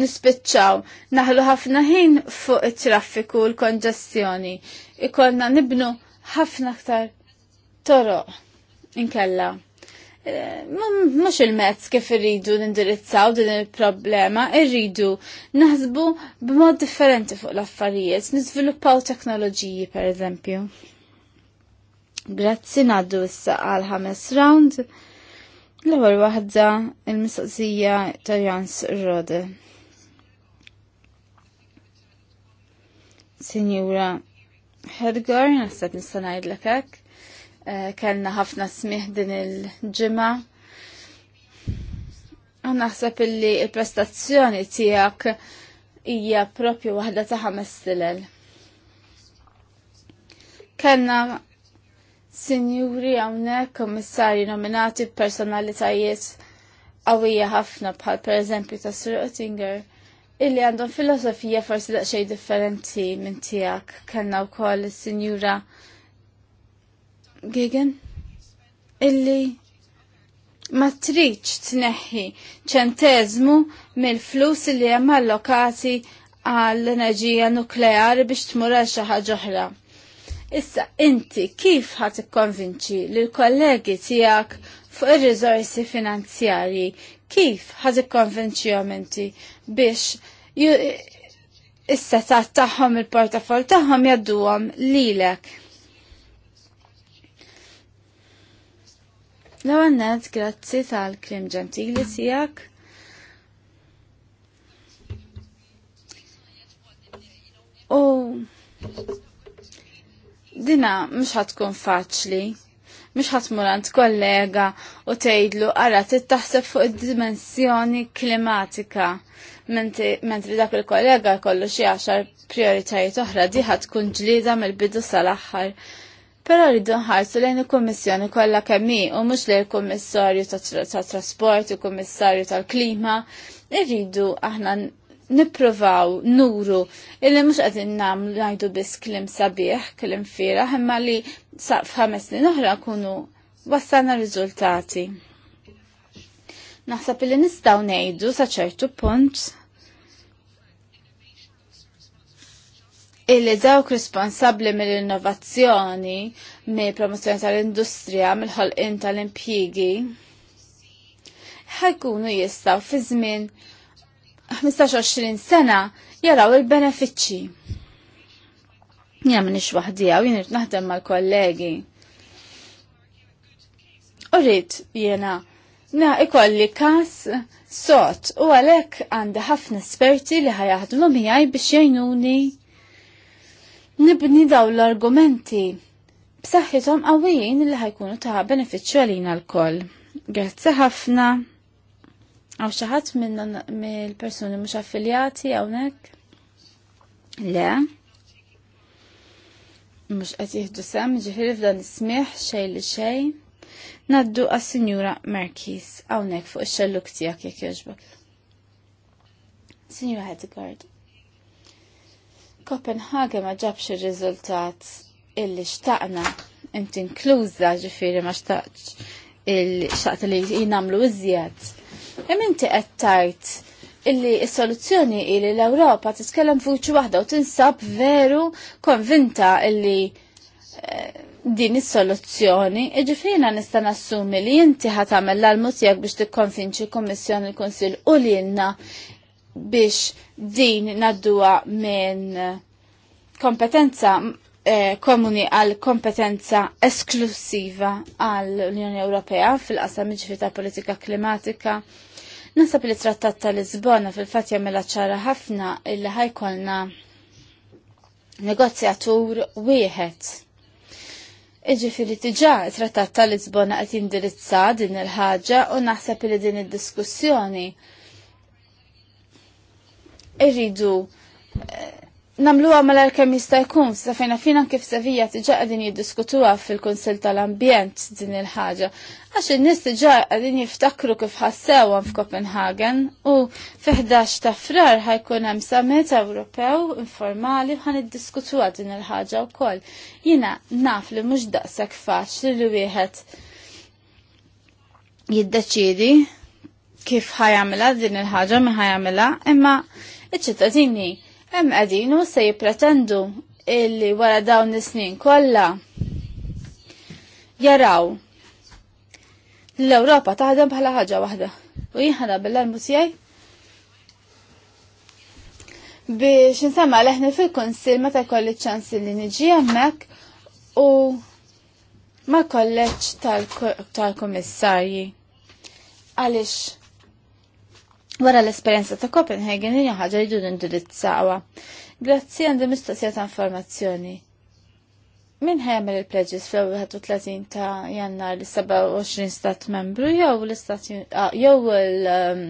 Speaker 2: nispiċċaw, naħlu ħafna ħin fuq it-traffiku u l-konġestjoni. Ikollna nibnu ħafna aktar toroq inkella. Eh, mux il-mezz kif irridu nindirizzaw din il-problema, irridu naħsbu b'mod differenti fuq l-affarijiet, nizviluppaw teknoloġiji per eżempju. Grazzi naddu issa għal ħames round. L-ewwel waħda il-mistoqsija ta' Jans Rode. Sinjura Hedgar, naħseb nista' ngħidlek hekk. Eh, kellna ħafna smih din il-ġimgħa. U naħseb illi il-prestazzjoni tiegħek hija propju waħda ta' ħames silel. Kellna sinjuri hawnhekk kummissarji nominati b'personalitajiet qawwija ħafna bħal pereżempju ta' Sir Oettinger illi għandhom filosofija forsi daqsxejn differenti minn tiegħek. Kellna wkoll is-sinjura Gigan illi ma triċ tneħħi ċentezmu mill-flus li hemm allokati għall-enerġija nukleari biex tmur għal xi ħaġa oħra. Issa inti kif ħad ikkonvinċi l kollegi tiegħek fuq ir-riżorsi finanzjarji, kif ħad ikkonvinċihom inti biex issa tagħhom il-portafol tagħhom jadduhom lilek. L-għannet, grazzi tal-krim ġentili tijak. U dina mux ħatkun faċli, mux ħatmurant kollega u tejdlu għara taħseb fuq id-dimensjoni klimatika, mentri dak il-kollega kollu xie għaxar prioritajiet oħra diħat tkun ġlida mill-bidu sal-axħar Però rridu nħarsu lejn il-Kummissjoni kollha kemm hi u mhux lejn il-Kummissarju tat-Trasport, il-Kummissarju tal-Klima, irridu aħna nipprovaw nuru illi mhux qegħdin nagħmlu ngħidu biss klim sabiħ, kliem fira, imma li saqf ħames snin oħra kunu wassalna riżultati. Naħseb li nistgħu ngħidu sa ċertu punt illi dawk responsabli mill-innovazzjoni, mill-promozzjoni tal-industrija, mill-ħolqin tal-impjigi, ħajkunu jistaw fi żmien 15-20 sena jaraw il-benefiċċji. Jena minix wahdija u jena naħdem mal kollegi. Urrit jena na ikolli kas sot u għalek għandi ħafna esperti li ħajaħdmu mijaj biex jajnuni nibni daw l-argumenti b'saħħithom qawwijin li ħajkunu ta' benefiċċju għalina l-koll. Grazzi ħafna għaw xaħat mill persuni mhux affiljati hawnhekk? Le. Mhux qed jieħdu sem ġifieri f'dan ismih xej li xejn. Naddu għas-Sinjura Merkis hawnhekk fuq ix-xelluk tiegħek jekk jogħġbok. Sinjura Hedgard. Copenhagen ma ġabx ir-riżultat illi xtaqna inti inkluża ġifieri ma xtaqx il-xaqt li jinamlu iżjed. Hemm inti qed tgħid illi s-soluzzjoni illi l-Ewropa titkellem fuċi waħda u tinsab veru konvinta illi eh, din is-soluzzjoni, iġifina nista' nassumi li inti ħatamel l-almutijak biex tikkonvinċi kummissjoni l-Kunsill u lilna biex din nadduwa minn kompetenza eh, komuni għal kompetenza esklusiva għal Unjoni Ewropea fil-qasam ġifi ta' politika klimatika. Nasab li trattat ta' Lisbona fil-fat jagħmilha ċara ħafna illi ħajkolna negozjatur wieħed. Iġifiri tiġa trattat ta' Lisbona qed jindirizza din il-ħaġa u naħseb li din id-diskussjoni irridu eh, namluwa mal kemm jista' jkun sa fejna fina kif Sevija tiġa għadin jiddiskutuha fil-Kunsill tal-Ambjent din il-ħaġa. Għax in-nies tiġa għadin jiftakru kif ħassewhom f'Copenhagen u fi 11 ta' frar ħajkun hemm summit Ewropew informali ħan iddiskutuha din il-ħaġa wkoll. Jiena naf li mhux daqshekk faċli li wieħed jiddeċiedi kif ħajamela din il-ħaġa mi ħajamela, imma iċ-ċittadini. Hemm qegħdin u se jippretendu illi wara dawn is-snin kollha jaraw l-Ewropa taħdem bħala ħaġa waħda. U jinħana bil armu tiegħi biex nsemma leħni fil-konsil meta jkolli ċans li niġi hemmhekk u ma kollex tal-komissarji. Għaliex Wara l-esperienza ta' Copenhagen hija ħaġa jridu nindirizzawa. Grazzi għandi mistoqsija ta' informazzjoni. Min ħajamel il-pledges fl-31 ta' jannar l-27 stat membru jew l-Istat ah, jew um,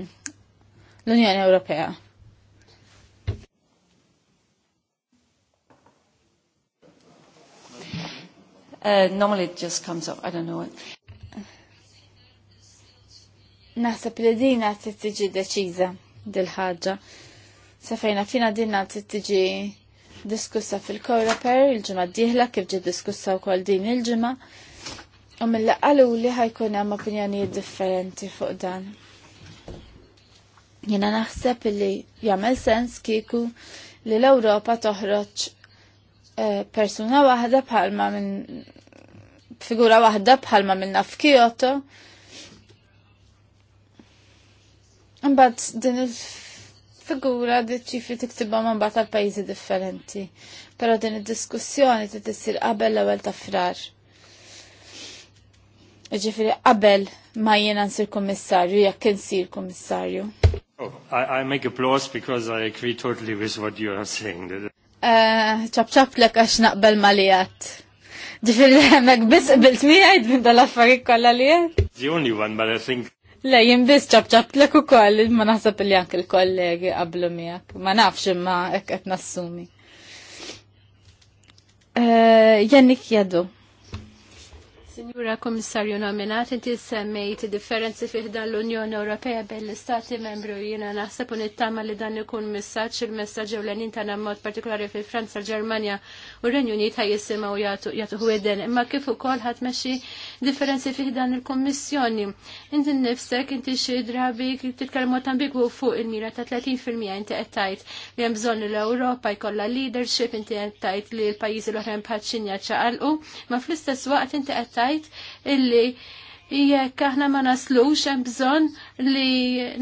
Speaker 2: l-Unjoni Ewropea? Uh, normally it just comes up, I don't know it. Naħseb li dina tiġi deċiża dil-ħaġa. Sa fina dina t tiġi diskussa fil-Koreper il-ġimgħa d-dieħla kif ġi diskussa wkoll din il-ġimgħa. U mill għalu li ħajkun hemm opinjonijiet differenti fuq dan. Jena naħseb li jagħmel sens kieku li l-Ewropa toħroġ eh, persuna waħda bħalma minn figura waħda bħalma minna f'Kyoto Mbagħad din il-figura di ċifri tiktibha ma' mbagħad għal pajjiżi differenti. Però din id-diskussjoni trid issir qabel l-ewwel ta' frar. Ġifieri qabel ma jiena nsir kummissarju jekk insir kummissarju. Oh, I, I make applause because I agree totally with what you are saying. Eh, ċabċab uh, l għax naqbel malijat. Ġifir l bis qbilt miħajt minn dal-affarik kolla li
Speaker 3: The only one, but I think
Speaker 2: Le, jimbis ċabċab l u koll, ma naħseb li anke l-kollegi qablu miegħek. Ma nafx imma hekk qed nassumi. Eh, Jannik jadu. Signora Komissarju
Speaker 3: nominat, inti semmejt differenzi fih dan l-Unjoni Ewropea bejn l-Istati membru jiena naħseb un it-tama li dan ikun messaġġ il-messaġġ ewlenin tagħna mod partikolari fil Franza, Ġermanja u r-Renju Unit ħajjisimgħu jagħtu ħwieden, imma kif ukoll ħadd xi differenzi fih dan il-Kummissjoni. Inti nnifsek inti xi drabi titkellem mod ambigwu fuq il-mira ta' 30% inti qed tgħid li hemm bżonn l-Ewropa jkollha leadership, inti qed tgħid li l-pajjiżi l-oħrajn bħal Ċinja ċaqalqu, ma fl-istess waqt inti qed jgħid illi jekk aħna ma naslux hemm bżonn li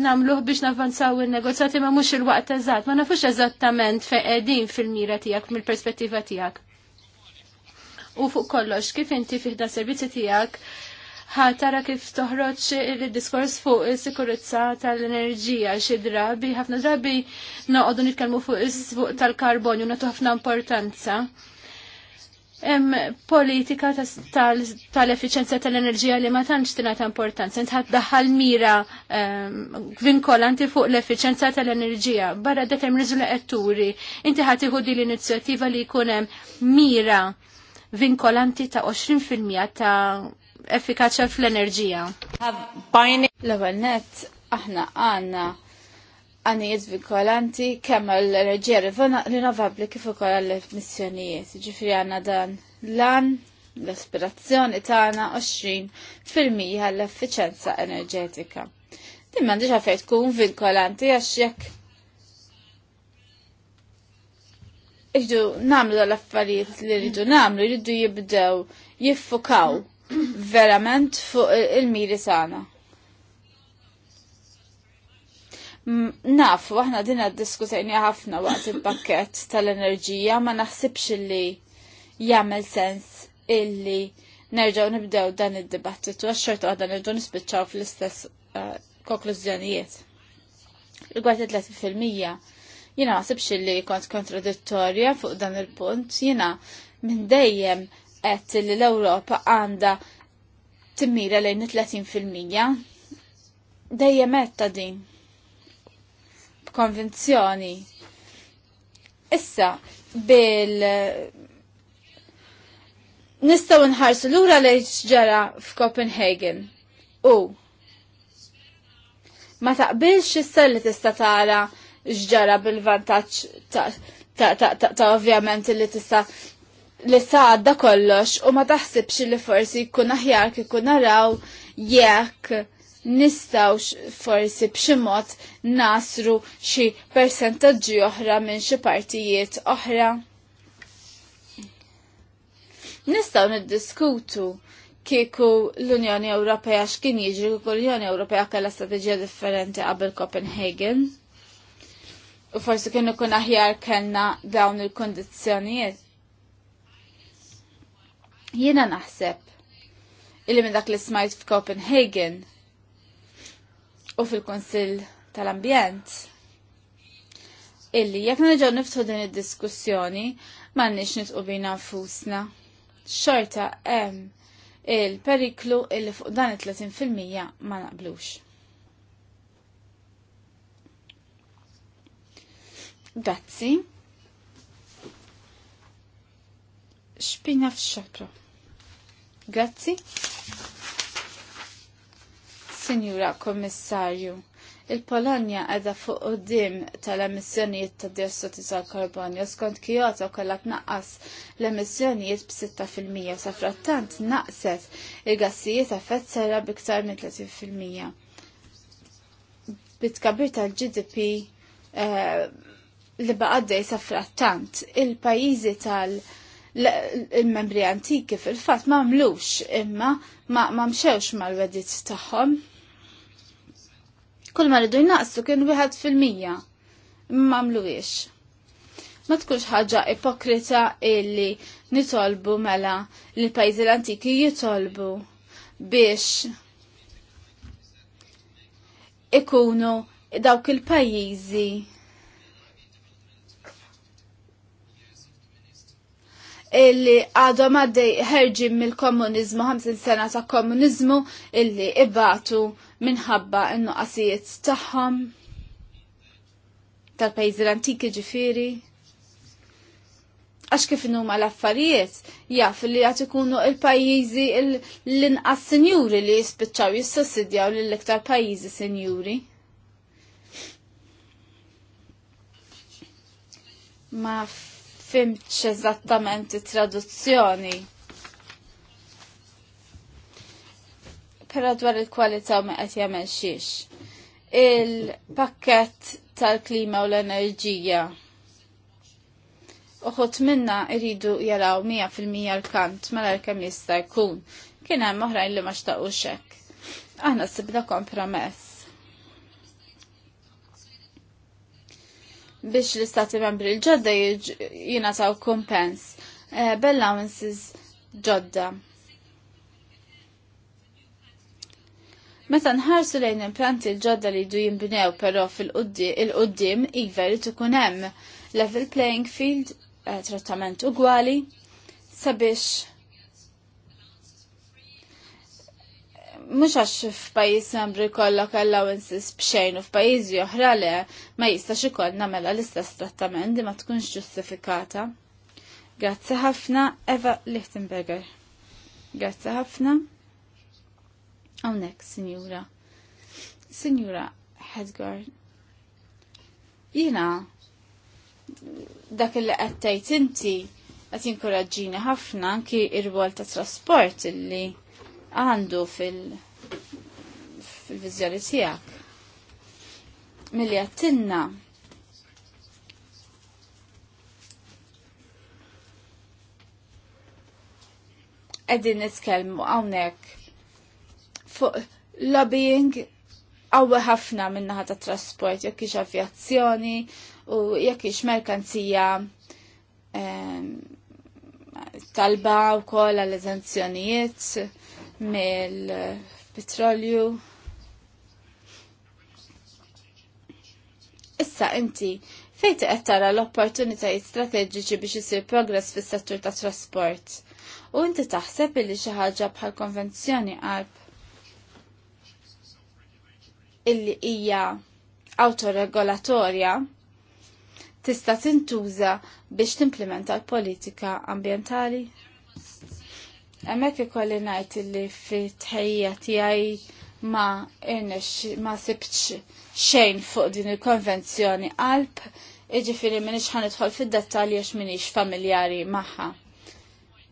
Speaker 3: nagħmluh biex navanzaw in-negozjati ma mhux il-waqt eżatt, ma nafux eżattament fejn qegħdin fil-mira tiegħek mill-perspettiva tiegħek. U fuq kollox, kif inti fiħda servizzi tiegħek ħatara kif toħroġ il-diskors fuq is-sikurezza tal-enerġija xi drabi, ħafna drabi noqogħdu nitkellmu fuq is-suq tal-karbonju nagħtu ħafna importanza Em politika tal-efficienza tal-enerġija li ma tantx tingħata importanza. Int daħal mira vinkolanti fuq l-efficienza tal-enerġija. Barra dak hemm turi. Inti ħadd iħu din l-inizjattiva li jkun hemm
Speaker 2: mira vinkolanti ta' 20% ta' effikaċja fl-enerġija. L-ewwel nett aħna għandna għanijiet vinkolanti kemm l-enerġija rinnovabli kif ukoll għall-emissjonijiet. Ġifri għandna dan lan l-aspirazzjoni tagħna 20 fil-mija għall effiċenza enerġetika. Din m'għandix għalfejn tkun vinkolanti għax jekk iġdu namlu l-affarijiet li rridu namlu, rridu jibdew jiffukaw verament fuq il-miri sana. Naf, waħna dina diskutajni ħafna waqt il-pakket tal-enerġija, ma naħsibx li jagħmel sens illi nerġaw nibdew dan id-dibattitu għax xorta għadan irdu nispiċċaw fl-istess il eh, konklużjonijiet. Rigward 30% jina għasibx li kont kontradittorja fuq dan il-punt, jina minn dejjem qed li l-Ewropa għandha timmira lejn 30%. Dejjem qed ta' din konvenzjoni. Issa, bil nistaw nħarsu lura li ġara f'Copenhagen. U ma taqbilx issa li tista' tara ġara bil-vantaġġ ta', ta, ovvjament li tista' li saħadda kollox u ma taħsibx li forsi jkun aħjar kikun naraw jekk nistawx forsi b'xi nasru xi persentaġġi oħra minn xi partijiet oħra. Nistgħu niddiskutu kieku l-Unjoni Ewropea x'kien jiġri kieku l-Unjoni Ewropea kellha strateġija differenti qabel Copenhagen. U forsi kienu kun aħjar kellna dawn il-kondizzjonijiet. Jiena naħseb illi minn dak li smajt f'Copenhagen u fil-Konsil tal-Ambjent illi jekk nerġgħu niftħu din id-diskussjoni m'għandniex nitqu bina nfusna. Xorta hemm il-periklu illi fuq dan it-30% ma naqblux. Grazzi. Xpina f'xopra. Grazzi. Sinjura Kommissarju, il-Polonja għedha fuq dim tal-emissjonijiet ta' diossidu tal karbonja skont Kyoto kollha tnaqqas l-emissjonijiet b'6% sa frattant naqset il-gassijiet effett serra biktar minn 30%. Bitkabir tal-GDP eh, li baqaddej sa frattant il-pajjiżi tal- il-membri antiki fil-fat ma mlux imma ma mxewx mal-wedit tagħhom Kull ma rridu jnaqsu kien wieħed fil-mija. Imma għamluwiex. Ma tkunx ħaġa ipokrita illi nitolbu mela li l-pajzi l-antiki jitolbu biex ikunu dawk il-pajjiżi illi għadhom għaddej ħerġin mill-komunizmu, 50 sena ta' komunizmu illi ibatu minħabba n qasijiet tagħhom tal-pajjiżi l-antiki ġifieri. Għax kif huma l-affarijiet, jaf li għat ikunu il-pajjiżi l-inqas senjuri li jispiċċaw jissussidjaw lill-iktar pajjiżi sinjuri. Ma fimx eżattament it-traduzzjoni però dwar il-kwalità ma qed jagħmel xiex. Il-pakkett tal-klima u l-enerġija uħut minna iridu jaraw 100% l-kant mela kemm jista' jkun. Kien hemm oħrajn li ma xtaqux hekk. Aħna sibda kompromess. biex l-istati membri l-ġodda jina taw kumpens. Eh, Bella ġodda. Meta nħarsu lejn impjanti l-ġodda li jdu jimbinew però fil-qoddim iva li tukun hemm level playing field uh, trattament ugwali sabiex mhux għax f'pajjiż membri jkollok allowances b'xejn u f'pajjiżi oħra le ma jistax ikollna mela l-istess trattament li ma tkunx ġustifikata. Grazzi ħafna Eva Lichtenberger. Grazzi ħafna. Hawnhekk, Sinjura. Sinjura Hedgar. Jina, dak li qed tgħid inti qed jinkoraġġini ħafna anki ir-rwol ta' trasport illi għandu fil- fil-vizjoni tiegħek. Milli għattinna Għedin nitkelmu għawnek fuq lobbying għawwe ħafna minnaħa ta' trasport, jekk ix avjazzjoni u jekk ix merkanzija talba u kol għal eżenzjonijiet mill-petrolju. Issa inti fejn qed tara l-opportunitajiet strateġiċi biex isir progress fis-settur tat trasport. U inti taħseb li xi ħaġa bħal konvenzjoni qalb illi hija autoregolatorja tista' tintuża biex timplementa l-politika ambientali? Hemmhekk ikolli ngħid illi fi tħejja tiegħi ma irnex ma sibtx xejn fuq din il-konvenzjoni qalb, iġifieri minix ħanidħol fid-dettalji għax minix familjari magħha.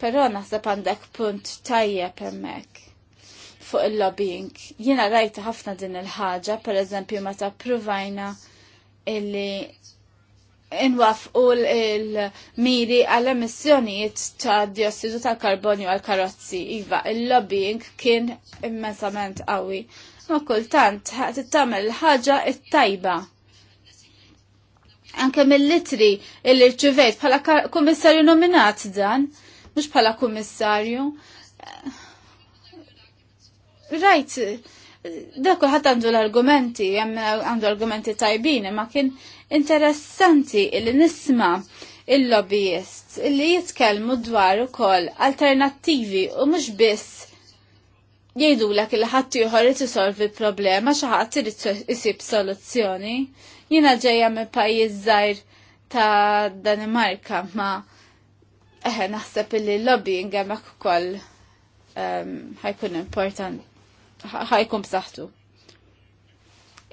Speaker 2: Però naħseb għandek punt tajjeb hemmhekk fuq il-lobbying. Jiena rajta ħafna din il-ħaġa, per eżempju, meta provajna illi inwafqu il-miri għall-emissjonijiet ta' diossidu ta' karbonju għal karozzi. Iva, il-lobbying kien immensament qawwi. Ma kultant, tittamel ħaġa it-tajba anke mill-litri illi rċivejt bħala kummissarju nominat dan, mhux bħala kummissarju. Rajt, da kulħadd għandu l-argumenti, għandu argumenti tajbini, ma kien interessanti il nisma il-lobbyist li jitkellmu dwar ukoll alternattivi u mhux biss jgħidu l il ħadd ieħor irid isolvi problema xi ħadd irid isib soluzzjoni. Jiena ġejja minn pajjiż żgħir ta' Danimarka ma eħe naħseb illi l-lobbying hemmhekk ukoll ehm, ħajkun importanti ħajkun b'saħħtu.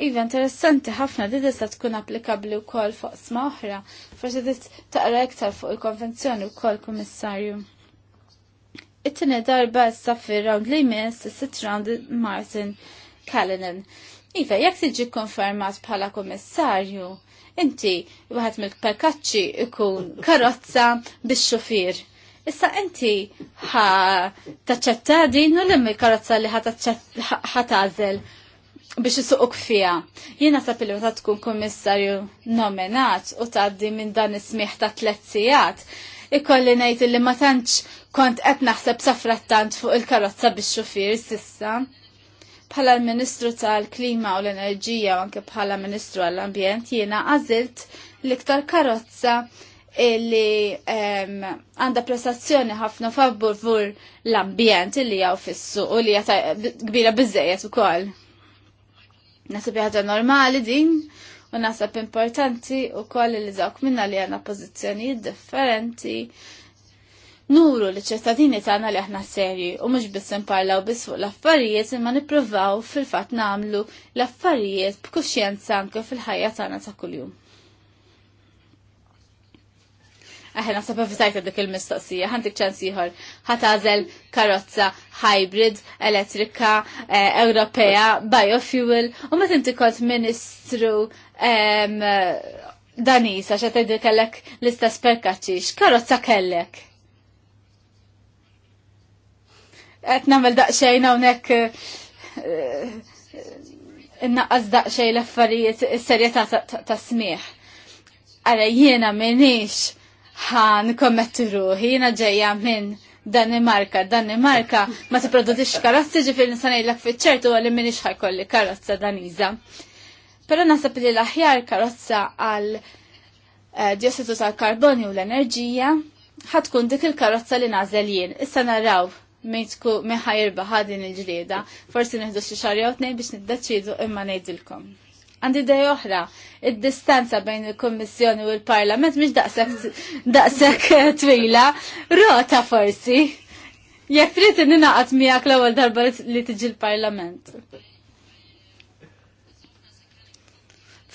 Speaker 2: Iva, interessanti ħafna li tista' tkun applikabli wkoll fuq sma oħra, forsi dit taqra iktar fuq il-konvenzjoni wkoll kummissarju. It-tieni darba s-saffi round li jmiss is-sit round Martin Callanan. Iva, jekk tiġi konfermat bħala kummissarju, inti waħed mill perkaċċi ikun karozza bix-xufier Issa inti ħa taċċetta din u l-immi karozza li taċċet biex isuquk fija. Jiena sa li ta' tkun kummissarju nominat u tgħaddi minn dan is ta' tliet sigħat. Ikolli ngħid li ma tantx kont qed naħseb safrattant fuq il-karozza biex xufier sissa. Bħala l-Ministru tal-Klima u l-Enerġija u anke bħala Ministru għall-Ambjent jiena għażilt l-iktar karozza illi għanda prestazzjoni ħafna favur l-ambjent illi jaw fissu u li jata kbira bizzejet u kol. Nasib jħadra normali din u nasab importanti u kol li zawk minna li għanna pozizjoni differenti nuru li ċittadini tagħna li aħna serji u mhux biss imparlaw biss fuq l-affarijiet imma nippruvaw fil-fatt nagħmlu l-affarijiet b'kuxjenza anke fil-ħajja tagħna ta' kuljum. Aħna nasab evitajta dik il-mistoqsija, ħantik ċans ieħor. Ħatażel karozza hybrid, elettrika, eh, Ewropea, biofuel, u meta inti kont ministru Danisa xa tgħidu kellek l-istess perkaċċix, karozza kellek. Qed nagħmel daqsxejn hawnhekk eh, innaqqas daqsxejn l-affarijiet is-serjetà ta' smieħ. għalej jiena minix ħan kommetti ruħi, jina ġeja minn Danimarka, Danimarka, ma t-produdix karozzi ġifir nisanajlak fitċertu għalli minni kolli karozza daniza. Pero nasab li l-aħjar karozza għal eh, diossetu tal-karbonju u l-enerġija ħatkun dik il-karozza li nażel jien. Issa naraw min tku ħajirba il-ġlieda, forsi neħdu xi xahar biex niddeċidu imma ngħidilkom għandi idea oħra, id-distanza bejn il-Kommissjoni u l-Parlament mhix daqshekk daqshekk eh, twila, rota forsi. Jekk trid ninaqat miegħek l-ewwel darba li tiġi l-Parlament.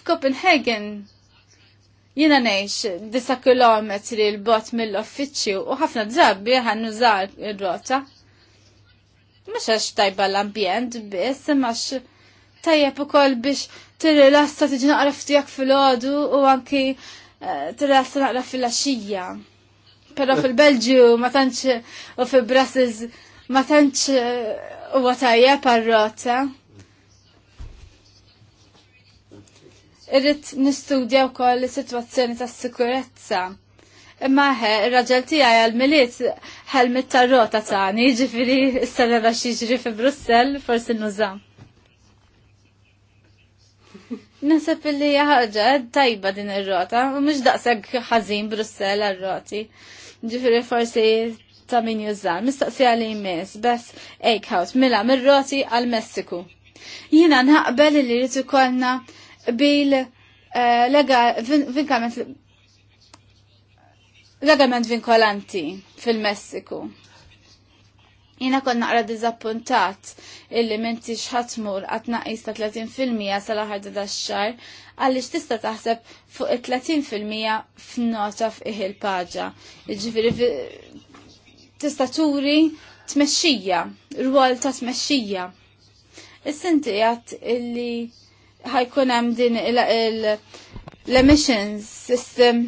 Speaker 2: F'Copenhagen jiena ngħix 9 km l-bot mill-offiċċju u ħafna drabi ħannużar ir-rota. Mhux għax tajba l-ambjent biss, ma' tajjeb ukoll biex tirrilassa tiġi naqra ftijak fil-ħodu u anki eh, tirrilassa naqra fil-axija. Pero eh. fil-Belġju ma tantx u fil brasiz ma tantx eh, huwa tajjeb għar-rota. Irrid nistudja wkoll is-sitwazzjoni tas-sikurezza. Imma ħe, il-raġel tijaj għal-miliet ħelmit tar-rota tani, ġifiri s-sarra xieġri fi Brussel, forsi nużam. Nasab li ħaġa tajba din ir-rota, u mhux daqshekk ħażin Brussell għar-roti. Ġifieri forsi ta' min jużal, mistaqsija li jmiss, bess Eikhout, mela mir-roti għal Messiku. Jiena nħaqbel li rrid ikollna bil eh, legament vinkolanti fil-Messiku. Jina kon naqra dizappuntat illi menti xħatmur għat jista ta' 30% sal-ħar da' xar għalix tista taħseb fuq 30% f'nota f'iħi il-paġa. Iġviri tista turi tmexxija, rwol ta' tmexxija. Is-sinti għat illi ħajkun hemm din l-emissions system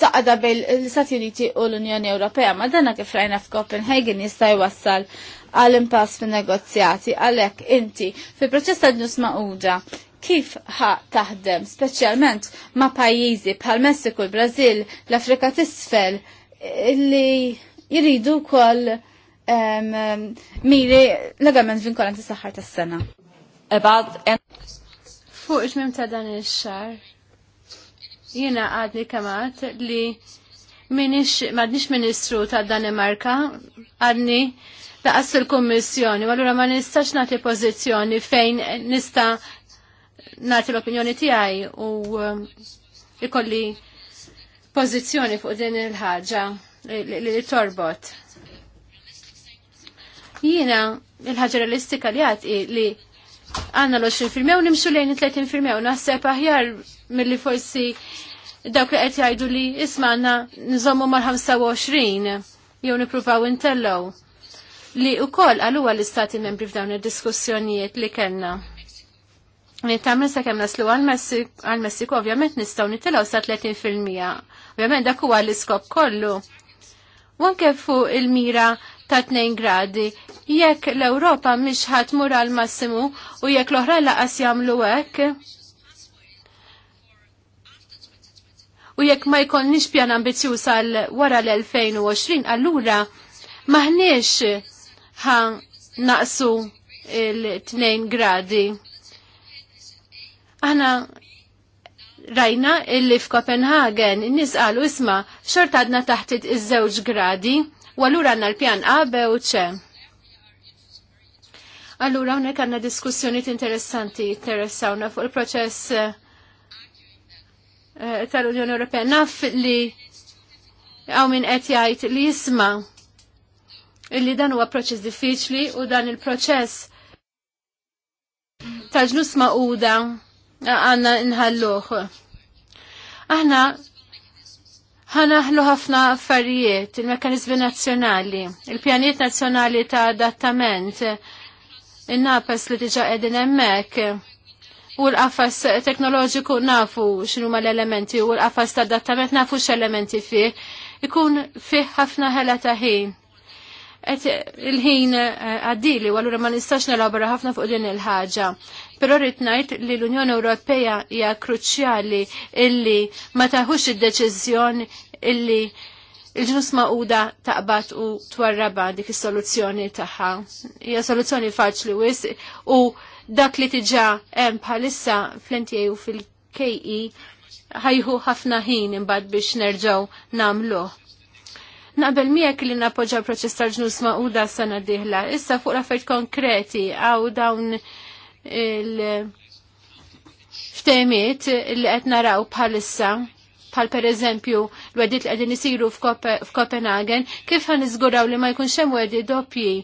Speaker 2: taqda bejn l-Istati Uniti u l-Unjoni Ewropea, ma danna kif rajna f'Copenhagen jista' jwassal għal impass fin negozjati għalhekk inti fil-proċess ta' ġnus ma'uda kif ħa taħdem speċjalment ma' pajjiżi bħal Messiku, l-Brażil, l-Afrika t'isfel li jiridu wkoll miri legament vinkolanti saħħar tas-sena. Fuq it ta' dan
Speaker 3: ix-xar, Jiena għadni kamat li minix, madnix ministru ta' Danimarka, għadni ta' għassil kommissjoni għallura ma nistax nagħti pożizzjoni fejn nista nagħti l-opinjoni tiegħi u um, ikolli pożizzjoni fuq din il-ħaġa li torbot. Jiena il-ħaġa realistika li għati li għanna l-20% firmew, nimxu lejn 30% naħseb aħjar milli forsi dawk li qed jgħidu li isma'na nżommu mal-25 jew nippruvaw intellgħu li wkoll għaluha l-istati membri f'dawn id-diskussjonijiet li kellna. Nittamlu sa' kem naslu għal-Messiku, ovvjament nistaw nitilaw sa' 30%. Ovvjament dak huwa l-iskop kollu. Wanke fuq il-mira ta' 2 gradi, jekk l-Ewropa mhix ħadd mur għal massimu u jekk l-oħra laqas jagħmlu hekk, u jekk ma jkollniex pjan ambizzjuż għal wara l-2020, allura maħniex ħan naqsu il-2 gradi. Aħna rajna illi f'Kopenhagen n-nis qalu isma xort għadna taħt iż-żewġ gradi u allura għandna l-pjan A, B u C. Allura hawnhekk għandna diskussjonijiet interessanti interessawna fuq il-proċess Eh, tal-Unjoni Ewropea. Naf li għaw minn qed jgħid li jisma illi dan huwa proċess diffiċli u dan il-proċess ta' ġnus maquda eh, għanna nħalluh. Aħna ħanaħlu ħafna affarijiet, il-mekkanizmi nazzjonali, il-pjanijiet nazzjonali ta' adattament, in napes li diġà edin emmek, u l-qafas teknoloġiku nafu xinu ma l-elementi u l-qafas ta' adattament nafu x-elementi fih ikun fih ħafna ħela ta' ħin. il-ħin eh, għaddili, għallura ma nistax nelabra ħafna fuq din il-ħagġa. Pero rrit ngħid li l-Unjoni Ewropea hija kruċjali illi ma taħux id-deċiżjoni illi il-ġnus maquda taqbad u twarraba dik is-soluzzjoni tagħha. Hija soluzzjoni faċli wis u dak li tiġa hemm bħalissa fl-NTA u fil-KE ħajħu ħafna ħin imbagħad biex nerġgħu nagħmluh. Naqbel miegħek li nappoġġa proċess tal-ġnus maquda sena diħla, issa fuq affarijiet konkreti għaw dawn il- ftejmiet li qed naraw bħalissa bħal per eżempju l-wedit li qegħdin isiru f'Kopenhagen, kif ħan li ma jkunx hemm wedi doppji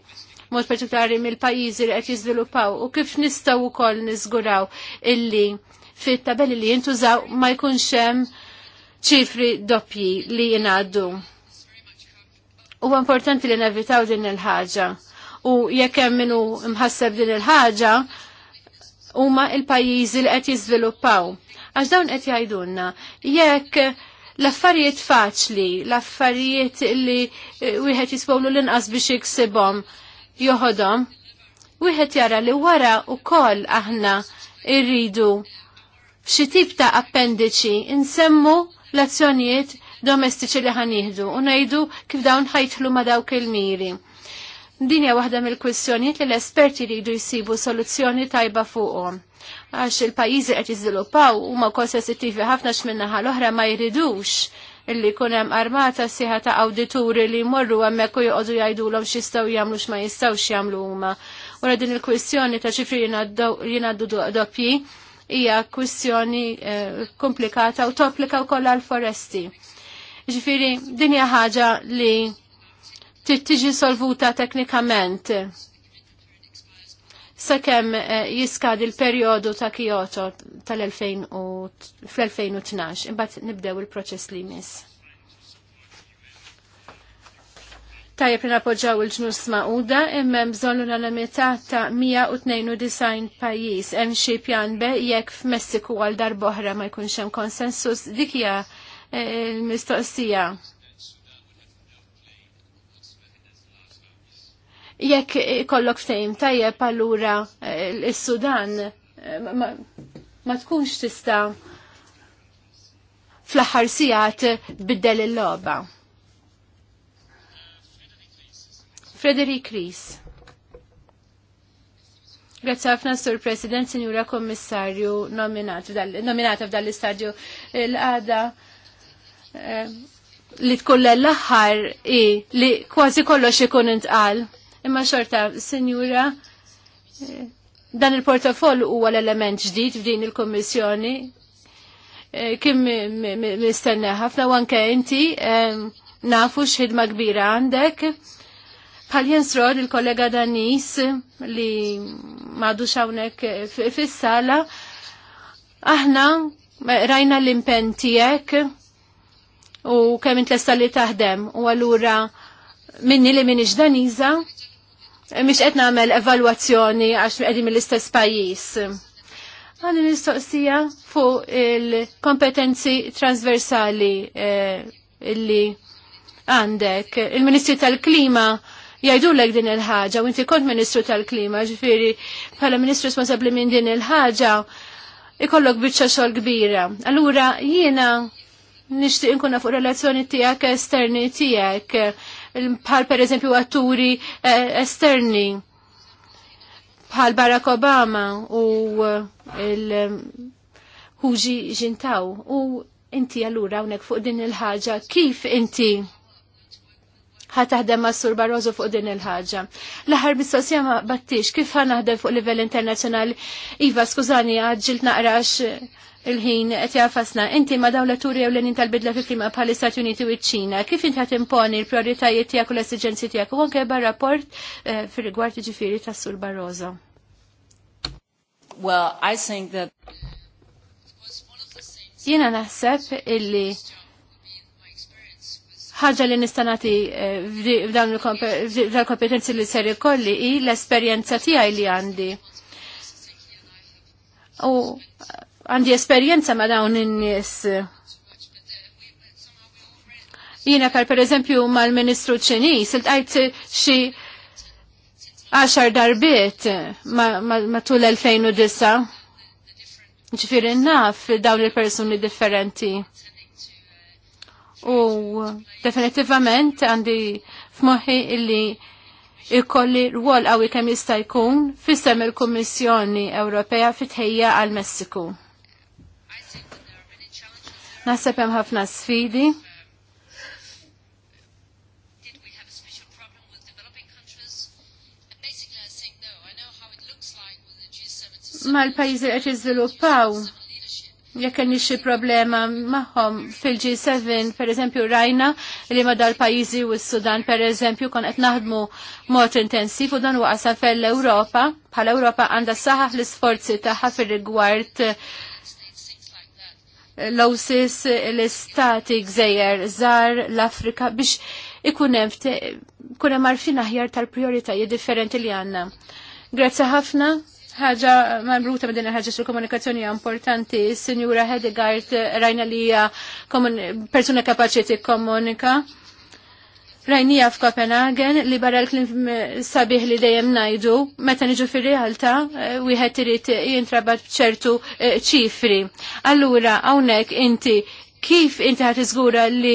Speaker 3: mod partikolari mill-pajjiżi li qed jiżviluppaw u kif nistgħu wkoll niżguraw illi fit-tabelli li jintużaw ma jkunx hemm ċifri doppji li jingħaddu. Huwa importanti li nevitaw din il-ħaġa u jekk hemm minnu mħasseb din il-ħaġa huma il-pajjiżi li qed jiżviluppaw. Għax dawn qed jgħidulna jekk l-affarijiet faċli, l-affarijiet li eh, wieħed jisbowlu l-inqas biex jiksibhom joħodhom, wieħed jara li wara wkoll aħna irridu f'xi tip ta' appendiċi insemmu l-azzjonijiet domestiċi li ħanieħdu u ngħidu kif dawn ħajtlu ma' dawk il-miri. Dinja waħda mill-kwistjonijiet li l-esperti jridu jsibu soluzzjoni tajba fuqhom. Għax il-pajjiżi qed jiżviluppaw huma kol sensittivi ħafna x'minna l-oħra ma jridux illi kunem armata siħa ta' awdituri li morru għemmek u joqodu jajdulom xistaw jamlu xma jistaw xjamlu huma. Ura din il-kwistjoni ta' ċifri jinaddu doppji hija kwistjoni eh, komplikata u toplika u kolla l foresti Ġifiri, din hija ħaġa li tiġi solvuta teknikament sakemm eh, jiskadi l-perjodu ta' Kyoto tal-2012 imbagħad nibdew il-proċess li jmiss. Tajjeb napoġġaw il-ġnus ma'uda imma bżonn l-alamità ta' 192 pajjiż hemm xi pjan be jekk f'Messiku għal darboħra ma jkunx hemm konsensus dik hija eh, l-mistoqsija. jekk kollok fejn tajjeb allura eh, il-Sudan eh, ma tkunx tista fl-aħħar sigħat biddel il-logħba. Frederik Ries. Grazie ħafna Sur President, Sinjura Kommissarju nominata f'dan l-istadju l-għada eh, li tkollha l-aħħar i li kważi kollox ikun intqal imma xorta, senjura, dan il-portafoll huwa l-element ġdid f'din il-Kommissjoni e, kim mistenna ħafna wanke inti e, nafu x'ħidma kbira għandek. Bħal Jens Rod, il-kollega Danis li madu xawnek fis-sala, aħna rajna l-impen tijek u kemm intlesta li taħdem u għallura minni li minix Daniza Mhix qed nagħmel evalwazzjoni għax qegħdin mill-istess pajjiż. Għandi mistoqsija fuq il-kompetenzi transversali li eh, illi għandek. Il-Ministri tal-Klima jgħidu l din il ħaġa u inti kont ministru tal-klima, ġifiri, bħala ministru responsabli minn din il ħaġa ikollok bieċa xol kbira. Allura, jiena nishtiq nkuna fuq relazzjoni tijak esterni tijak, bħal per eżempju atturi eh, esterni bħal Barack Obama u eh, il- Huġi ġintaw u inti għallura unek fuq din il-ħagġa, kif inti ħataħdem ma' Sur Barroso fuq din il-ħagġa. L-ħar mistoqsija ma' battix, kif ħanaħdem fuq livell internazzjonali? Iva, skużani, għadġilt naqrax il-ħin qed jafasna inti ma dawn l-atturi ewlenin tal-bidla fil-klima bħal istati Uniti u ċ-Ċina, kif inti qed imponi l-prijoritajiet tiegħek u l-esiġenzi tiegħek u anke rapport eh, fir-rigward ġifieri tas-Sur Barroso?
Speaker 2: Well, I think that
Speaker 3: Jiena naħseb illi ħaġa li nistanati eh, f'dan il-kompetenzi li ser ikolli hi l-esperjenza tiegħi li għandi. U għandi esperjenza ma dawn in-nies. Jiena per pereżempju mal-Ministru Ċiniż tajt xi għaxar darbiet matul ma, tul 2009. Ġifiri naf dawn il-persuni differenti. U definitivament għandi f'moħħi illi ikolli rwol għawi kem jista' jkun fissem il-Kummissjoni Ewropea fitħejja għal Messiku. Naħseb hemm ħafna sfidi. ma l-pajizi għet jizviluppaw. Jekk hemm xi problema magħhom fil-G7, per eżempju rajna li ma dal-pajjiżi u s-Sudan per eżempju kon qed naħdmu mod intensiv u dan waqsa l ewropa bħal Ewropa għandha saħaħ l-isforzi tagħha fir-rigward l-awsis l-istati gżejjer żar l-Afrika biex ikunem kunem marfin aħjar tal-prioritajiet differenti li għanna. Grazzi ħafna. Ħaġa marbruta ma' din ħagġa ħaġa sul komunikazzjoni importanti, Sinjura Hedegaard rajna li hija persuna kapaċi komunika Rajnija f'Kopenhagen li barra l-klim sabiħ li dejjem najdu, meta niġu fil-realtà eh, wieħed irid jintrabat b'ċertu eh, ċifri. Allura hawnhekk inti kif inti ħat li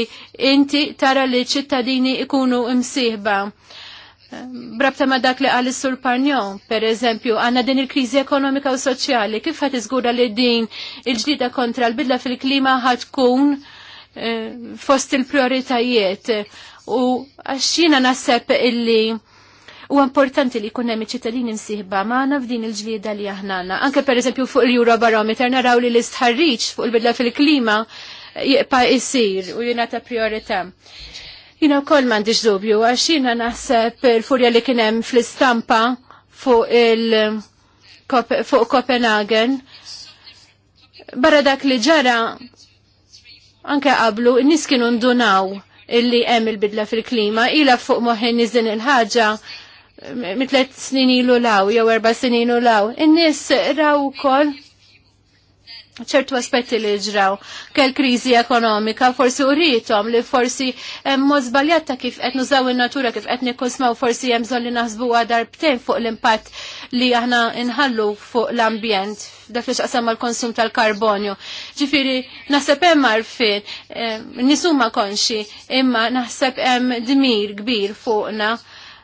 Speaker 3: inti tara li ċittadini ikunu imsieħba. Brabta ma dak li għalli sur Parnjon, per eżempju, għanna din il-krizi ekonomika u soċjali, kif ħat iżgura li din il-ġdida kontra l-bidla fil-klima ħat tkun eh, fost il-prioritajiet u għaxxina naħseb illi u importanti li kunna ċittadini msiħba maħna f'din il-ġlieda li aħnana. Anke per eżempju fuq il-Eurobarometer naraw li l-istħarriċ fuq il-bidla fil-klima jiqpa jisir u jenata priorita. Jina u m'għandix dubju, għax jina naħseb il-furja li kienem fl-istampa fuq il- fuq Kopenhagen. Barra dak li ġara anke qablu n-nis kienu ndunaw illi hemm il-bidla fil-klima ila fuq moħen niżin il-ħaġa mitlet snin ilu law, jew erba snin ilu law. In-nies raw ukoll ċertu aspetti li ġraw kell krizi ekonomika, forsi rritom li forsi mozbaljat ta' kif qed nużaw in-natura kif qed nikkonsmaw forsi hemm bżonn li naħsbu darbtejn fuq l-impatt li aħna inħallu fuq l-ambjent, dak li xaqsam mal-konsum tal-karbonju. Ġifiri, naħseb hemm marfin, eh, nisuma konxi, imma naħseb hemm dmir kbir fuqna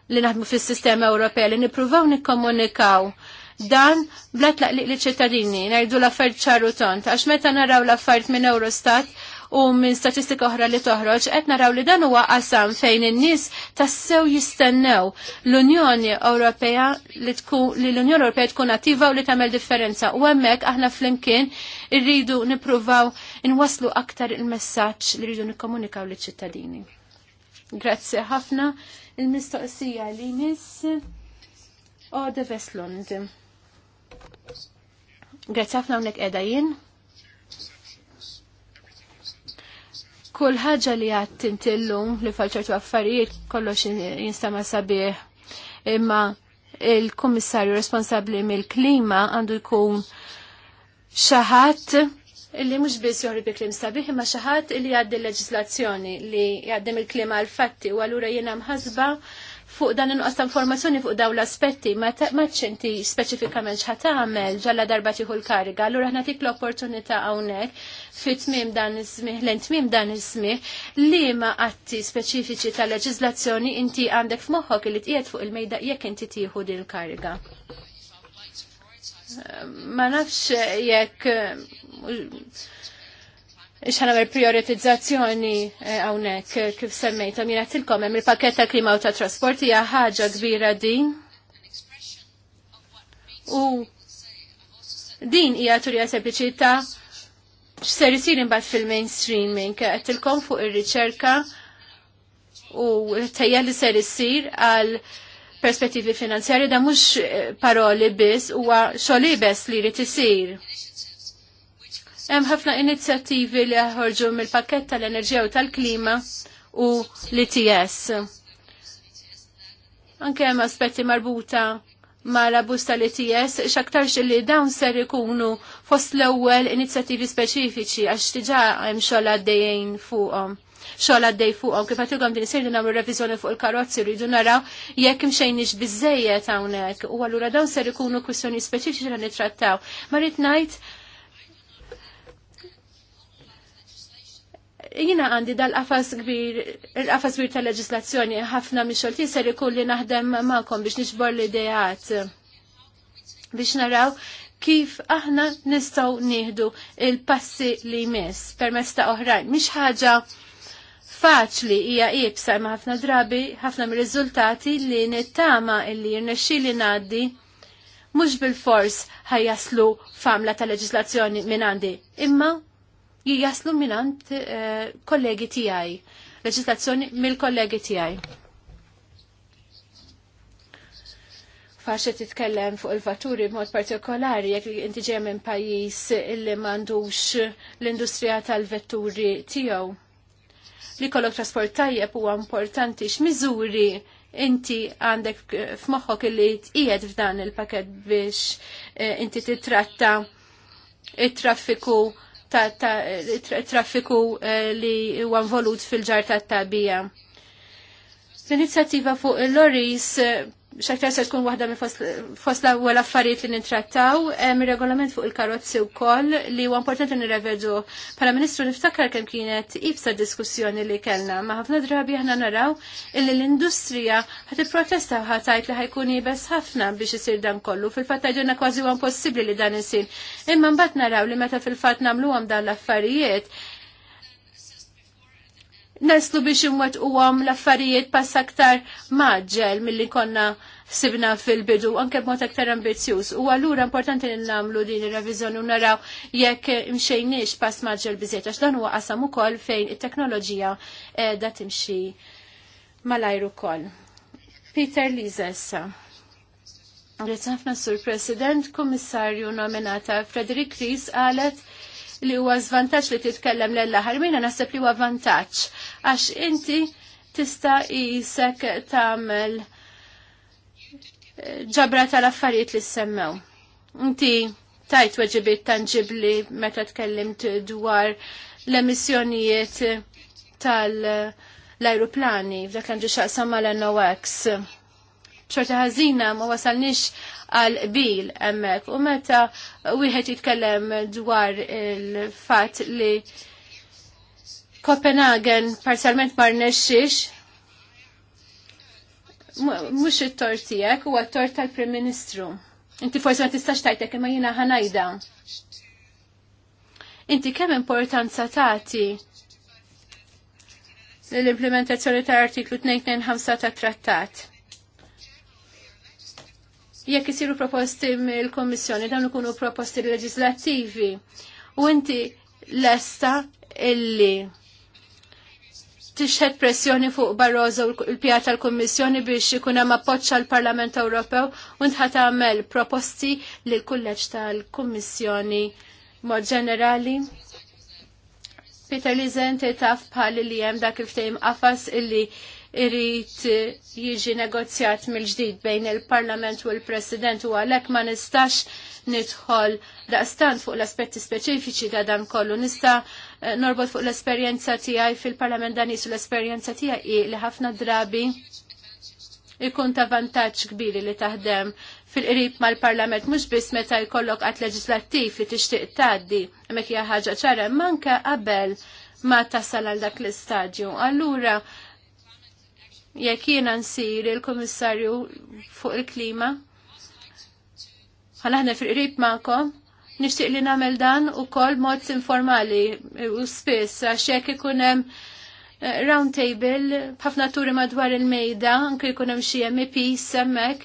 Speaker 3: li naħdmu fis-sistema Ewropea li nippruvaw nikkomunikaw dan blat laqliq li ċittadini, najdu l-affarijiet ċaru tont, għax meta naraw l-affarijiet minn Eurostat, u minn statistika oħra li toħroġ qed naraw li dan huwa qasam fejn in-nies tassew jistennew l-Unjoni Ewropea li tkun li l-Unjoni Ewropea tkun attiva u li tagħmel differenza u hemmhekk aħna flimkien irridu nippruvaw inwaslu aktar il-messaġġ li rridu nikkomunikaw liċ-ċittadini. Grazzi ħafna il-mistoqsija li miss Ode Veslund. Grazzi ħafna hawnhekk qiegħda jien. Kull ħaġa li għad intillum li falċertu affarijiet kollox jinstama sabieħ imma il-komissarju responsabli mill-klima għandu jkun xaħat illi mux bis joħri bi klim sabiħ imma xaħat illi għaddi l-leġislazzjoni li għaddim il-klima għal-fatti u għallura jena mħazba fuq dan inqas informazzjoni fuq dawn l-aspetti ma maċċenti speċifikament x'ħat tagħmel ġalla darba tieħu l-kariga, allura aħna tik l-opportunità hawnhekk fit-tmiem dan iż smih l dan is-smih li ma atti speċifiċi ta' leġiżlazzjoni inti għandek f'moħħok li tqiegħed fuq il-mejda jekk inti tieħu din il-kariga. Ma nafx jekk xħan għamil prioritizzazzjoni eh, għawnek eh, kif semmejta minna tilkom hemm eh, il-pakket ta' klima u ta' trasporti hija ħaġa kbira din. U din hija turja sempliċità x'ser isir imbagħad fil-mainstreaming qed tilkom fuq ir-riċerka u tejja li ser isir għal perspettivi finanzjari da mhux paroli biss huwa xogħol li jrid isir Hemm ħafna inizjattivi li ħorġu mill-pakket tal-enerġija u tal-klima u l-ITS. Anke hemm aspetti marbuta ma la busta li tijes, xaktarx li dawn ser ikunu fost l-ewwel inizjattivi speċifiċi għax tiġa hemm xogħol għaddejjin fuqhom. Xogħol għaddej fuqhom kif għatilkom din isir nagħmlu reviżjoni fuq il-karozzi rridu naraw jekk imxejniex biżejjed hawnhekk u allura dawn ser ikunu kwistjoni speċifiċi li nittrattaw. Ma rrid ngħid jina għandi dal-qafas kbir, il-qafas kbir tal-leġislazzjoni, ħafna mixolt jisser ikulli naħdem ma'kom biex nixbor l-idejat, biex naraw kif aħna nistaw nieħdu il-passi li jmiss permezz ta' oħrajn. Mhix ħaġa faċli hija ibsa ma' ħafna drabi ħafna mir-riżultati li nittama illi li ngħaddi mhux bil-fors ħajjaslu famla tal leġislazzjoni minn għandi, imma jaslu minant eh, kollegi tijaj, leġislazzjoni mill-kollegi tijaj. faċa titkellem fuq il vaturi mod partikolari jekk inti ġej pajis pajjiż illi m'għandux l-industrija tal-vetturi tiegħu. Li kollok trasport tajjeb huwa importanti x'miżuri inti għandek eh, f'moħħok illi tqiegħed f'dan il-pakett biex eh, inti titratta it-traffiku ta' traffiku eh, li huwa involut fil-ġar tat-tabija. L-inizjattiva fuq il-Loris eh, xaktar se tkun waħda minn fost l-ewwel affarijiet li nintrattaw, regolament fuq il-karozzi wkoll li huwa importanti nirrevedu. Bħala Ministru niftakar kemm kienet ibsa diskussjoni li kellna, ma ħafna drabi aħna naraw illi l-industrija ħad ipprotesta ħatajt li ħajkun jibes ħafna biex isir dan kollu. Fil-fatt tgħidulna kważi huwa impossibbli li dan isir. Imma mbagħad naraw li meta fil-fatt nagħmluhom dan l-affarijiet, naslu biex imwet u għam laffarijiet pass aktar maġġel mill-li konna sibna fil-bidu, anke b'mod aktar ambizjuż. U għallura importanti li namlu din ir revizjoni u naraw jekk imxejniex pass maġġel biżiet, għax dan huwa qasam ukoll fejn it-teknoloġija da timxi malajru kol. Peter Lizes. issa. ħafna sur President, Kummissarju nominata Frederik Ries għalet li huwa zvantaġġ li titkellem l aħħar mina naħseb li huwa vantaġġ għax inti tista' isek tagħmel eh, ġabra tal-affarijiet li semmew. Inti tajt weġibiet tanġibli meta tkellimt dwar l-emissjonijiet tal-ajruplani, f'dak l-għandu xaqsam mal NOx ċorta ħażina ma wasalniex għal bil hemmhekk. U meta wieħed jitkellem dwar il-fatt li Copenhagen parzialment mar nexxiex, mhux it-tort tiegħek huwa t-tort tal-Prim Ministru. Inti forsi ma tistax tajtek imma jiena ħanajda. Inti kemm importanza tagħti l-implementazzjoni tal artiklu 295 ta' trattat jekk isiru proposti mill-Kommissjoni dan ikunu proposti leġislattivi. U inti lesta illi tixħed pressjoni fuq Barroso l pjata tal-Kommissjoni biex ikun hemm appoġġ għall-Parlament Ewropew u intħa tagħmel proposti lil kulleġġ tal-Kummissjoni mod ġenerali. Peter Lizen taf bħal li hemm dak il-ftehim qafas illi irrit jiġi negozjat mill-ġdid bejn il-Parlament u l-President u għalek ma nistax nidħol daqstant fuq l-aspetti speċifiċi ta' dan kollu. Nista eh, norbot fuq l-esperjenza tiegħi fil-Parlament danis u l-esperjenza tiegħi li ħafna drabi ikun ta' vantaġġ kbiri li taħdem fil-qrib mal-parlament mhux biss meta jkollok qatt leġislattiv li tixtieq tgħaddi hemmhekk hija ħaġa ċara manka qabel ma tasal għal dak l-istadju. Allura jekk jiena nsir il-Kummissarju fuq il-Klima. Ħanaħna fil-qrib magħkom. Nixtieq li nagħmel dan ukoll mod informali u spiss għax jekk ikun hemm eh, round table b'ħafna turi madwar il-mejda, anke jkun hemm xi MP semmek,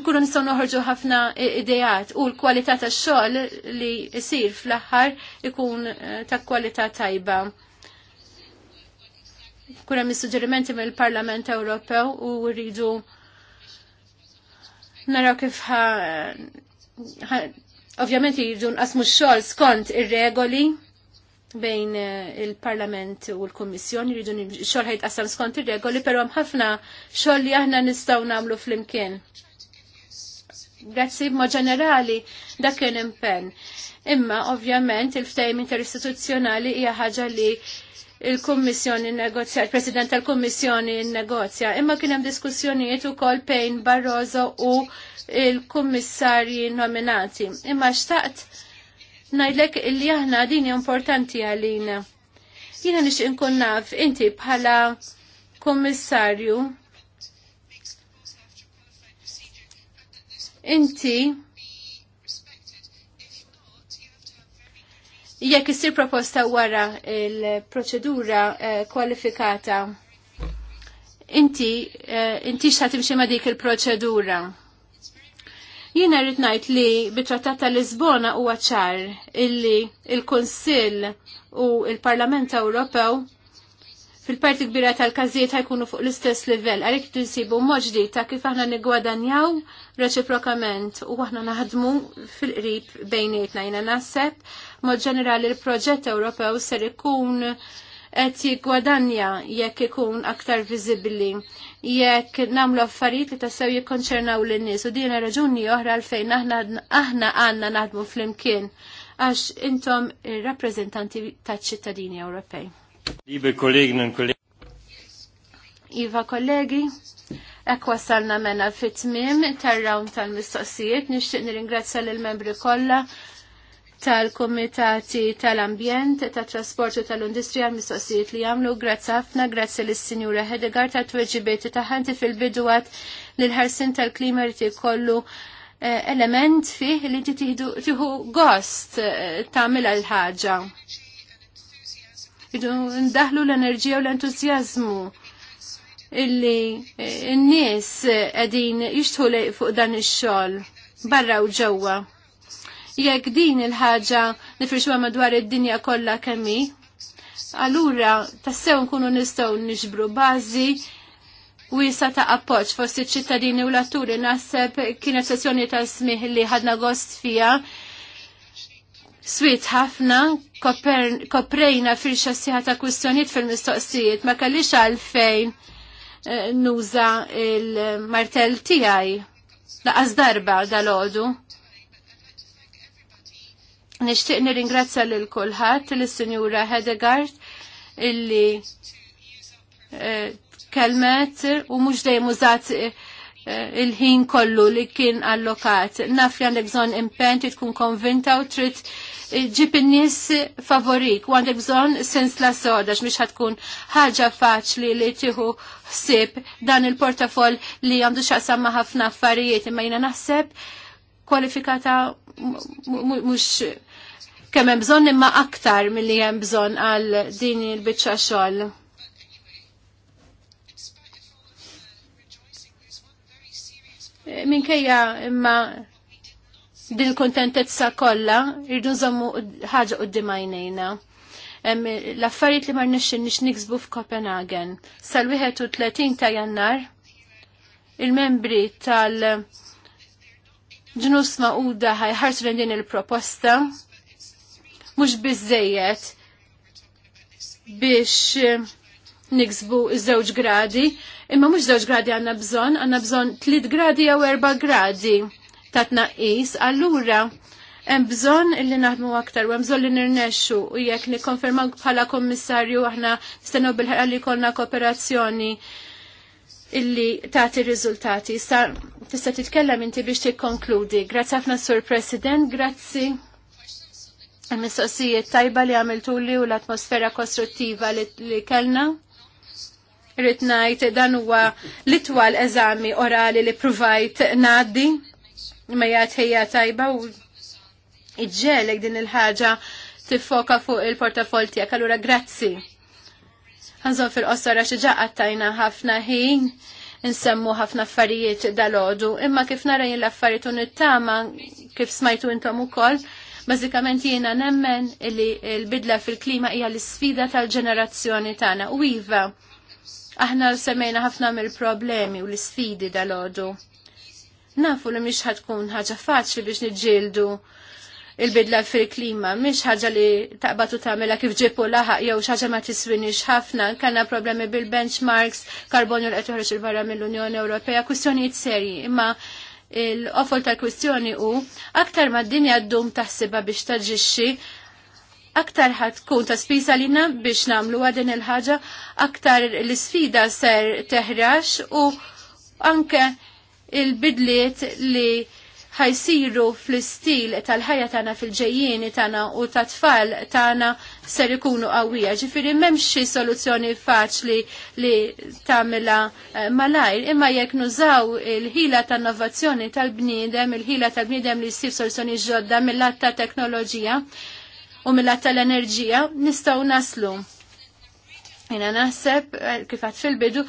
Speaker 3: nkunu nistgħu noħorġu ħafna idejat u l-kwalità tax-xogħol li jsir fl-aħħar ikun eh, ta' kwalità tajba kuna mis-suġġerimenti mill-Parlament Ewropew u rridu naraw kif ha ovvjament jridu nqasmu xogħol skont ir-regoli bejn eh, il-Parlament u l-Kummissjoni jridu xogħol ħajtqassam skont ir-regoli, però hemm ħafna xogħol li aħna nistgħu nagħmlu flimkien. Grazzi ma ġenerali dak kien impenn. Imma ovvjament il-ftehim interistituzzjonali hija ħaġa li il-Kummissjoni negozja, il-President tal-Kummissjoni negozja, imma kien hemm diskussjonijiet ukoll bejn Barroso u il-Kummissarji nominati. Imma xtaqt ngħidlek li aħna din importanti għalina. Jiena nix inkun naf inti bħala Kummissarju inti jekk issir proposta wara il-proċedura eh, kwalifikata, inti eh, inti xa timxi ma dik il-proċedura. Jina rrid ngħid li bit-Trattat ta' Lisbona huwa ċar illi il-Kunsill u il-Parlament Ewropew fil-parti kbira tal-każijiet ħajkunu fuq l-istess livell, għalhekk t-insibu moġdi ta' kif aħna niggwadanjaw reċiprokament u aħna naħdmu fil-qrib bejnietna jina naħseb mod ġenerali l-proġett Ewropew ser ikun qed jiggwadanja jekk ikun aktar viżibbli, jekk nagħmlu affarijiet li tassew jikkonċernaw lin-nies u dinha raġuni oħra għalfejn aħna għandna naħdmu flimkien għax intom rappreżentanti taċ-ċittadini Ewropej.
Speaker 2: Liebe Kolleginnen und Kollegen.
Speaker 3: Iva kollegi, ek wasalna mena fit-tmim tar-rawn tal-mistoqsijiet, nixtieq nirringrazzja lill membri kollha tal-Komitati tal-Ambjent, tal trasportu u tal-Industrija mistoqsijiet li għamlu. Grazzi ħafna, grazzi l sinjura Hedegar tal-tweġibiet taħanti fil bidwat l-ħarsin tal-klima li kollu eh, element fih li tiħu gost eh, tamil għal ħaġa Idu ndaħlu l-enerġija u l-entuzjazmu illi eh, n-nies għedin jixtħu fuq dan ix-xogħol barra u ġewwa jekk din il-ħaġa nifirxuha madwar id-dinja kollha kemmi. Allura tassew nkunu nistgħu nixbru bażi wisa ta' appoġġ fost iċ-ċittadini u l-atturi naħseb kienet sessjoni ta' smih li ħadna gost fija. swiet ħafna, koprejna firxa siħa ta' kwistjoniet fil-mistoqsijiet, ma kellix għalfejn eh, nuża il-martell tiegħi. Laqas darba dal-għodu. Nixtieq nirringrazzja lil kulħadd lis-Sinjura Hedegard illi eh, kelmet u mhux dejjem mużat eh, il-ħin kollu li kien allokat. Naf li għandek bżon impen, tkun konvinta u trid eh, ġib in-nies favorik u għandek bżon sens la soda x'miex ħatkun ħaġa faċli li tieħu ħsieb dan il-portafol li għandu x'aqsam ħafna affarijiet imma jiena naħseb kwalifikata mhux kemm hemm bżonn imma aktar milli hemm bżonn għal din il-biċċa xogħol. Minkejja imma din kontentezza kollha rridu nżommu ħaġa qudiem għajnejna. L-affarijiet li ma rnexxinniex niksbu f'Kopenhagen. Sal-31 ta' Jannar il-membri tal- ġnus uda ħajħarsu din il-proposta mhux biżejjed biex eh, niksbu zewġ żewġ gradi, imma mhux żewġ gradi għandna bżonn, għandna bżonn tliet gradi jew erba' gradi ta' tnaqqis, allura hemm bżonn li naħdmu aktar u hemm bżonn li nirnexxu u jekk nikkonfermaw bħala kommissarju aħna nistennew bil-ħerqa li jkollna kooperazzjoni illi tagħti riżultati. Sa tista' titkellem inti biex tikkonkludi. Grazzi ħafna Sur President, grazzi il-mistoqsijiet tajba li għamiltu li u l-atmosfera kostruttiva li kellna. Rrit ngħid dan huwa l-itwal eżami orali li provajt ngħaddi ma jgħat tajba u iġġelek din il-ħaġa tiffoka fuq il-portafol tiegħek. Allura grazzi. Għanżon fil-qossora xieġa għattajna ħafna ħin nsemmu ħafna affarijiet dal-ħodu, imma kif narajn l-affarijiet un kif smajtu intom ukoll, koll, Bażikament jiena nemmen li l-bidla fil-klima hija l-sfida tal-ġenerazzjoni tagħna. U iva, aħna semmejna ħafna mill-problemi u l-sfidi dal-għodu. Nafu li mhix ħatkun ħaġa faċli biex niġġieldu il-bidla fil-klima, mhix ħaġa li taqbatu tagħmilha kif ġipu laħaq jew xaġa ma tiswinix ħafna, kellna problemi bil-benchmarks, karbonju li qed joħroġ il-barra mill-Unjoni Ewropea, kwistjonijiet serji, imma il-qofol tal-kwistjoni u aktar ma d-dinja d-dum taħsiba biex taġġixxi aktar ħad tkun ta' spisa lina biex namlu għadin il-ħaġa, aktar l-sfida ser teħrax u anke il-bidliet li ħajsiru fl-istil tal-ħajja tagħna fil-ġejjieni tagħna u tat-tfal tagħna ser ikunu qawwija. Ġifieri m'hemmx xi soluzzjoni faċli li tagħmilha eh, malajr, imma jekk nużaw il-ħila ta' innovazzjoni tal-bniedem, il-ħila tal-bniedem li jsir soluzzjoni ġodda mill-att ta' teknoloġija u mill-att tal-enerġija, nistgħu naslu. Jena naħseb, eh, kif kifat fil-bidu,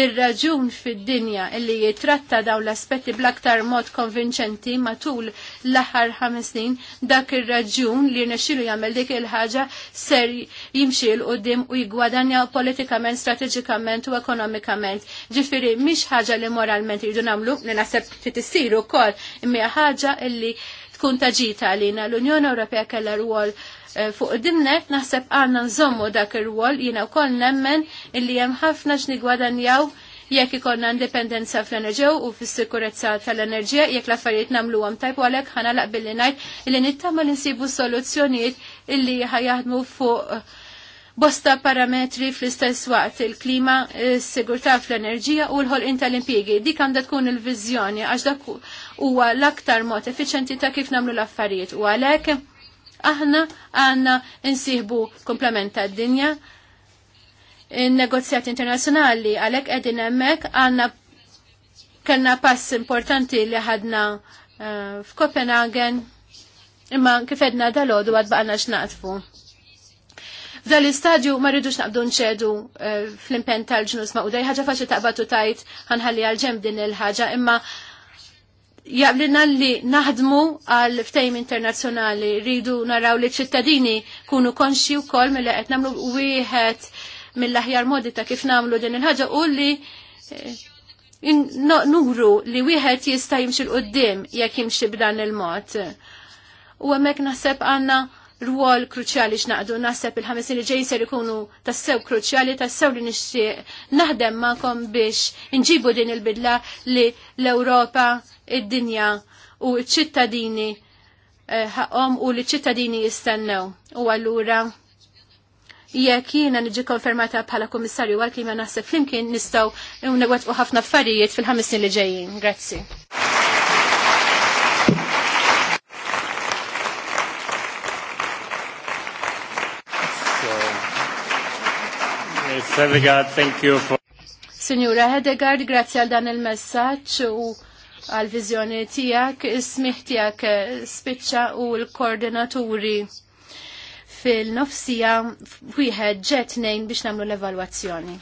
Speaker 3: ir-raġun fid-dinja illi jitratta daw l-aspetti bl-aktar mod konvinċenti matul l-aħħar ħames snin dak ir-raġun li rnexxielu jagħmel dik il-ħaġa ser jimxil l qudiem u jigwadanja politikament, strateġikament u ekonomikament. Ġifieri mhix ħaġa li moralment jridu nagħmlu li naħseb titissiru wkoll imma ħaġa illi tkun taġita għalina. L-Unjoni Ewropea kellha rwol eh, fuq dimnet naħseb għandna nżommu dak ir-rwol jiena wkoll nemmen illi hemm ħafna x'nigwadanjaw jekk ikollna indipendenza fl-enerġew u fis-sikurezza tal-enerġija jekk l-affarijiet nagħmluhom tajb u għalhekk ħana laqbilli ngħid illi nittama li nsibu soluzzjonijiet illi ħajaħdmu fuq eh, bosta parametri fl-istess waqt il-klima, s-sigurtà fl-enerġija u l ħolqien tal impjiegi Dik għandha tkun il-viżjoni għax dak huwa l-aktar mod effiċenti ta' kif nagħmlu l-affarijiet u għalhekk aħna għandna insieħbu komplement tad-dinja in-negozjati internazzjonali għalhekk qegħdin hemmhekk għandna kellna pass importanti li ħadna eh, f'Copenhagen, f'Kopenhagen imma kif edna dal-għodu għad baqna x'naqtfu. F'dan l-istadju ma rridux naqbdu nċedu eh, fl-impen tal-ġnus ma' udaj ħaġa faċli taqbatu tajt ħanħalli għal-ġem din il-ħaġa imma jaqblina li naħdmu għal ftejm internazzjonali, rridu naraw li ċittadini kunu konxi u kol mill qed namlu wieħed mill-aħjar modi ta' kif namlu din il-ħaġa u li eh, nuru li wieħed jista' jimxi l-qoddim jekk jimxi b'dan il-mod. U hemmhekk naħseb għandna rwol kruċjali x'naqdu naħseb il-ħamesin li ġejn ser ikunu tassew kruċjali tassew li nixtieq naħdem magħkom biex inġibu din il-bidla li l-Ewropa id-dinja u ċittadini eh, ħaqom u li ċittadini jistennew. U allura jekk jiena niġi konfermata bħala komissarju għal kima naħseb flimkien nistgħu u ħafna affarijiet fil-ħames snin li ġejjin. Grazzi.
Speaker 2: Hedegaard, thank you for...
Speaker 3: Signora Hedegaard, grazie għal dan il-messaċ u għal viżjoni tiegħek, is-smih tiegħek eh, spiċċa u l-koordinaturi fil-nofsija wieħed ġet nejn biex nagħmlu l-evalwazzjoni.